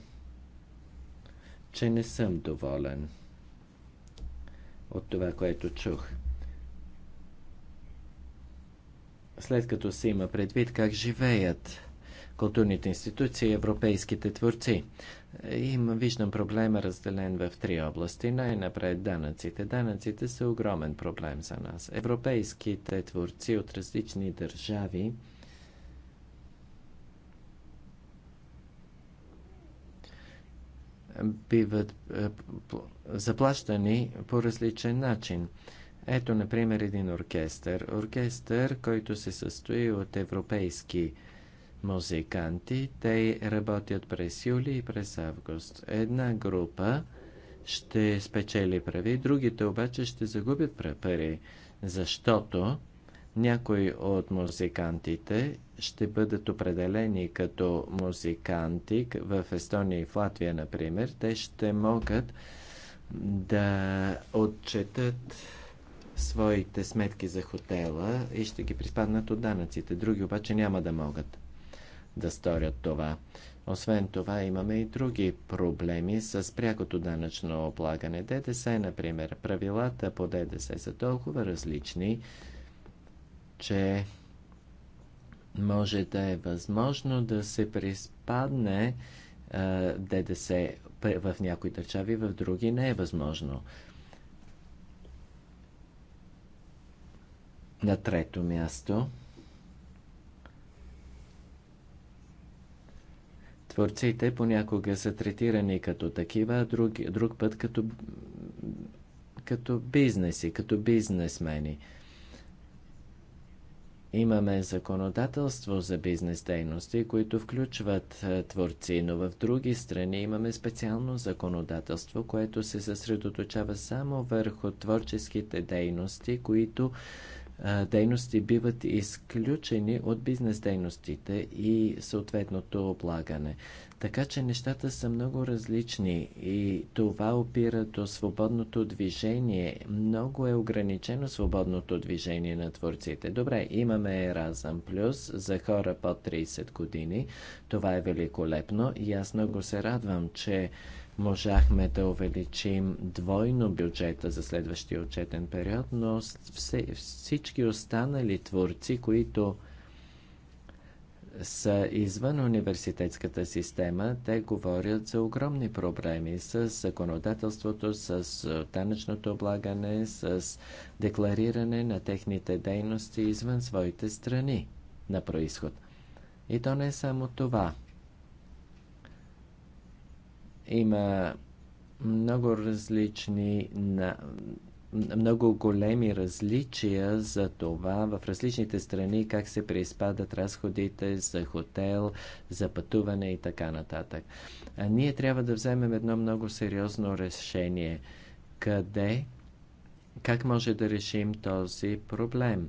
Speaker 3: че не съм доволен от това, което чух. След като се има предвид как живеят културните институции и европейските творци. Има, виждам проблема разделен в три области. Най-напред данъците. Данъците са огромен проблем за нас. Европейските творци от различни държави биват е, заплащани по различен начин. Ето, например, един оркестър. Оркестър, който се състои от европейски музиканти. Те работят през юли и през август. Една група ще спечели прави, другите обаче ще загубят пари, защото някои от музикантите ще бъдат определени като музиканти в Естония и в Латвия, например. Те ще могат да отчетат своите сметки за хотела и ще ги приспаднат от данъците. Други обаче няма да могат да сторят това. Освен това имаме и други проблеми с прякото данъчно облагане. ДДС, например, правилата по ДДС са толкова различни, че може да е възможно да се приспадне ДДС в някои държави, в други не е възможно. На трето място творците понякога са третирани като такива, а друг, друг път като, като бизнеси, като бизнесмени – Имаме законодателство за бизнес дейности, които включват е, творци, но в други страни имаме специално законодателство, което се съсредоточава само върху творческите дейности, които е, дейности биват изключени от бизнес дейностите и съответното облагане. Така че нещата са много различни и това опира до свободното движение. Много е ограничено свободното движение на творците. Добре, имаме Еразъм Плюс за хора под 30 години. Това е великолепно и аз много се радвам, че можахме да увеличим двойно бюджета за следващия отчетен период, но всички останали творци, които са извън университетската система, те говорят за огромни проблеми с законодателството, с данъчното облагане, с деклариране на техните дейности извън своите страни на происход. И то не е само това. Има много различни на много големи различия за това в различните страни как се преизпадат разходите за хотел, за пътуване и така нататък. А ние трябва да вземем едно много сериозно решение. Къде, как може да решим този проблем?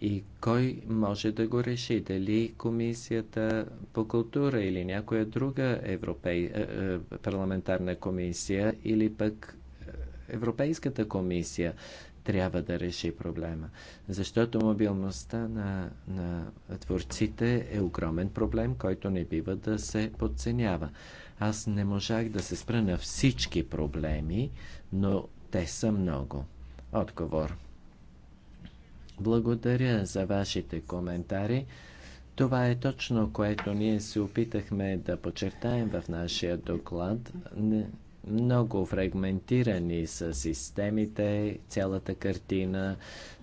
Speaker 3: И кой може да го реши? Дали Комисията по култура или някоя друга европей... Е, е, парламентарна комисия или пък Европейската комисия трябва да реши проблема. Защото мобилността на, на творците е огромен проблем, който не бива да се подценява. Аз не можах да се спра на всички проблеми, но те са много. Отговор. Благодаря за вашите коментари. Това е точно което ние се опитахме да подчертаем в нашия доклад. Много фрагментирани са системите, цялата картина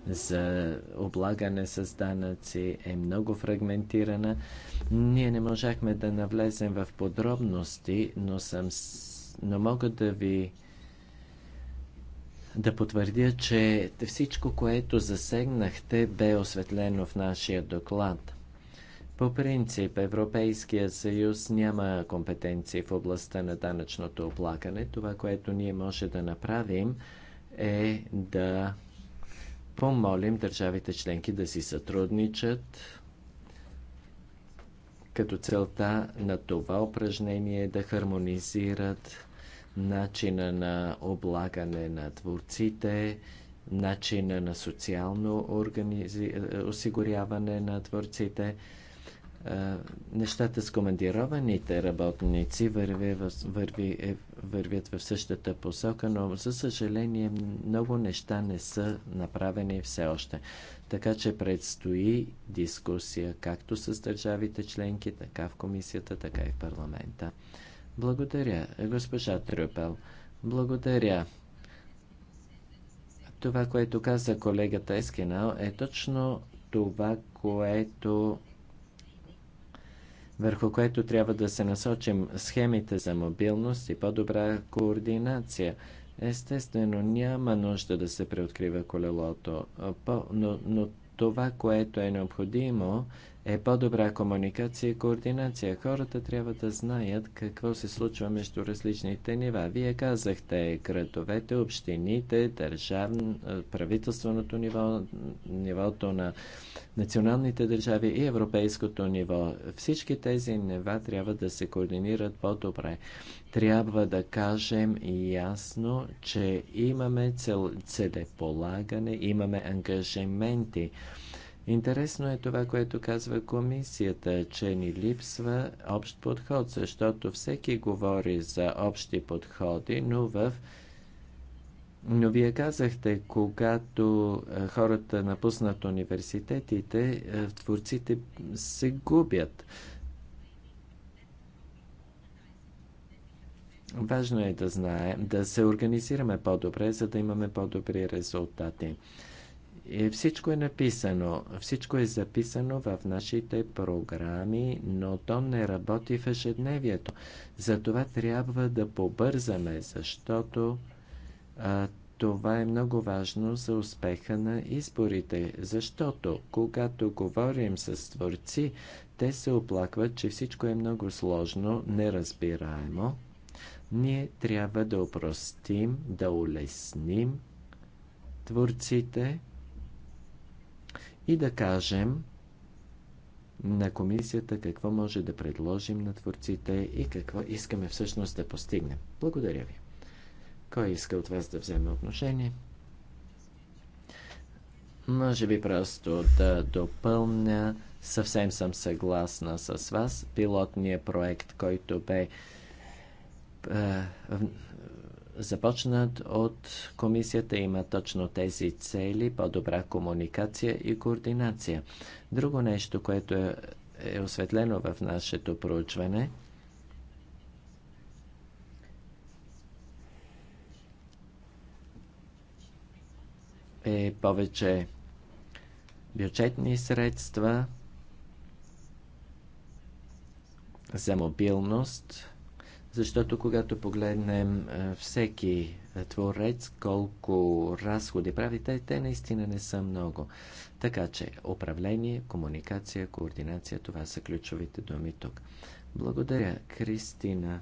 Speaker 3: за облагане с данъци е много фрагментирана. Ние не можахме да навлезем в подробности, но, съм, но мога да ви да потвърдя, че всичко, което засегнахте, бе осветлено в нашия доклад. По принцип, Европейския съюз няма компетенции в областта на данъчното облагане. Това, което ние може да направим, е да помолим държавите членки да си сътрудничат, като целта на това упражнение е да хармонизират начина на облагане на творците, начина на социално организи... осигуряване на творците, е, нещата с командированите работници върви, върви, е, вървят в същата посока, но за съжаление много неща не са направени все още. Така че предстои дискусия както с държавите членки, така в комисията, така и в парламента. Благодаря, госпожа Трюпел. Благодаря. Това, което каза колегата Ескинал, е точно това, което върху което трябва да се насочим схемите за мобилност и по-добра координация. Естествено, няма нужда да се преоткрива колелото, но, но това, което е необходимо, е по-добра комуникация и координация. Хората трябва да знаят какво се случва между различните нива. Вие казахте градовете, общините, държавно, правителственото ниво, нивото на националните държави и европейското ниво. Всички тези нива трябва да се координират по-добре. Трябва да кажем ясно, че имаме цел, целеполагане, имаме ангажименти. Интересно е това, което казва комисията, че ни липсва общ подход, защото всеки говори за общи подходи, но в но вие казахте, когато е, хората напуснат университетите, е, творците се губят. Важно е да знаем, да се организираме по-добре, за да имаме по-добри резултати. И всичко е написано, всичко е записано в нашите програми, но то не работи в ежедневието. Затова трябва да побързаме, защото а, това е много важно за успеха на изборите, защото когато говорим с творци, те се оплакват, че всичко е много сложно, неразбираемо. Ние трябва да упростим, да улесним творците – и да кажем на комисията какво може да предложим на творците и какво искаме всъщност да постигнем. Благодаря ви. Кой иска от вас да вземе отношение? Може би просто да допълня. Съвсем съм съгласна с вас. Пилотният проект, който бе е, започнат от комисията, има точно тези цели, по-добра комуникация и координация. Друго нещо, което е, е осветлено в нашето проучване, е повече бюджетни средства за мобилност – защото когато погледнем е, всеки е, творец, колко разходи прави, те, те наистина не са много. Така че управление, комуникация, координация, това са ключовите думи тук. Благодаря, Кристина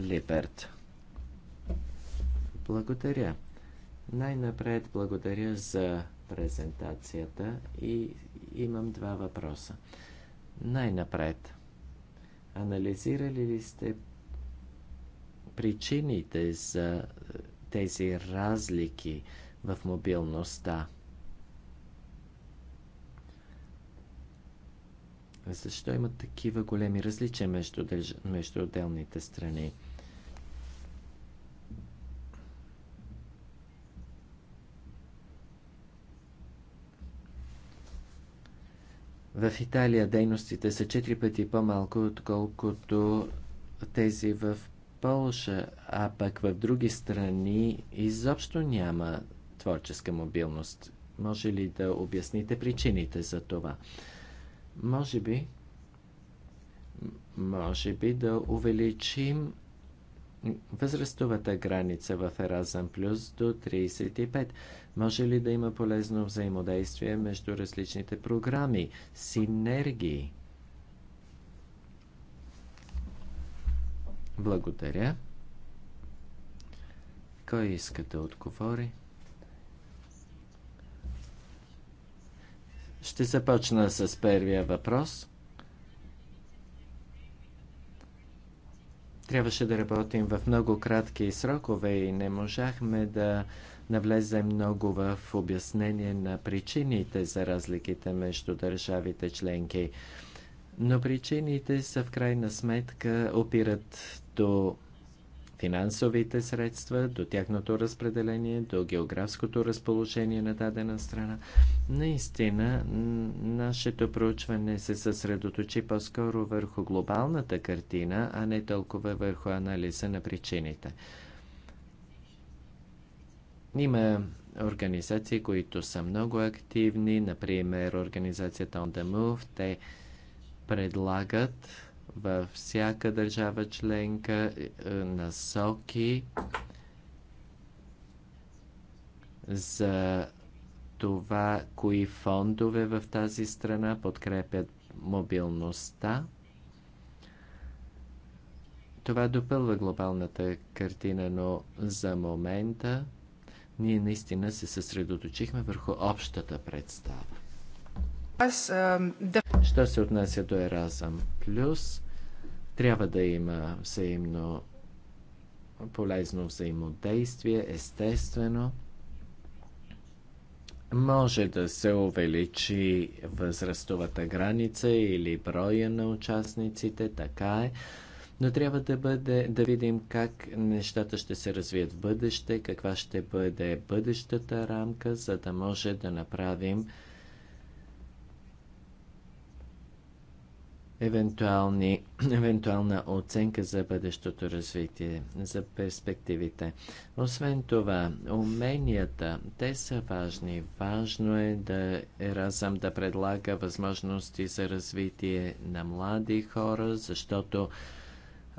Speaker 3: Либерт. Благодаря. Най-напред благодаря за презентацията и имам два въпроса. Най-напред – Анализирали ли сте причините за е, тези разлики в мобилността? Защо има такива големи различия между, между отделните страни? В Италия дейностите са 4 пъти по-малко, отколкото тези в Полша, а пък в други страни изобщо няма творческа мобилност. Може ли да обясните причините за това? Може би, може би да увеличим възрастовата граница в Еразъм Плюс до 35. Може ли да има полезно взаимодействие между различните програми, синергии? Благодаря. Кой иска да отговори? Ще започна с първия въпрос – Трябваше да работим в много кратки срокове и не можахме да навлезе много в обяснение на причините за разликите между държавите членки. Но причините са в крайна сметка опират до финансовите средства, до тяхното разпределение, до географското разположение на дадена страна. Наистина, нашето проучване се съсредоточи по-скоро върху глобалната картина, а не толкова върху анализа на причините. Има организации, които са много активни, например организацията On the Move. Те предлагат във всяка държава членка е, е, насоки за това, кои фондове в тази страна подкрепят мобилността. Това допълва глобалната картина, но за момента ние наистина се съсредоточихме върху общата представа. Що се отнася до Еразъм Плюс, трябва да има взаимно полезно взаимодействие, естествено. Може да се увеличи възрастовата граница или броя на участниците, така е. Но трябва да, бъде, да видим как нещата ще се развият в бъдеще, каква ще бъде бъдещата рамка, за да може да направим евентуална оценка за бъдещото развитие, за перспективите. Освен това, уменията, те са важни. Важно е да Еразъм да предлага възможности за развитие на млади хора, защото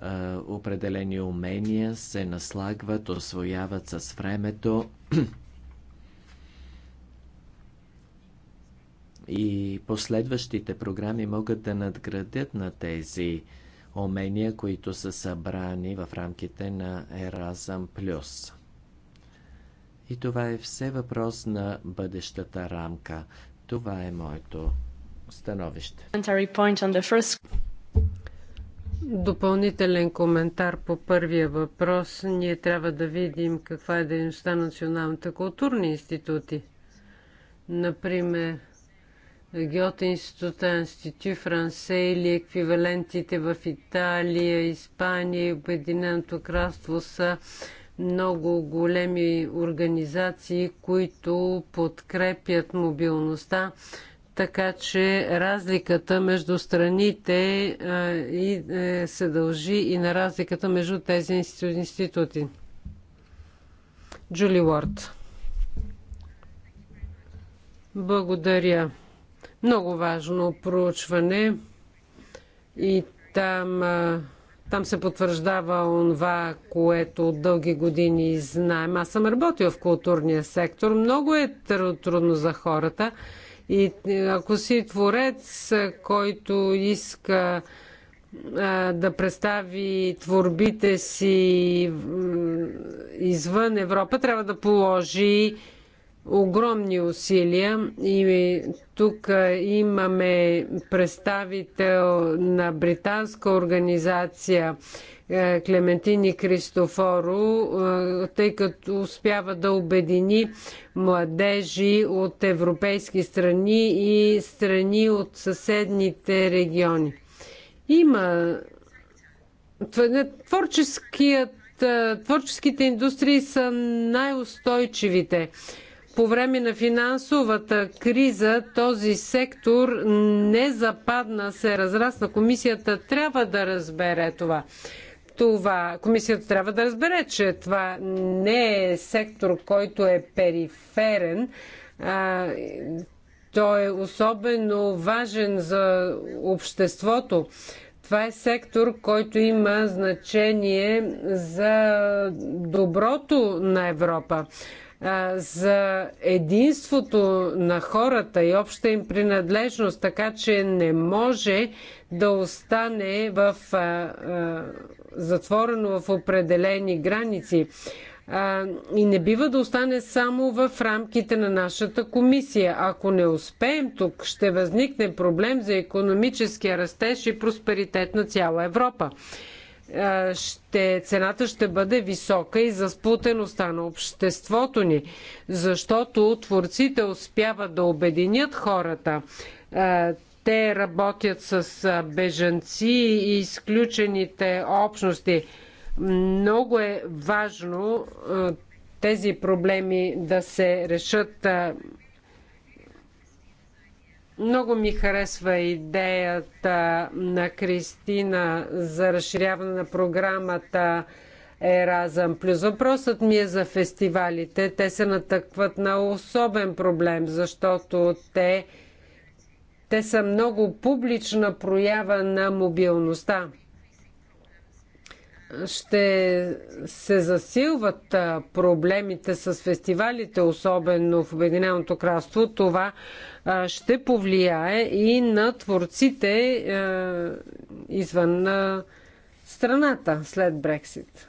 Speaker 3: е, определени умения се наслагват, освояват с времето и последващите програми могат да надградят на тези умения, които са събрани в рамките на Erasm+. Плюс. И това е все въпрос на бъдещата рамка. Това е моето становище.
Speaker 4: Допълнителен коментар по първия въпрос. Ние трябва да видим каква е дейността на националните културни институти. Например, Гьоте института, Институт Франсе или еквивалентите в Италия, Испания и Обединеното кралство са много големи организации, които подкрепят мобилността, така че разликата между страните е, се дължи и на разликата между тези институти. Джули Уорд. Благодаря много важно проучване и там, там се потвърждава онва, което от дълги години знаем. Аз съм работил в културния сектор. Много е трудно за хората. И ако си творец, който иска да представи творбите си извън Европа, трябва да положи огромни усилия и тук имаме представител на британска организация Клементини Кристофоро, тъй като успява да обедини младежи от европейски страни и страни от съседните региони. Има творческият, творческите индустрии са най-устойчивите. По време на финансовата криза този сектор не западна, се разрасна. Комисията трябва да разбере това. Това комисията трябва да разбере, че това не е сектор, който е периферен. А, той е особено важен за обществото. Това е сектор, който има значение за доброто на Европа за единството на хората и обща им принадлежност, така че не може да остане в, а, а, затворено в определени граници. А, и не бива да остане само в рамките на нашата комисия. Ако не успеем тук, ще възникне проблем за економическия растеж и просперитет на цяла Европа ще, цената ще бъде висока и за сплутеността на обществото ни, защото творците успяват да обединят хората. Те работят с бежанци и изключените общности. Много е важно тези проблеми да се решат много ми харесва идеята на Кристина за разширяване на програмата Еразъм. Плюс въпросът ми е за фестивалите. Те се натъкват на особен проблем, защото те, те са много публична проява на мобилността ще се засилват проблемите с фестивалите, особено в Обединеното кралство, това ще повлияе и на творците извън страната след Брексит.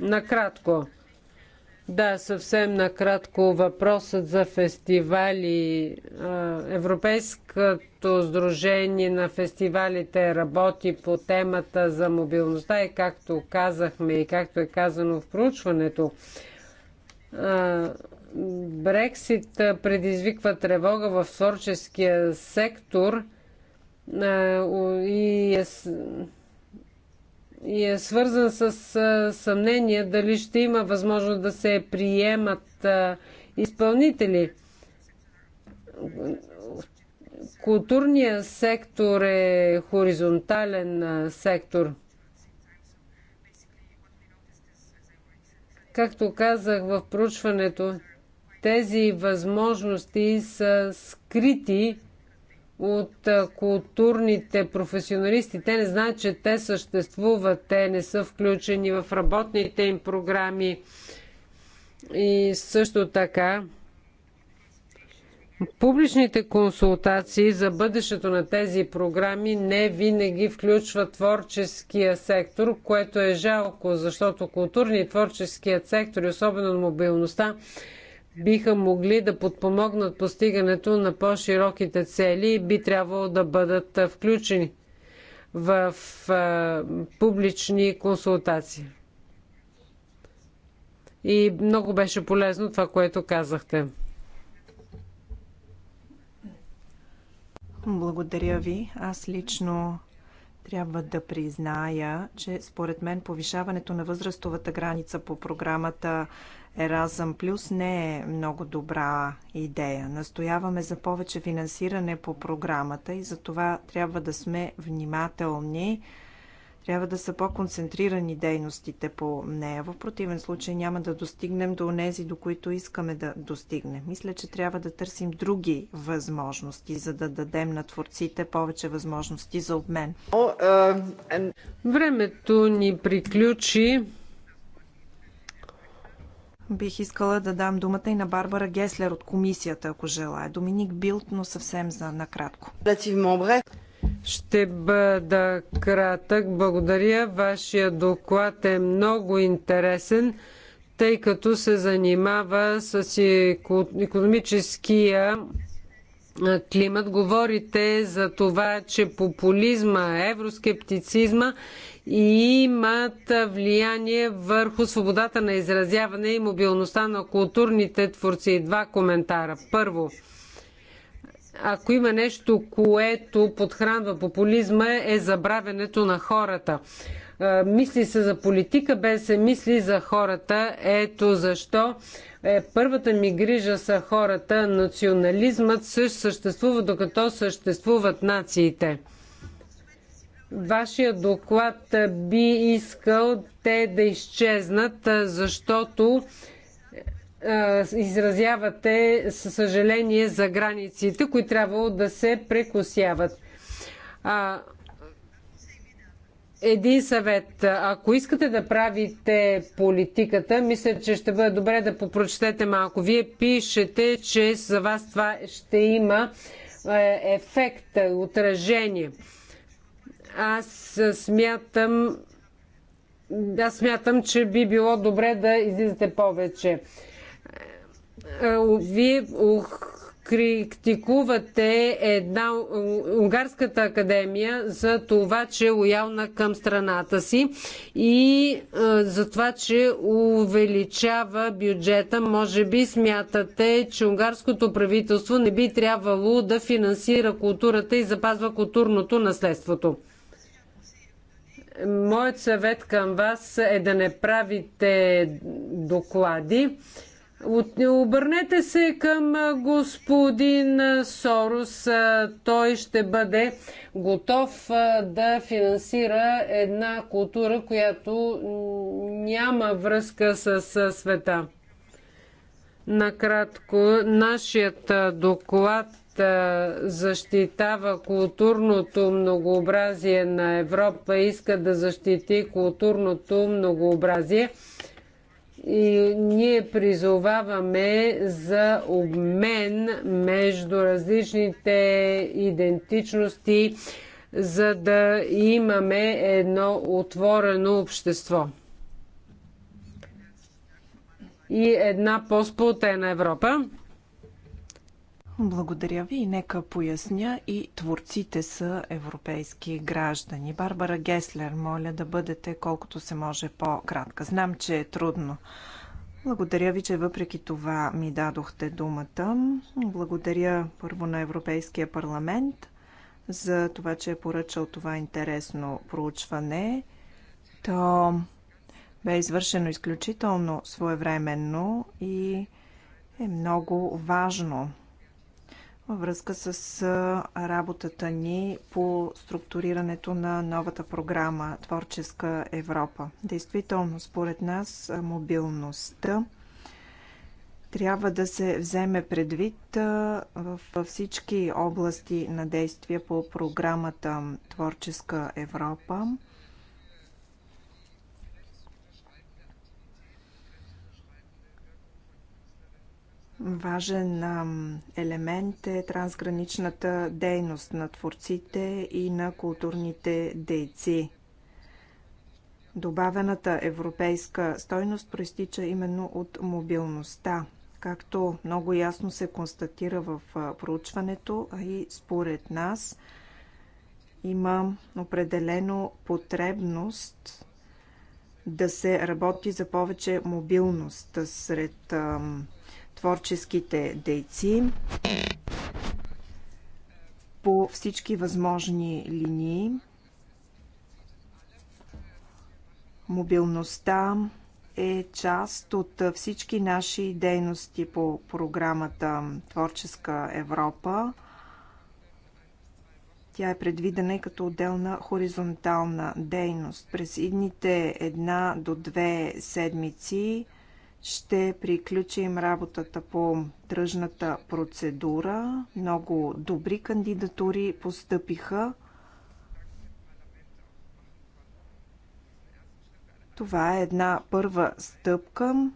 Speaker 4: Накратко. Да, съвсем накратко въпросът за фестивали. Европейското сдружение на фестивалите работи по темата за мобилността и както казахме и както е казано в проучването, Брексит предизвиква тревога в творческия сектор и е и е свързан с съмнение дали ще има възможност да се приемат изпълнители. Културният сектор е хоризонтален сектор. Както казах в проучването, тези възможности са скрити от културните професионалисти. Те не знаят, че те съществуват, те не са включени в работните им програми. И също така, публичните консултации за бъдещето на тези програми не винаги включват творческия сектор, което е жалко, защото културният и творческият сектор, особено на мобилността, биха могли да подпомогнат постигането на по-широките цели и би трябвало да бъдат включени в публични консултации. И много беше полезно това, което казахте.
Speaker 1: Благодаря ви. Аз лично трябва да призная, че според мен повишаването на възрастовата граница по програмата Еразъм Плюс не е много добра идея. Настояваме за повече финансиране по програмата и за това трябва да сме внимателни. Трябва да са по-концентрирани дейностите по нея. В противен случай няма да достигнем до нези, до които искаме да достигнем. Мисля, че трябва да търсим други възможности, за да дадем на творците повече възможности за обмен. Е, Времето ни приключи. Бих искала да дам думата и на Барбара Геслер от комисията, ако желая. Доминик Билт, но съвсем за накратко.
Speaker 4: Ще бъда кратък. Благодаря. Вашия доклад е много интересен, тъй като се занимава с економическия климат. Говорите за това, че популизма, евроскептицизма и имат влияние върху свободата на изразяване и мобилността на културните творци. Два коментара. Първо, ако има нещо, което подхранва популизма, е забравянето на хората. Мисли се за политика, без се мисли за хората. Ето защо е, първата ми грижа са хората. Национализмът също съществува, докато съществуват нациите. Вашия доклад би искал те да изчезнат, защото изразявате съжаление за границите, които трябвало да се прекосяват. Един съвет. Ако искате да правите политиката, мисля, че ще бъде добре да попрочетете малко. Вие пишете, че за вас това ще има ефект, отражение. Аз смятам, аз смятам, че би било добре да излизате повече. Е, е, Вие критикувате една унгарската академия за това, че е лоялна към страната си и е, за това, че увеличава бюджета. Може би смятате, че унгарското правителство не би трябвало да финансира културата и запазва културното наследството. Моят съвет към вас е да не правите доклади. Обърнете се към господин Сорос. Той ще бъде готов да финансира една култура, която няма връзка с света. Накратко, нашият доклад защитава културното многообразие на Европа, иска да защити културното многообразие. И ние призоваваме за обмен между различните идентичности, за да имаме едно отворено общество и една по-сплутена Европа.
Speaker 1: Благодаря ви и нека поясня и творците са европейски граждани. Барбара Геслер, моля да бъдете колкото се може по-кратка. Знам, че е трудно. Благодаря ви, че въпреки това ми дадохте думата. Благодаря първо на Европейския парламент за това, че е поръчал това интересно проучване. То бе извършено изключително своевременно и е много важно във връзка с работата ни по структурирането на новата програма Творческа Европа. Действително, според нас, мобилността трябва да се вземе предвид във всички области на действия по програмата Творческа Европа. Важен елемент е трансграничната дейност на творците и на културните дейци. Добавената европейска стойност проистича именно от мобилността, както много ясно се констатира в проучването, а и според нас има определено потребност да се работи за повече мобилност сред творческите дейци по всички възможни линии. Мобилността е част от всички наши дейности по програмата Творческа Европа. Тя е предвидена и като отделна хоризонтална дейност. През идните една до две седмици – ще приключим работата по тръжната процедура. Много добри кандидатури постъпиха. Това е една първа стъпка.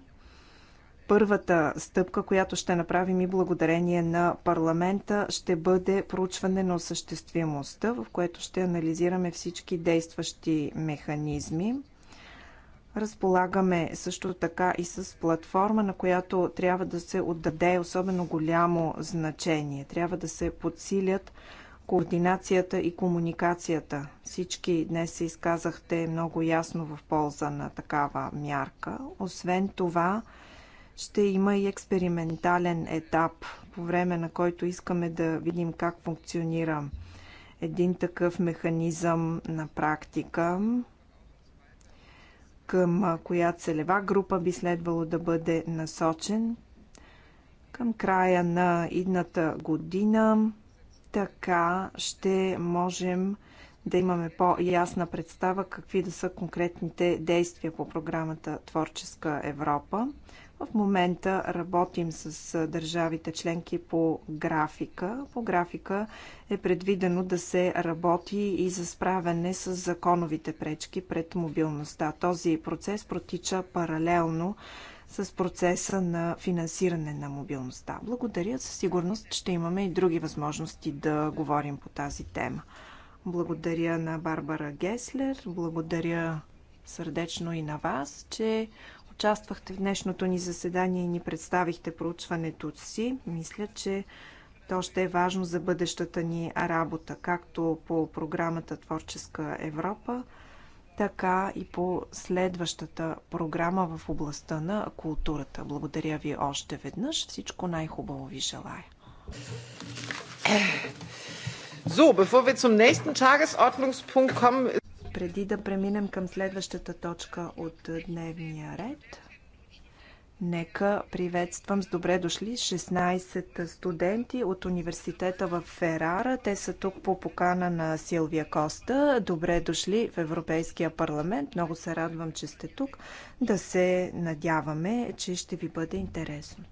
Speaker 1: Първата стъпка, която ще направим и благодарение на парламента, ще бъде проучване на осъществимостта, в което ще анализираме всички действащи механизми. Разполагаме също така и с платформа, на която трябва да се отдаде особено голямо значение. Трябва да се подсилят координацията и комуникацията. Всички днес се изказахте много ясно в полза на такава мярка. Освен това, ще има и експериментален етап, по време на който искаме да видим как функционира един такъв механизъм на практика към коя целева група би следвало да бъде насочен към края на идната година. Така ще можем да имаме по-ясна представа какви да са конкретните действия по програмата Творческа Европа. В момента работим с държавите членки по графика. По графика е предвидено да се работи и за справяне с законовите пречки пред мобилността. Този процес протича паралелно с процеса на финансиране на мобилността. Благодаря. Със сигурност ще имаме и други възможности да говорим по тази тема. Благодаря на Барбара Геслер, благодаря сърдечно и на вас, че участвахте в днешното ни заседание и ни представихте проучването си. Мисля, че то ще е важно за бъдещата ни работа, както по програмата Творческа Европа, така и по следващата програма в областта на културата. Благодаря ви още веднъж. Всичко най-хубаво ви желая. So, bevor wir zum nächsten Tagesordnungspunkt kommen, преди да преминем към следващата точка от дневния ред, нека приветствам с добре дошли 16 студенти от университета в Ферара. Те са тук по покана на Силвия Коста. Добре дошли в Европейския парламент. Много се радвам, че сте тук. Да се надяваме, че ще ви бъде интересно.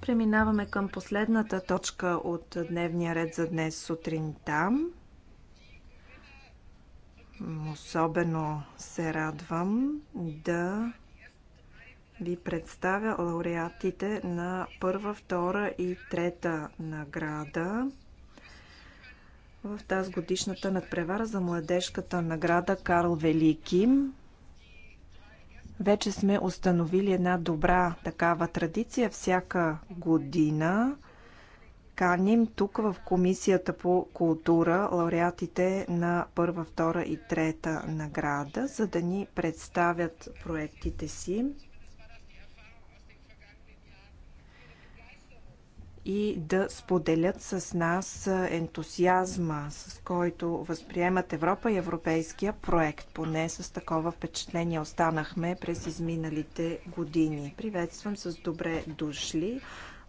Speaker 1: Преминаваме към последната точка от дневния ред за днес сутринта. Особено се радвам да ви представя лауреатите на първа, втора и трета награда в тази годишната надпревара за младежката награда Карл Велики. Вече сме установили една добра такава традиция всяка година. Каним тук в Комисията по култура лауреатите на първа, втора и трета награда, за да ни представят проектите си. и да споделят с нас ентусиазма, с който възприемат Европа и европейския проект. Поне с такова впечатление останахме през изминалите години. Приветствам с добре дошли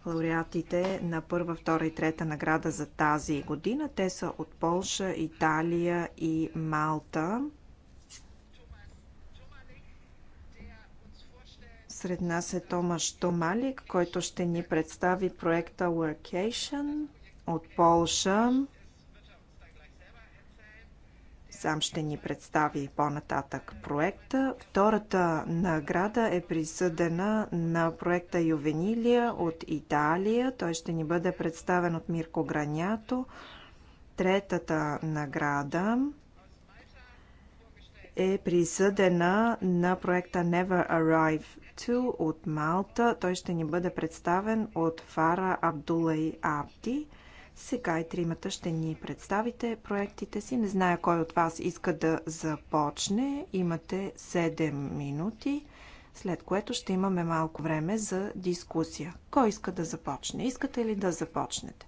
Speaker 1: лауреатите на първа, втора и трета награда за тази година. Те са от Полша, Италия и Малта. Сред нас е Томаш Томалик, който ще ни представи проекта Workation от Полша. Сам ще ни представи по-нататък проекта. Втората награда е присъдена на проекта Ювенилия от Италия. Той ще ни бъде представен от Мирко Гранято. Третата награда е присъдена на проекта Never Arrive 2 от Малта. Той ще ни бъде представен от Фара Абдулай Абди. Сега и тримата ще ни представите проектите си. Не зная кой от вас иска да започне. Имате 7 минути, след което ще имаме малко време за дискусия. Кой иска да започне? Искате ли да започнете?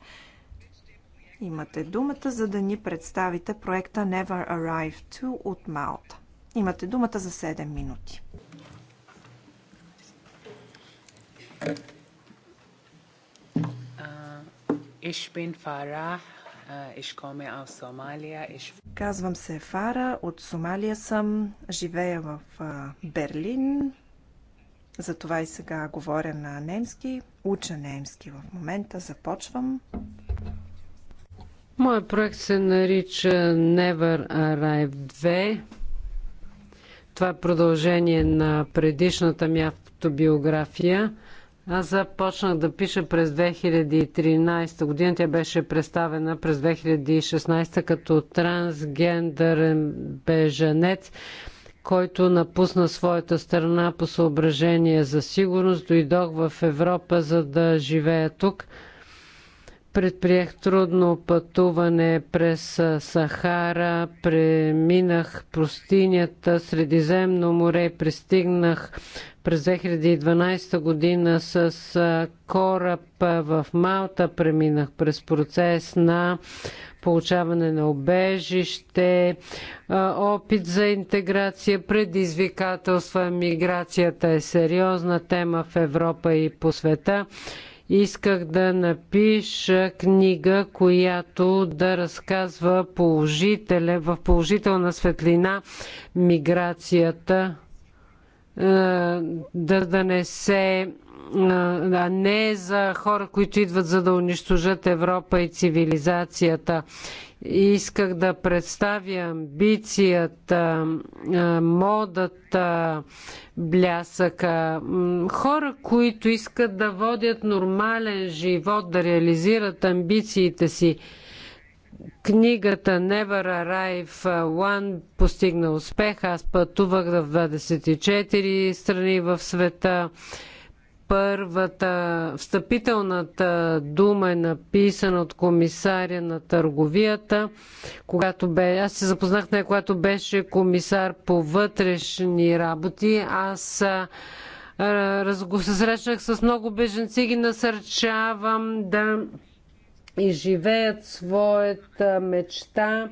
Speaker 1: Имате думата, за да ни представите проекта Never Arrive To от Малта. Имате думата за 7 минути.
Speaker 4: Uh, uh,
Speaker 1: Казвам се Фара, от Сомалия съм, живея в Берлин, затова и сега говоря на немски, уча немски в момента, започвам.
Speaker 4: Моят проект се нарича Never Arrive 2. Това е продължение на предишната ми автобиография. Аз започнах да пиша през 2013 година. Тя беше представена през 2016 като трансгендерен беженец, който напусна своята страна по съображение за сигурност. Дойдох в Европа, за да живея тук – Предприех трудно пътуване през Сахара, преминах пустинята, Средиземно море, пристигнах през 2012 година с кораб в Малта, преминах през процес на получаване на обежище, опит за интеграция, предизвикателства. Миграцията е сериозна тема в Европа и по света. Исках да напиша книга, която да разказва положителе, в положителна светлина миграцията, е, да, да не се а не за хора, които идват за да унищожат Европа и цивилизацията. Исках да представя амбицията, модата, блясъка. Хора, които искат да водят нормален живот, да реализират амбициите си. Книгата Never Arrive One постигна успех. Аз пътувах в 24 страни в света. Първата, встъпителната дума е написана от комисаря на търговията, когато бе, аз се запознах с нея, когато беше комисар по вътрешни работи. Аз раз, го се срещнах с много беженци, и ги насърчавам да изживеят своята мечта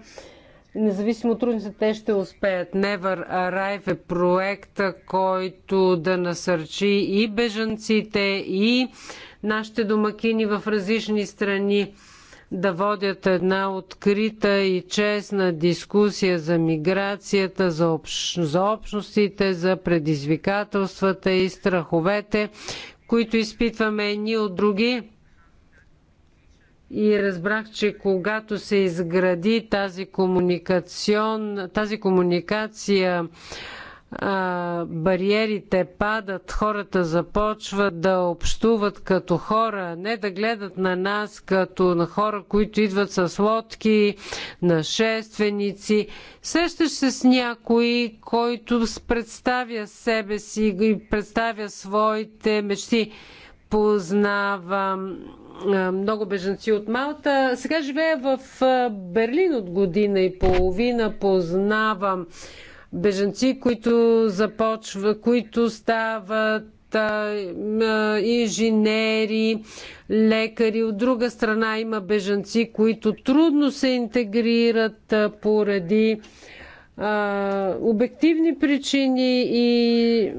Speaker 4: Независимо от трудните, те ще успеят. Never Arrive е проекта, който да насърчи и бежанците, и нашите домакини в различни страни да водят една открита и честна дискусия за миграцията, за, общ... за общностите, за предизвикателствата и страховете, които изпитваме едни от други и разбрах, че когато се изгради тази, комуникацион, тази комуникация, а, бариерите падат, хората започват да общуват като хора, не да гледат на нас като на хора, които идват с лодки, нашественици. Сещаш се с някой, който представя себе си и представя своите мечти. Познавам много бежанци от Малта. Сега живея в Берлин от година и половина. Познавам бежанци, които започва, които стават инженери, лекари. От друга страна има бежанци, които трудно се интегрират поради обективни причини и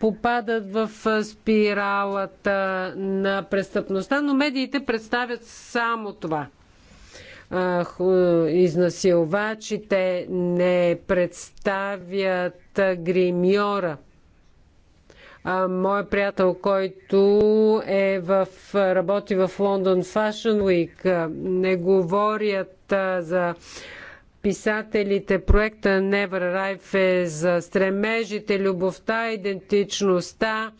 Speaker 4: попадат в спиралата на престъпността, но медиите представят само това. Изнасилвачите не представят гримьора. Моя приятел, който е в, работи в Лондон Fashion Week, не говорят за писателите проекта Never Райф е за стремежите, любовта, идентичността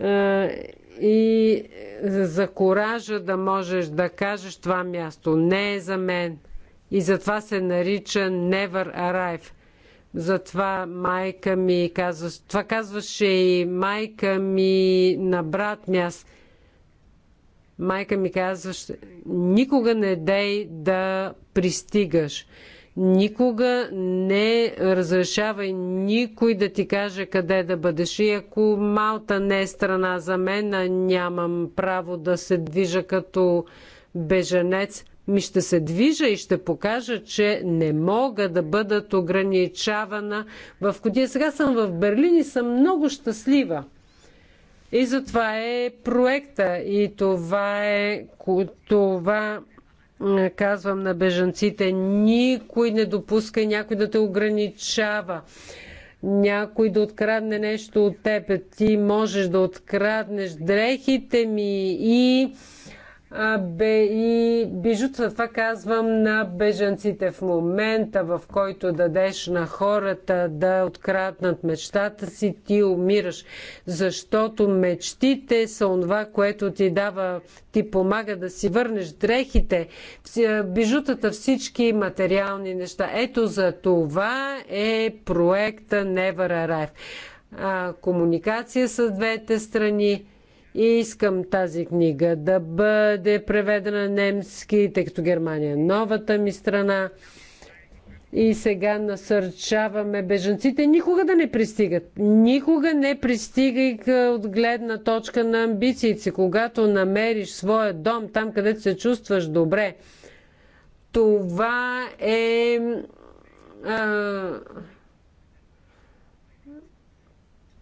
Speaker 4: е, и за коража да можеш да кажеш това място не е за мен. И затова се нарича Never Arrive. Затова майка ми казва, това казваше и майка ми на брат ми аз майка ми казва, никога не дей да пристигаш. Никога не разрешавай никой да ти каже къде да бъдеш. И ако Малта не е страна за мен, а нямам право да се движа като беженец, ми ще се движа и ще покажа, че не мога да бъдат ограничавана в Кодия. Сега съм в Берлин и съм много щастлива. И затова е проекта и това е това казвам на бежанците, никой не допуска и някой да те ограничава. Някой да открадне нещо от теб. Ти можеш да откраднеш дрехите ми и бе и бижута. Това казвам на бежанците в момента, в който дадеш на хората да откраднат мечтата си, ти умираш. Защото мечтите са това, което ти дава, ти помага да си върнеш дрехите, бижутата, всички материални неща. Ето за това е проекта Never Arrive. А, комуникация с двете страни и искам тази книга да бъде преведена на немски, тъй като Германия е новата ми страна. И сега насърчаваме бежанците никога да не пристигат. Никога не пристигай от гледна точка на амбициите. Когато намериш своя дом, там където се чувстваш добре, това е. А,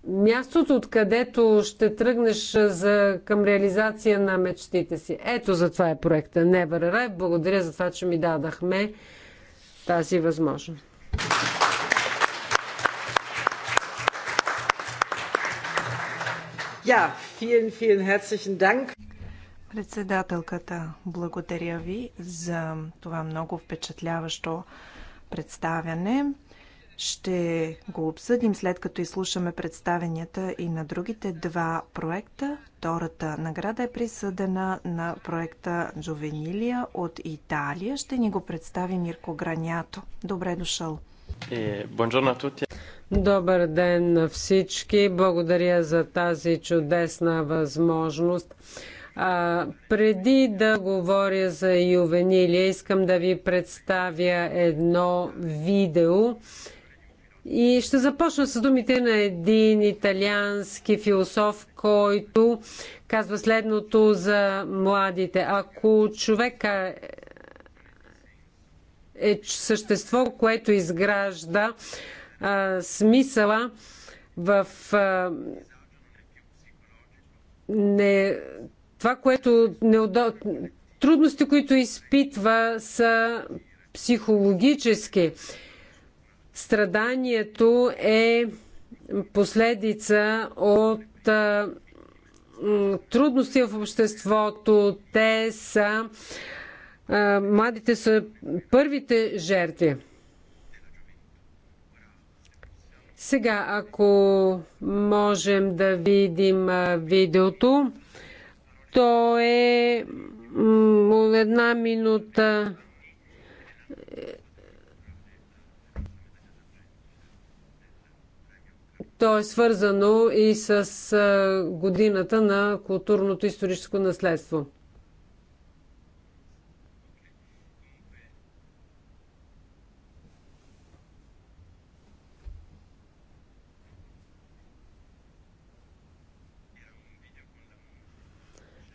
Speaker 4: мястото, откъдето ще тръгнеш за, към реализация на мечтите си. Ето за това е проекта Never Arrive. Благодаря за това, че ми дадахме тази възможност.
Speaker 2: Ja, vielen, vielen herzlichen Dank. Председателката,
Speaker 1: благодаря ви за това много впечатляващо представяне. Ще го обсъдим след като изслушаме представенията и на другите два проекта. Втората награда е присъдена на проекта Джовенилия от Италия. Ще ни го представи Мирко Гранято. Добре дошъл.
Speaker 4: Е, Добър ден на всички. Благодаря за тази чудесна възможност. А, преди да говоря за ювенилия, искам да ви представя едно видео и ще започна с думите на един италиански философ, който казва следното за младите. Ако човека е същество, което изгражда а, смисъла в а, не, това, което не трудности, които изпитва са психологически. Страданието е последица от трудности в обществото. Те са. Младите са първите жертви. Сега, ако можем да видим видеото, то е една минута То е свързано и с годината на културното историческо наследство.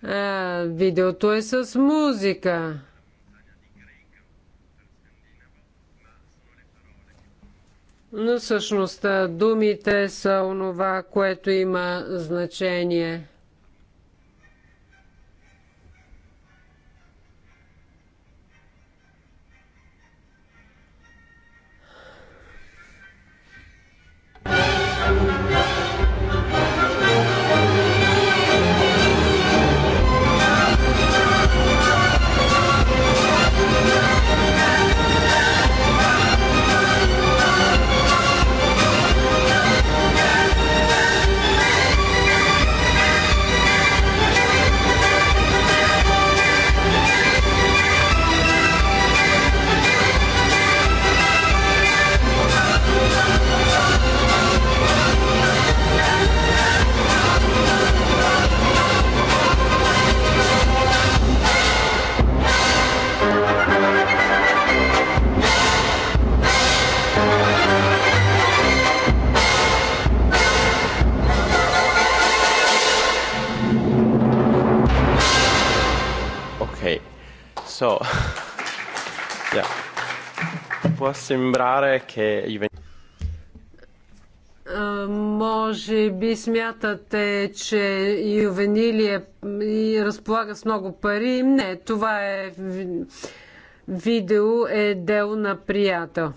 Speaker 4: А, видеото е с музика. но всъщност думите са онова, което има значение.
Speaker 3: So, yeah. Può sembrare che i
Speaker 4: може би смятате, че е и разполага с много пари. Не, това е видео е дел на приятел.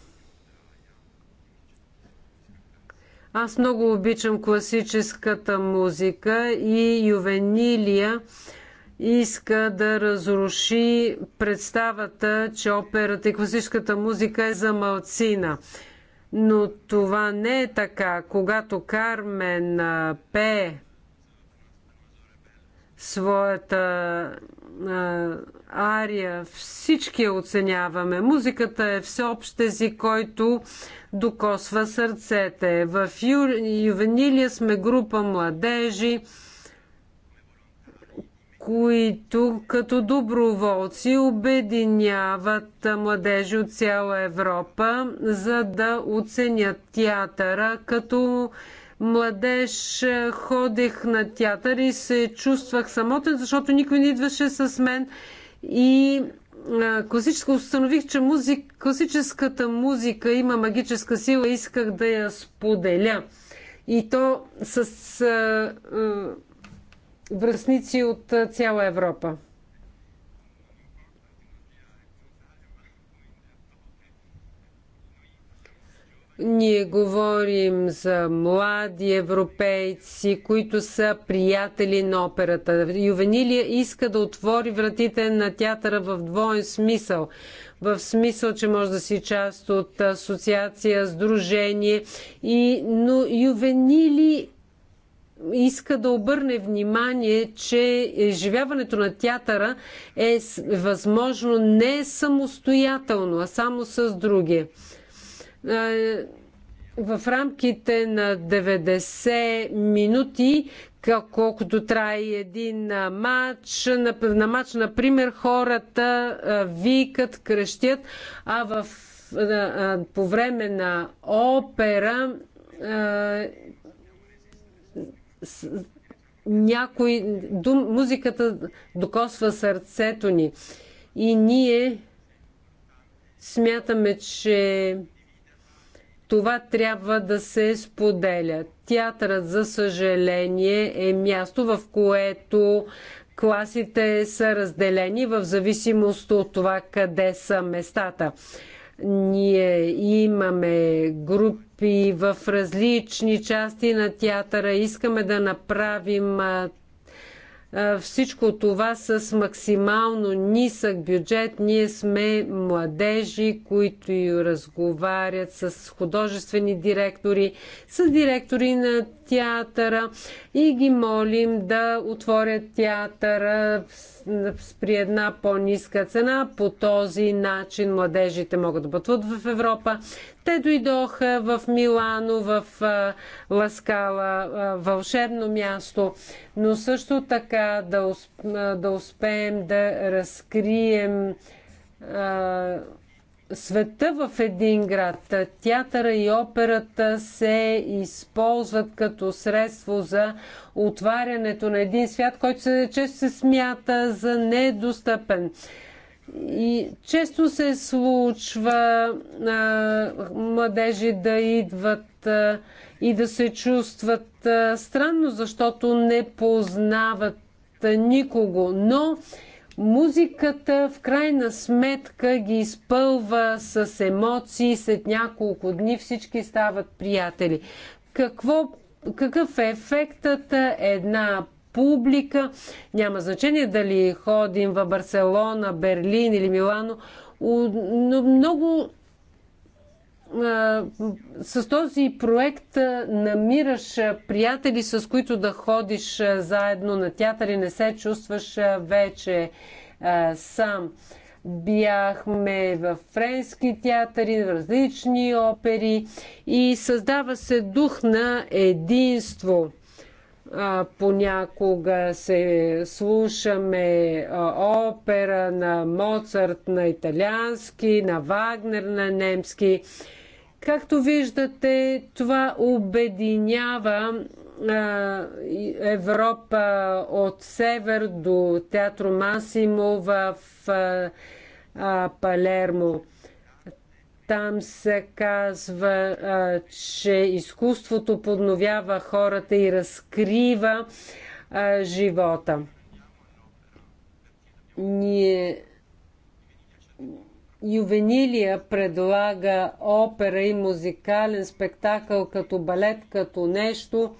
Speaker 4: Аз много обичам класическата музика и ювенилия иска да разруши представата, че операта и класическата музика е за малцина. Но това не е така. Когато Кармен пее своята а, ария, всички я оценяваме. Музиката е всеобщ език, който докосва сърцете. В Ю... Ювенилия сме група младежи, които като доброволци обединяват младежи от цяла Европа, за да оценят театъра. Като младеж е, ходех на театър и се чувствах самотен, защото никой не идваше с мен. И е, класическо установих, че музик, класическата музика има магическа сила и исках да я споделя. И то с е, връзници от цяла Европа. Ние говорим за млади европейци, които са приятели на операта. Ювенилия иска да отвори вратите на театъра в двоен смисъл. В смисъл, че може да си част от асоциация, сдружение. И, но Ювенили иска да обърне внимание, че изживяването на театъра е възможно не самостоятелно, а само с други. В рамките на 90 минути, колкото трае един матч, на, на матч, например, хората викат, крещят, а в, по време на опера някой, дум, музиката докосва сърцето ни. И ние смятаме, че това трябва да се споделя. Театърът, за съжаление, е място, в което класите са разделени в зависимост от това къде са местата. Ние имаме групи групи в различни части на театъра. Искаме да направим всичко това с максимално нисък бюджет. Ние сме младежи, които разговарят с художествени директори, с директори на театъра и ги молим да отворят театъра при една по-ниска цена. По този начин младежите могат да пътуват в Европа. Те дойдоха в Милано, в Ласкала, вълшебно място, но също така да, да успеем да разкрием света в един град. Театъра и операта се използват като средство за отварянето на един свят, който се, често се смята за недостъпен. И често се случва а, младежи да идват а, и да се чувстват а, странно, защото не познават а, никого. Но Музиката в крайна сметка ги изпълва с емоции. След няколко дни всички стават приятели. Какво, какъв е ефектът една публика? Няма значение дали ходим в Барселона, Берлин или Милано. Но много с този проект намираш приятели, с които да ходиш заедно на театър и не се чувстваш вече сам. Бяхме в френски театъри, в различни опери и създава се дух на единство. понякога се слушаме опера на Моцарт на италиански, на Вагнер на немски Както виждате, това обединява Европа от север до Театро Масимо в Палермо. Там се казва, че изкуството подновява хората и разкрива живота. Ние Ювенилия предлага опера и музикален спектакъл като балет, като нещо,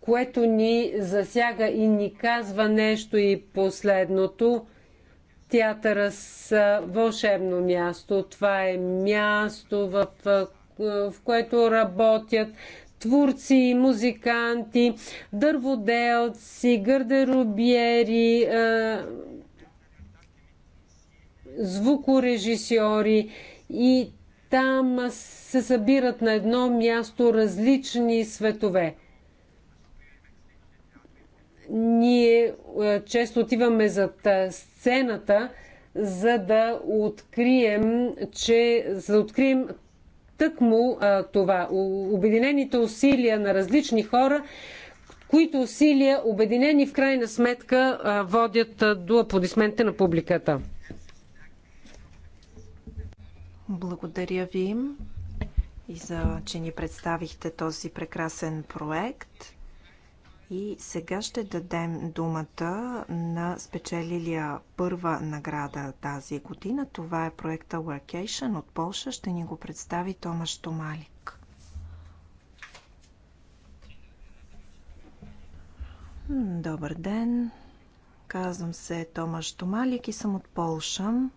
Speaker 4: което ни засяга и ни казва нещо и последното. Театъра с вълшебно място. Това е място, в, в което работят творци, музиканти, дърводелци, гардеробиери, звукорежисьори и там се събират на едно място различни светове. Ние често отиваме зад сцената, за да открием, че, за да открием тъкмо а, това. Обединените усилия на различни хора, които усилия, обединени в крайна сметка, а, водят а, до аплодисментите на публиката.
Speaker 1: Благодаря ви и за, че ни представихте този прекрасен проект. И сега ще дадем думата на спечелилия първа награда тази година. Това е проекта Workation от Полша. Ще ни го представи Томаш Томалик. Добър ден! Казвам се Томаш Томалик и съм от Полша.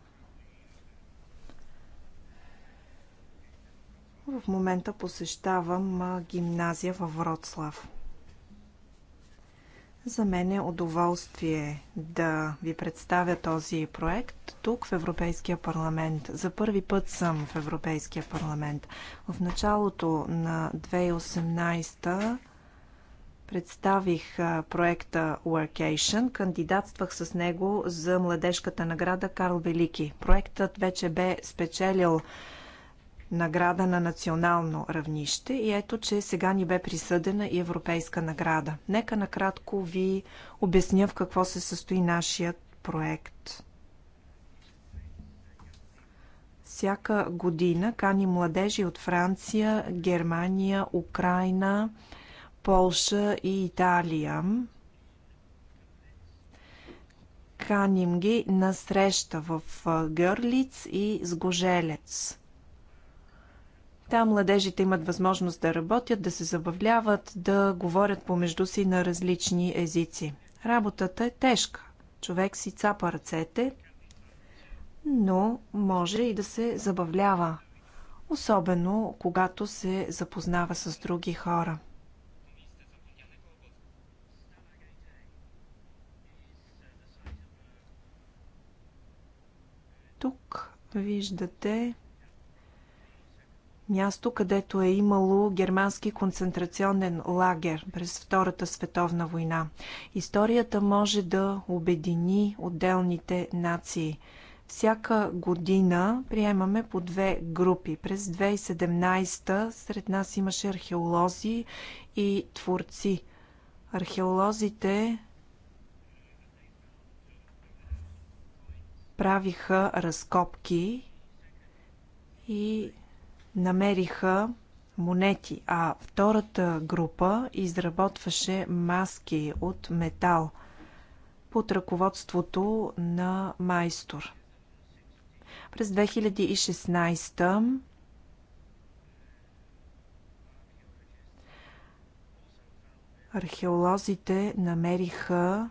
Speaker 1: В момента посещавам гимназия във Вроцлав. За мен е удоволствие да ви представя този проект тук в Европейския парламент. За първи път съм в Европейския парламент. В началото на 2018 та представих проекта Workation. Кандидатствах с него за младежката награда Карл Велики. Проектът вече бе спечелил награда на национално равнище и ето, че сега ни бе присъдена и европейска награда. Нека накратко ви обясня в какво се състои нашият проект. Всяка година кани младежи от Франция, Германия, Украина, Полша и Италия. Каним ги на среща в Гърлиц и Сгожелец там младежите имат възможност да работят, да се забавляват, да говорят помежду си на различни езици. Работата е тежка. Човек си цапа ръцете, но може и да се забавлява, особено когато се запознава с други хора. Тук виждате място, където е имало германски концентрационен лагер през Втората световна война. Историята може да обедини отделните нации. Всяка година приемаме по две групи. През 2017 сред нас имаше археолози и творци. Археолозите правиха разкопки и намериха монети, а втората група изработваше маски от метал под ръководството на майстор. През 2016 археолозите намериха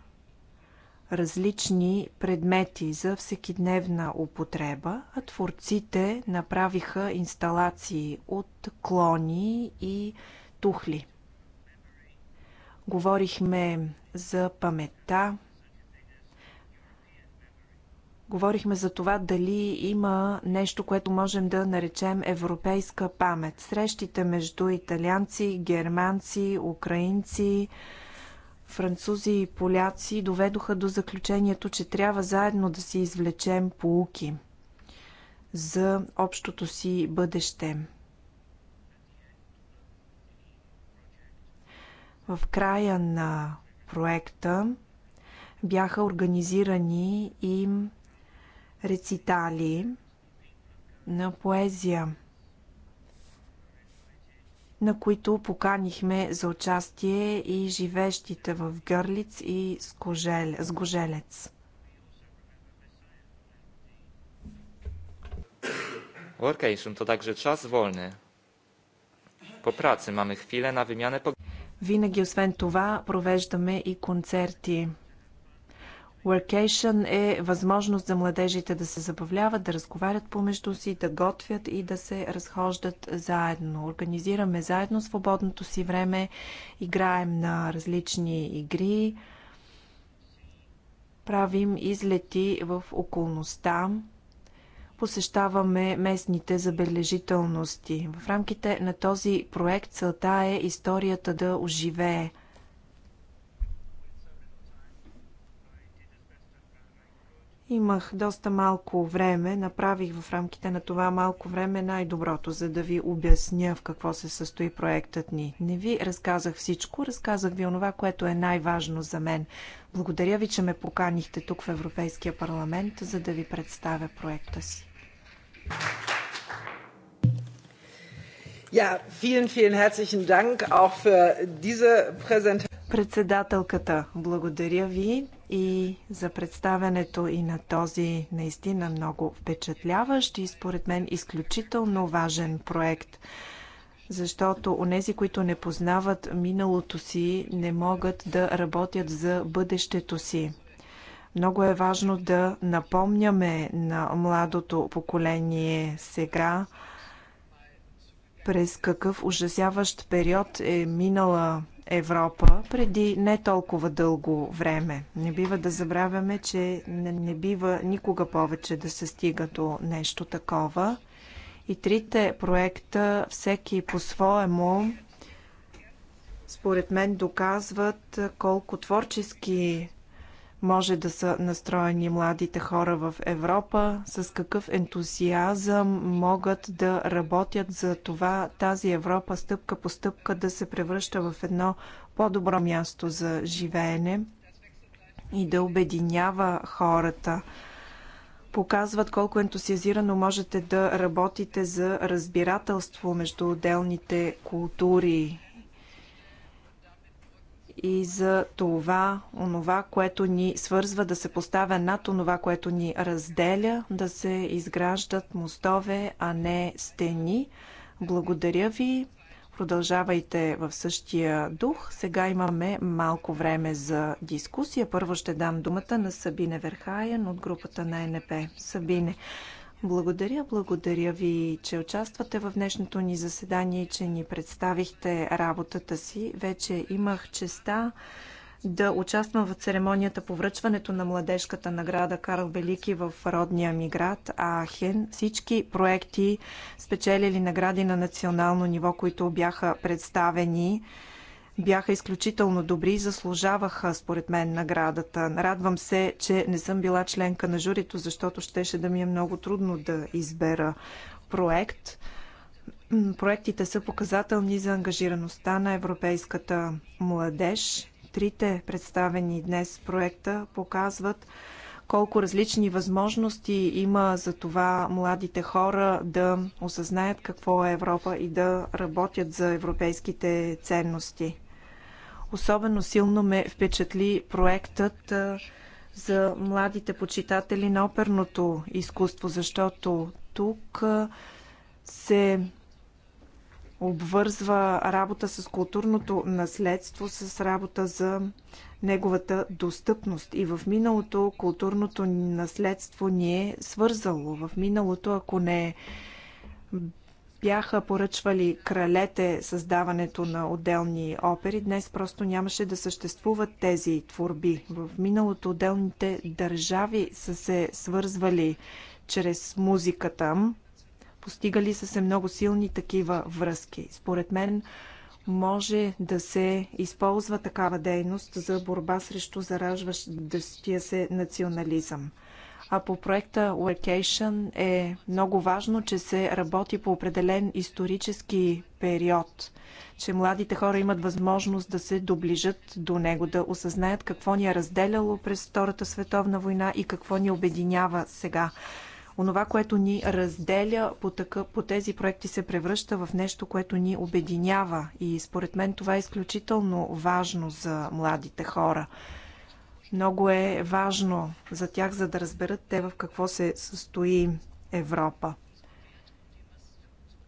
Speaker 1: различни предмети за всекидневна употреба, а творците направиха инсталации от клони и тухли. Говорихме за паметта, говорихме за това дали има нещо, което можем да наречем европейска памет. Срещите между италианци, германци, украинци, французи и поляци доведоха до заключението, че трябва заедно да си извлечем поуки за общото си бъдеще. В края на проекта бяха организирани и рецитали на поезия на които поканихме за участие и живеещите в Гърлиц и Сгожелец.
Speaker 3: Workation to także czas wolny. Po pracy mamy chwilę na wymianę.
Speaker 1: Винаги, освен това, провеждаме и концерти. Workation е възможност за младежите да се забавляват, да разговарят помежду си, да готвят и да се разхождат заедно. Организираме заедно свободното си време, играем на различни игри, правим излети в околността, посещаваме местните забележителности. В рамките на този проект целта е историята да оживее – Имах доста малко време, направих в рамките на това малко време най-доброто, за да ви обясня в какво се състои проектът ни. Не ви разказах всичко, разказах ви онова, което е най-важно за мен. Благодаря ви, че ме поканихте тук в Европейския парламент, за да ви представя проекта си.
Speaker 2: Ja, vielen, vielen herzlichen Dank auch für diese Präsentation. Председателката, благодаря
Speaker 1: ви и за представенето и на този наистина много впечатляващ и според мен изключително важен проект защото онези, които не познават миналото си, не могат да работят за бъдещето си. Много е важно да напомняме на младото поколение сега през какъв ужасяващ период е минала Европа преди не толкова дълго време. Не бива да забравяме, че не, не бива никога повече да се стига до нещо такова. И трите проекта, всеки по-своему, според мен доказват колко творчески може да са настроени младите хора в Европа, с какъв ентусиазъм могат да работят за това тази Европа стъпка по стъпка да се превръща в едно по-добро място за живеене и да обединява хората показват колко ентусиазирано можете да работите за разбирателство между отделните култури и за това, онова, което ни свързва да се поставя над онова, което ни разделя, да се изграждат мостове, а не стени. Благодаря ви. Продължавайте в същия дух. Сега имаме малко време за дискусия. Първо ще дам думата на Сабине Верхаен от групата на НП. Сабине, благодаря, благодаря ви, че участвате в днешното ни заседание и че ни представихте работата си. Вече имах честа да участвам в церемонията по връчването на младежката награда Карл Велики в родния ми град Ахен. Всички проекти, спечелили награди на национално ниво, които бяха представени, бяха изключително добри и заслужаваха, според мен, наградата. Радвам се, че не съм била членка на журито, защото щеше да ми е много трудно да избера проект. Проектите са показателни за ангажираността на европейската младеж. Трите представени днес проекта показват колко различни възможности има за това младите хора да осъзнаят какво е Европа и да работят за европейските ценности. Особено силно ме впечатли проектът за младите почитатели на оперното изкуство, защото тук се обвързва работа с културното наследство с работа за неговата достъпност. И в миналото културното наследство ни е свързало. В миналото, ако не бяха поръчвали кралете създаването на отделни опери, днес просто нямаше да съществуват тези творби. В миналото отделните държави са се свързвали чрез музиката Постигали са се много силни такива връзки. Според мен може да се използва такава дейност за борба срещу заражващия се национализъм. А по проекта Workation е много важно, че се работи по определен исторически период, че младите хора имат възможност да се доближат до него, да осъзнаят какво ни е разделяло през Втората световна война и какво ни обединява сега онова, което ни разделя по, така, по тези проекти се превръща в нещо, което ни обединява. И според мен това е изключително важно за младите хора. Много е важно за тях, за да разберат те в какво се състои Европа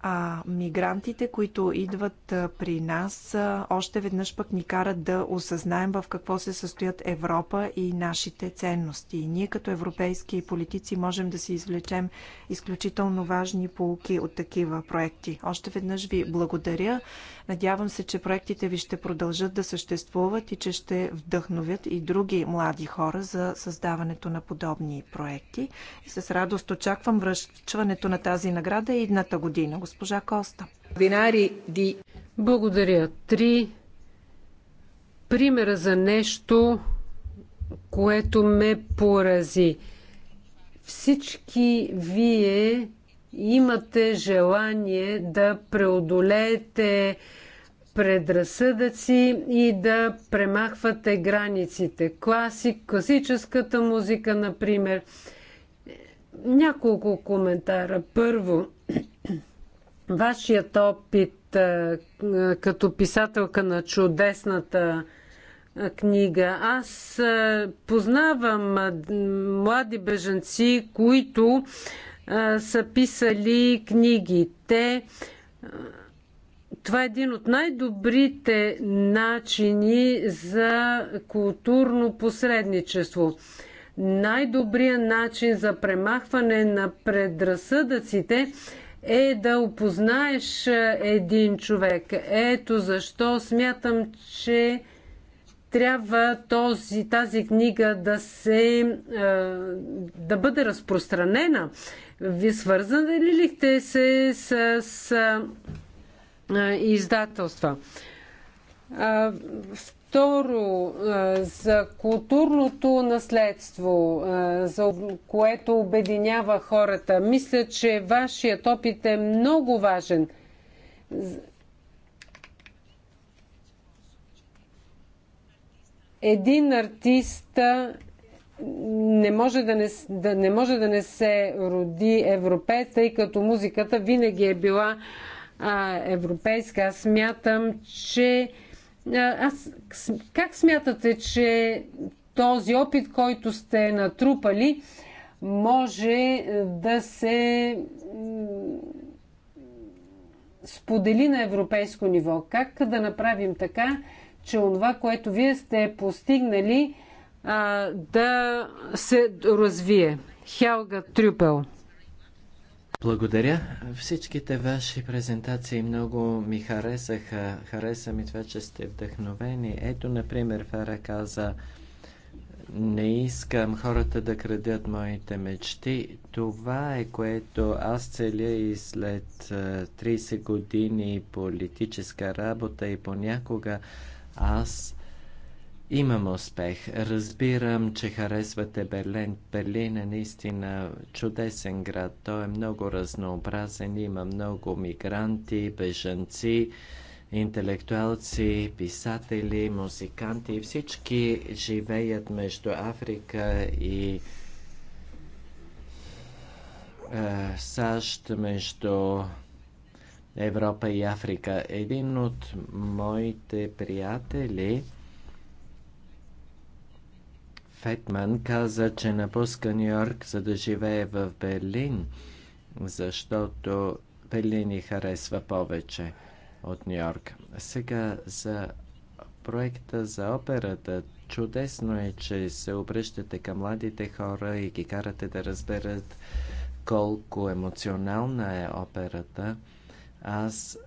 Speaker 1: а мигрантите, които идват при нас, още веднъж пък ни карат да осъзнаем в какво се състоят Европа и нашите ценности. И ние като европейски политици можем да си извлечем изключително важни полуки от такива проекти. Още веднъж ви благодаря. Надявам се, че проектите ви ще продължат да съществуват и че ще вдъхновят и други млади хора за създаването на подобни проекти. И с радост очаквам връчването на тази награда и едната година госпожа Коста. Благодаря.
Speaker 4: Три примера за нещо, което ме порази. Всички вие имате желание да преодолеете предразсъдъци и да премахвате границите. Класик, класическата музика, например. Няколко коментара. Първо, Вашият опит като писателка на чудесната книга. Аз познавам млади бежанци, които са писали книги. Те това е един от най-добрите начини за културно посредничество. Най-добрият начин за премахване на предразсъдъците е да опознаеш е, един човек. Ето защо смятам, че трябва този, тази книга да, се, е, да бъде разпространена. Ви свързани ли лихте се с, с е, издателства? Второ, за културното наследство, за което обединява хората. Мисля, че вашият опит е много важен. Един артист не може да не, да, не може да не се роди европеец, тъй като музиката винаги е била а, европейска. Аз смятам, че аз, как смятате, че този опит, който сте натрупали, може е, да се сподели на европейско ниво? Как да направим така, че онова, което вие сте постигнали, да се развие? Хелга Трюпел.
Speaker 3: Благодаря. Всичките ваши презентации много ми харесаха. Хареса ми това, че сте вдъхновени. Ето, например, Фара каза, не искам хората да крадят моите мечти. Това е което аз целя и след 30 години политическа работа и понякога аз Имам успех. Разбирам, че харесвате Берлин. Берлин е наистина чудесен град. Той е много разнообразен. Има много мигранти, бежанци, интелектуалци, писатели, музиканти. Всички живеят между Африка и е, САЩ, между Европа и Африка. Един от моите приятели Фетман каза, че напуска Нью Йорк, за да живее в Берлин, защото Берлин ни харесва повече от Нью Йорк. Сега за проекта за операта. Чудесно е, че се обръщате към младите хора и ги карате да разберат колко емоционална е операта. Аз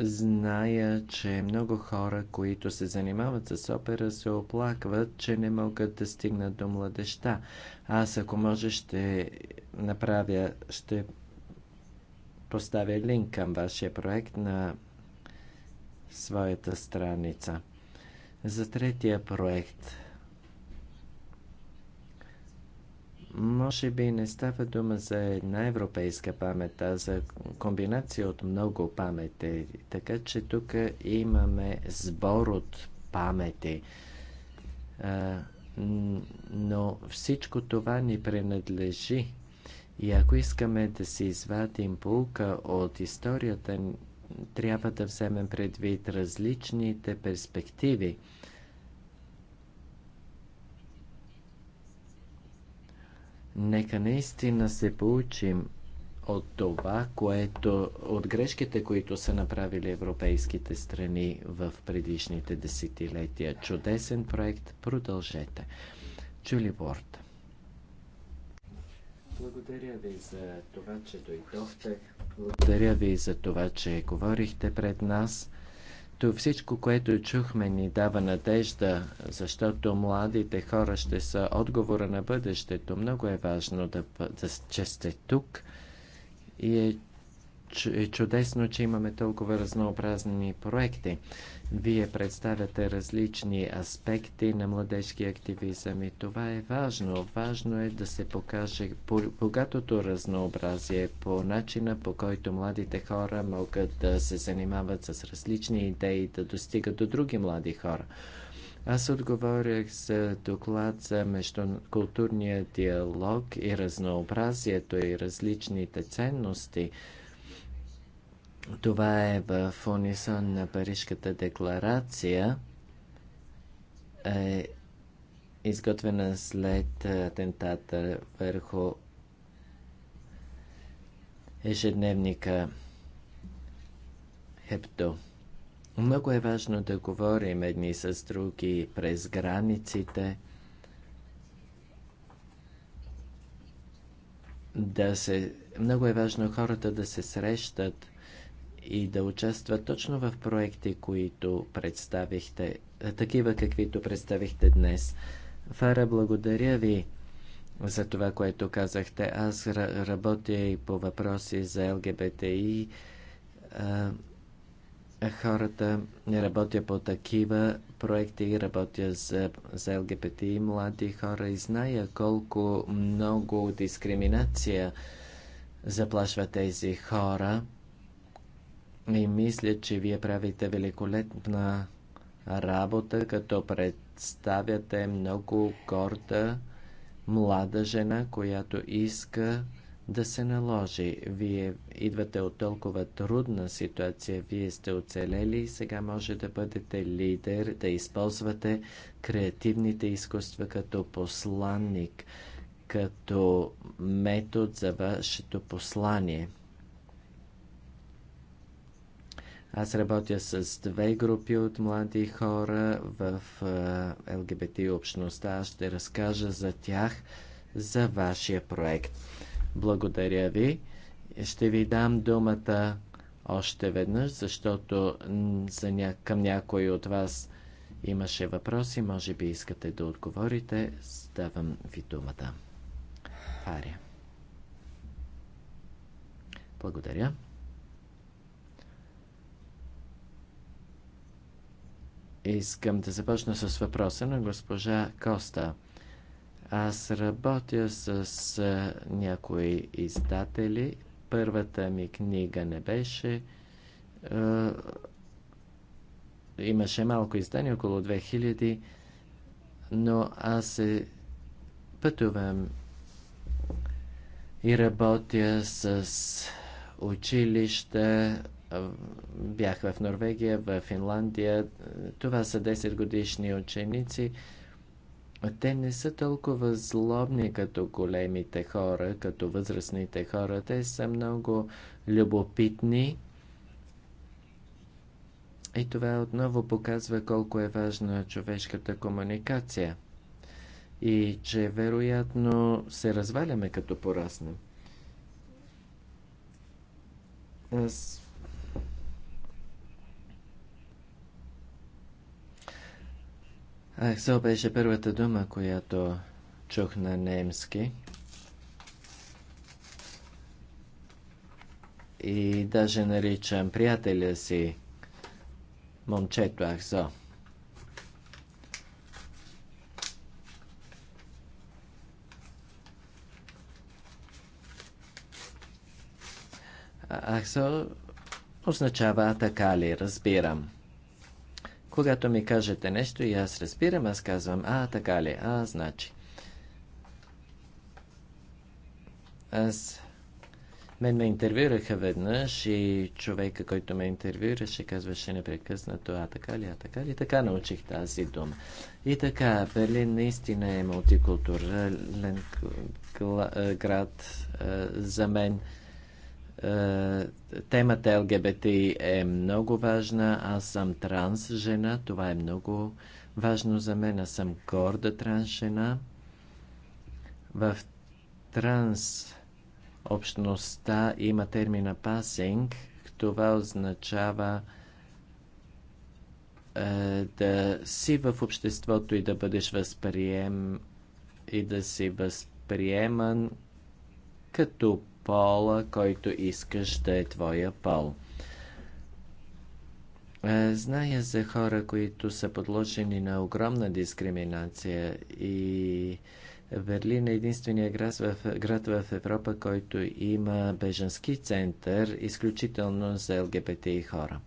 Speaker 3: Зная, че много хора, които се занимават с опера, се оплакват, че не могат да стигнат до младеща. Аз, ако може, ще направя, ще поставя линк към вашия проект на своята страница. За третия проект – Може би не става дума за една европейска памет, а за комбинация от много памети. Така че тук имаме сбор от памети. Но всичко това ни принадлежи. И ако искаме да си извадим полка от историята, трябва да вземем предвид различните перспективи – Нека наистина се получим от това, което, от грешките, които са направили европейските страни в предишните десетилетия. Чудесен проект, продължете. Джули Борт. Благодаря ви за това, че дойдохте. Благодаря ви за това, че говорихте пред нас. Ето всичко, което чухме, ни дава надежда, защото младите хора ще са отговора на бъдещето. Много е важно да, да че сте тук и е е чудесно, че имаме толкова разнообразни проекти. Вие представяте различни аспекти на младежки активизъм и това е важно. Важно е да се покаже богатото разнообразие по начина по който младите хора могат да се занимават с различни идеи, да достигат до други млади хора. Аз отговорях за доклад за междукултурния диалог и разнообразието и различните ценности – това е в унисон на Парижката декларация. Е изготвена след атентата върху ежедневника Хепто. Много е важно да говорим едни с други през границите, да се... Много е важно хората да се срещат и да участват точно в проекти, които представихте, такива каквито представихте днес. Фара, благодаря ви за това, което казахте. Аз работя и по въпроси за ЛГБТИ. Хората работя по такива проекти, работя за, за ЛГБТИ млади хора и зная колко много дискриминация заплашва тези хора. И мисля, че вие правите великолепна работа, като представяте много горда млада жена, която иска да се наложи. Вие идвате от толкова трудна ситуация, вие сте оцелели и сега може да бъдете лидер, да използвате креативните изкуства като посланник, като метод за вашето послание. Аз работя с две групи от млади хора в е, ЛГБТ общността. Аз ще разкажа за тях, за вашия проект. Благодаря ви. Ще ви дам думата още веднъж, защото за ня... към някой от вас имаше въпроси. Може би искате да отговорите. Давам ви думата. Ария. Благодаря. Искам да започна с въпроса на госпожа Коста. Аз работя с някои издатели. Първата ми книга не беше. А, имаше малко издания, около 2000, но аз се пътувам и работя с училища, Бях в Норвегия, в Финландия. Това са 10 годишни ученици. Те не са толкова злобни като големите хора, като възрастните хора. Те са много любопитни. И това отново показва колко е важна човешката комуникация и че вероятно се разваляме като пораснем. Аз Аксел беше първата дума, която чух на немски. И даже наричам приятеля си момчето Аксо. Аксо означава така ли, разбирам. Когато ми кажете нещо и аз разбирам, аз казвам, а, така ли, а, значи. Аз... Мен ме интервюраха веднъж и човека, който ме интервюраше, казваше непрекъснато, а така ли, а така ли, така научих тази дума. И така, Берлин наистина е мултикултурален град за мен. Е, темата ЛГБТ е много важна. Аз съм транс жена. Това е много важно за мен. Аз съм горда транс жена. В транс общността има термина пасинг. Това означава е, да си в обществото и да бъдеш възприем и да си възприеман като пола, който искаш да е твоя пол. Е, зная за хора, които са подложени на огромна дискриминация и Берлин е единствения град в, град в Европа, който има беженски център, изключително за ЛГБТ и хора.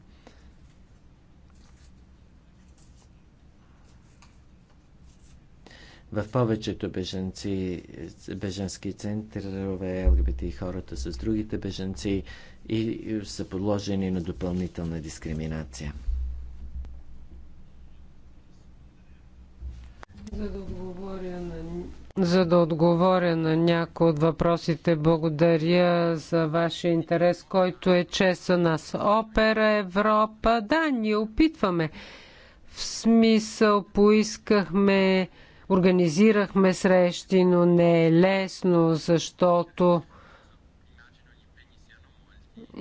Speaker 3: В повечето беженци, беженски центрове ЛГБТ и хората с другите беженци и, са подложени на допълнителна
Speaker 4: дискриминация. За да отговоря на за да отговоря на някои от въпросите. Благодаря за вашия интерес, който е чест за нас. Опера Европа, да, ние опитваме. В смисъл поискахме Организирахме срещи, но не е лесно, защото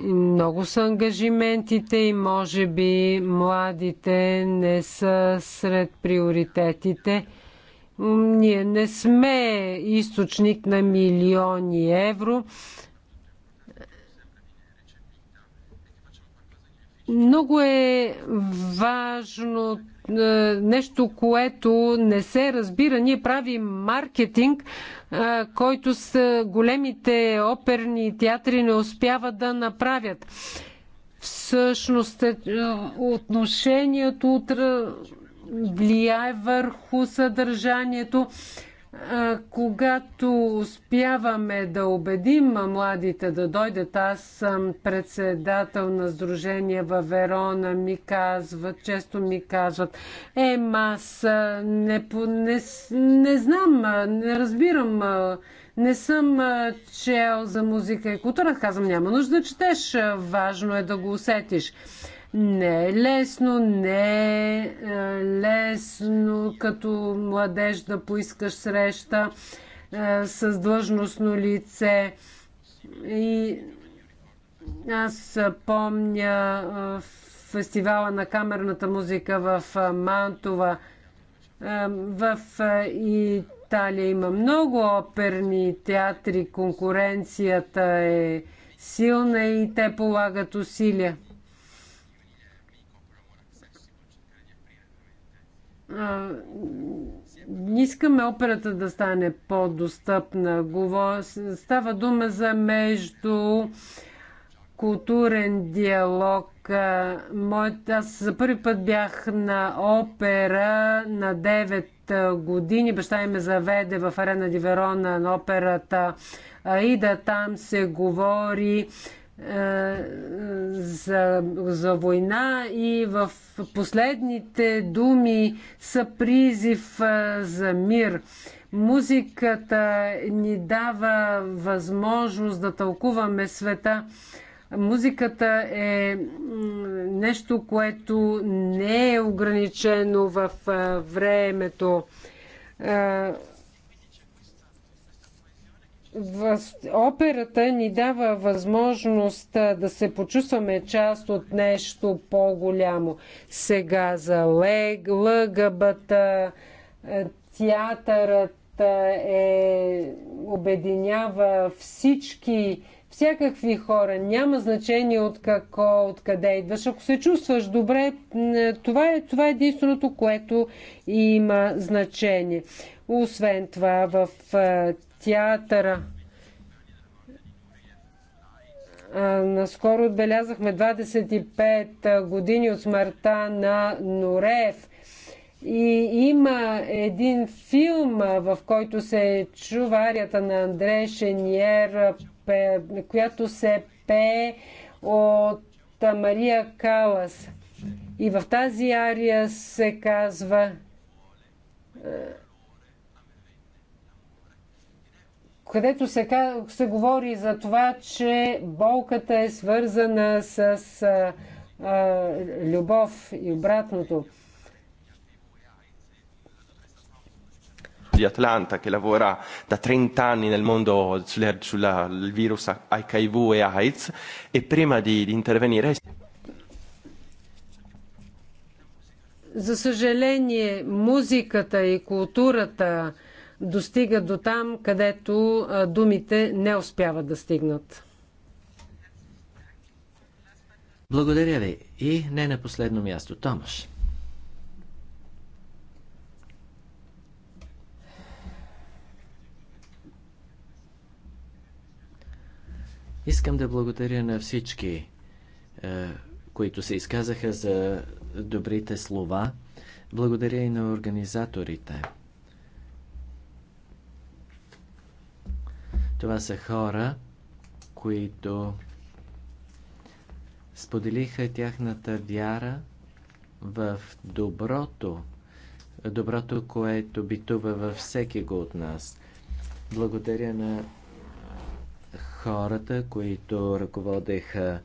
Speaker 4: много са ангажиментите и може би младите не са сред приоритетите. Ние не сме източник на милиони евро. Много е важно е, нещо, което не се разбира. Ние правим маркетинг, е, който с големите оперни театри не успяват да направят. Всъщност е, отношението влияе върху съдържанието когато успяваме да убедим младите да дойдат, аз съм председател на Сдружение във Верона, ми казват, често ми казват, е, аз не, не, не знам, не разбирам, не съм чел за музика и култура, казвам, няма нужда да четеш, важно е да го усетиш. Не е лесно, не е, е лесно като младеж да поискаш среща е, с длъжностно лице. И аз помня е, фестивала на камерната музика в е, Мантова. Е, в е, Италия има много оперни театри, конкуренцията е силна и те полагат усилия. не искаме операта да стане по-достъпна. Става дума за между културен диалог. аз за първи път бях на опера на 9 години. Баща ми ме заведе в Арена Диверона на операта Аида. Там се говори за, за война и в последните думи са призив за мир. Музиката ни дава възможност да тълкуваме света. Музиката е нещо, което не е ограничено в времето операта ни дава възможност да се почувстваме част от нещо по-голямо. Сега за лъгъбата, театърът е, обединява всички, всякакви хора. Няма значение от какво, откъде идваш. Ако се чувстваш добре, това е, това е единственото, което има значение. Освен това, в театъра. Наскоро отбелязахме 25 години от смъртта на Нореев. И има един филм, в който се чува арията на Андре Шениер, която се пее от Мария Калас. И в тази ария се казва където се, се говори за това, че болката е свързана с а, а, любов и обратното.
Speaker 5: di Atlanta che lavora da 30 anni nel mondo sul, sulla, virus
Speaker 3: HIV e AIDS e prima di, di intervenire...
Speaker 4: За съжаление, музиката и културата Достига до там, където думите не успяват да стигнат.
Speaker 3: Благодаря ви. И не на последно място, Томаш. Искам да благодаря на всички, е, които се изказаха за добрите слова. Благодаря и на организаторите – Това са хора, които споделиха тяхната вяра в доброто, доброто, което битува във всеки го от нас. Благодаря на хората, които ръководеха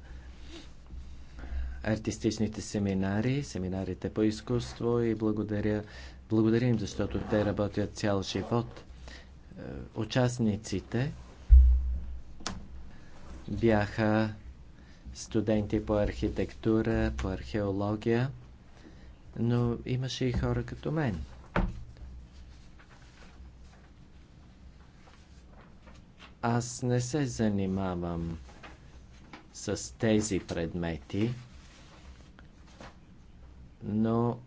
Speaker 3: артистичните семинари, семинарите по изкуство и благодаря, благодаря им, защото те работят цял живот. Е, участниците бяха студенти по архитектура, по археология, но имаше и хора като мен. Аз не се занимавам с тези предмети, но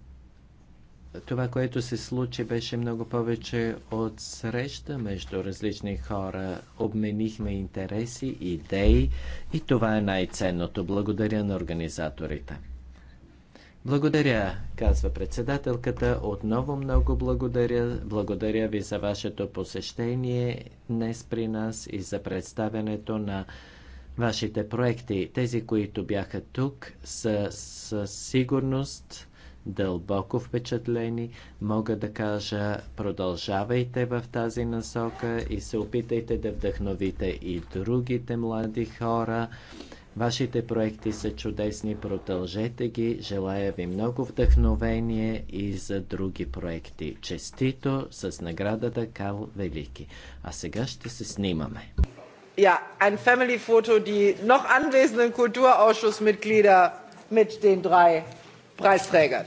Speaker 3: това, което се случи, беше много повече от среща между различни хора. Обменихме интереси, идеи и това е най-ценното. Благодаря на организаторите. Благодаря, казва председателката. Отново много благодаря. Благодаря ви за вашето посещение днес при нас и за представенето на вашите проекти. Тези, които бяха тук, са със сигурност дълбоко впечатлени. Мога да кажа, продължавайте в тази насока и се опитайте да вдъхновите и другите млади хора. Вашите проекти са чудесни, продължете ги. Желая ви много вдъхновение и за други проекти. Честито с наградата Кал Велики. А сега ще се снимаме.
Speaker 2: Ja, ein Family-Foto, die noch anwesenden Kulturausschussmitglieder mit den drei preisträger.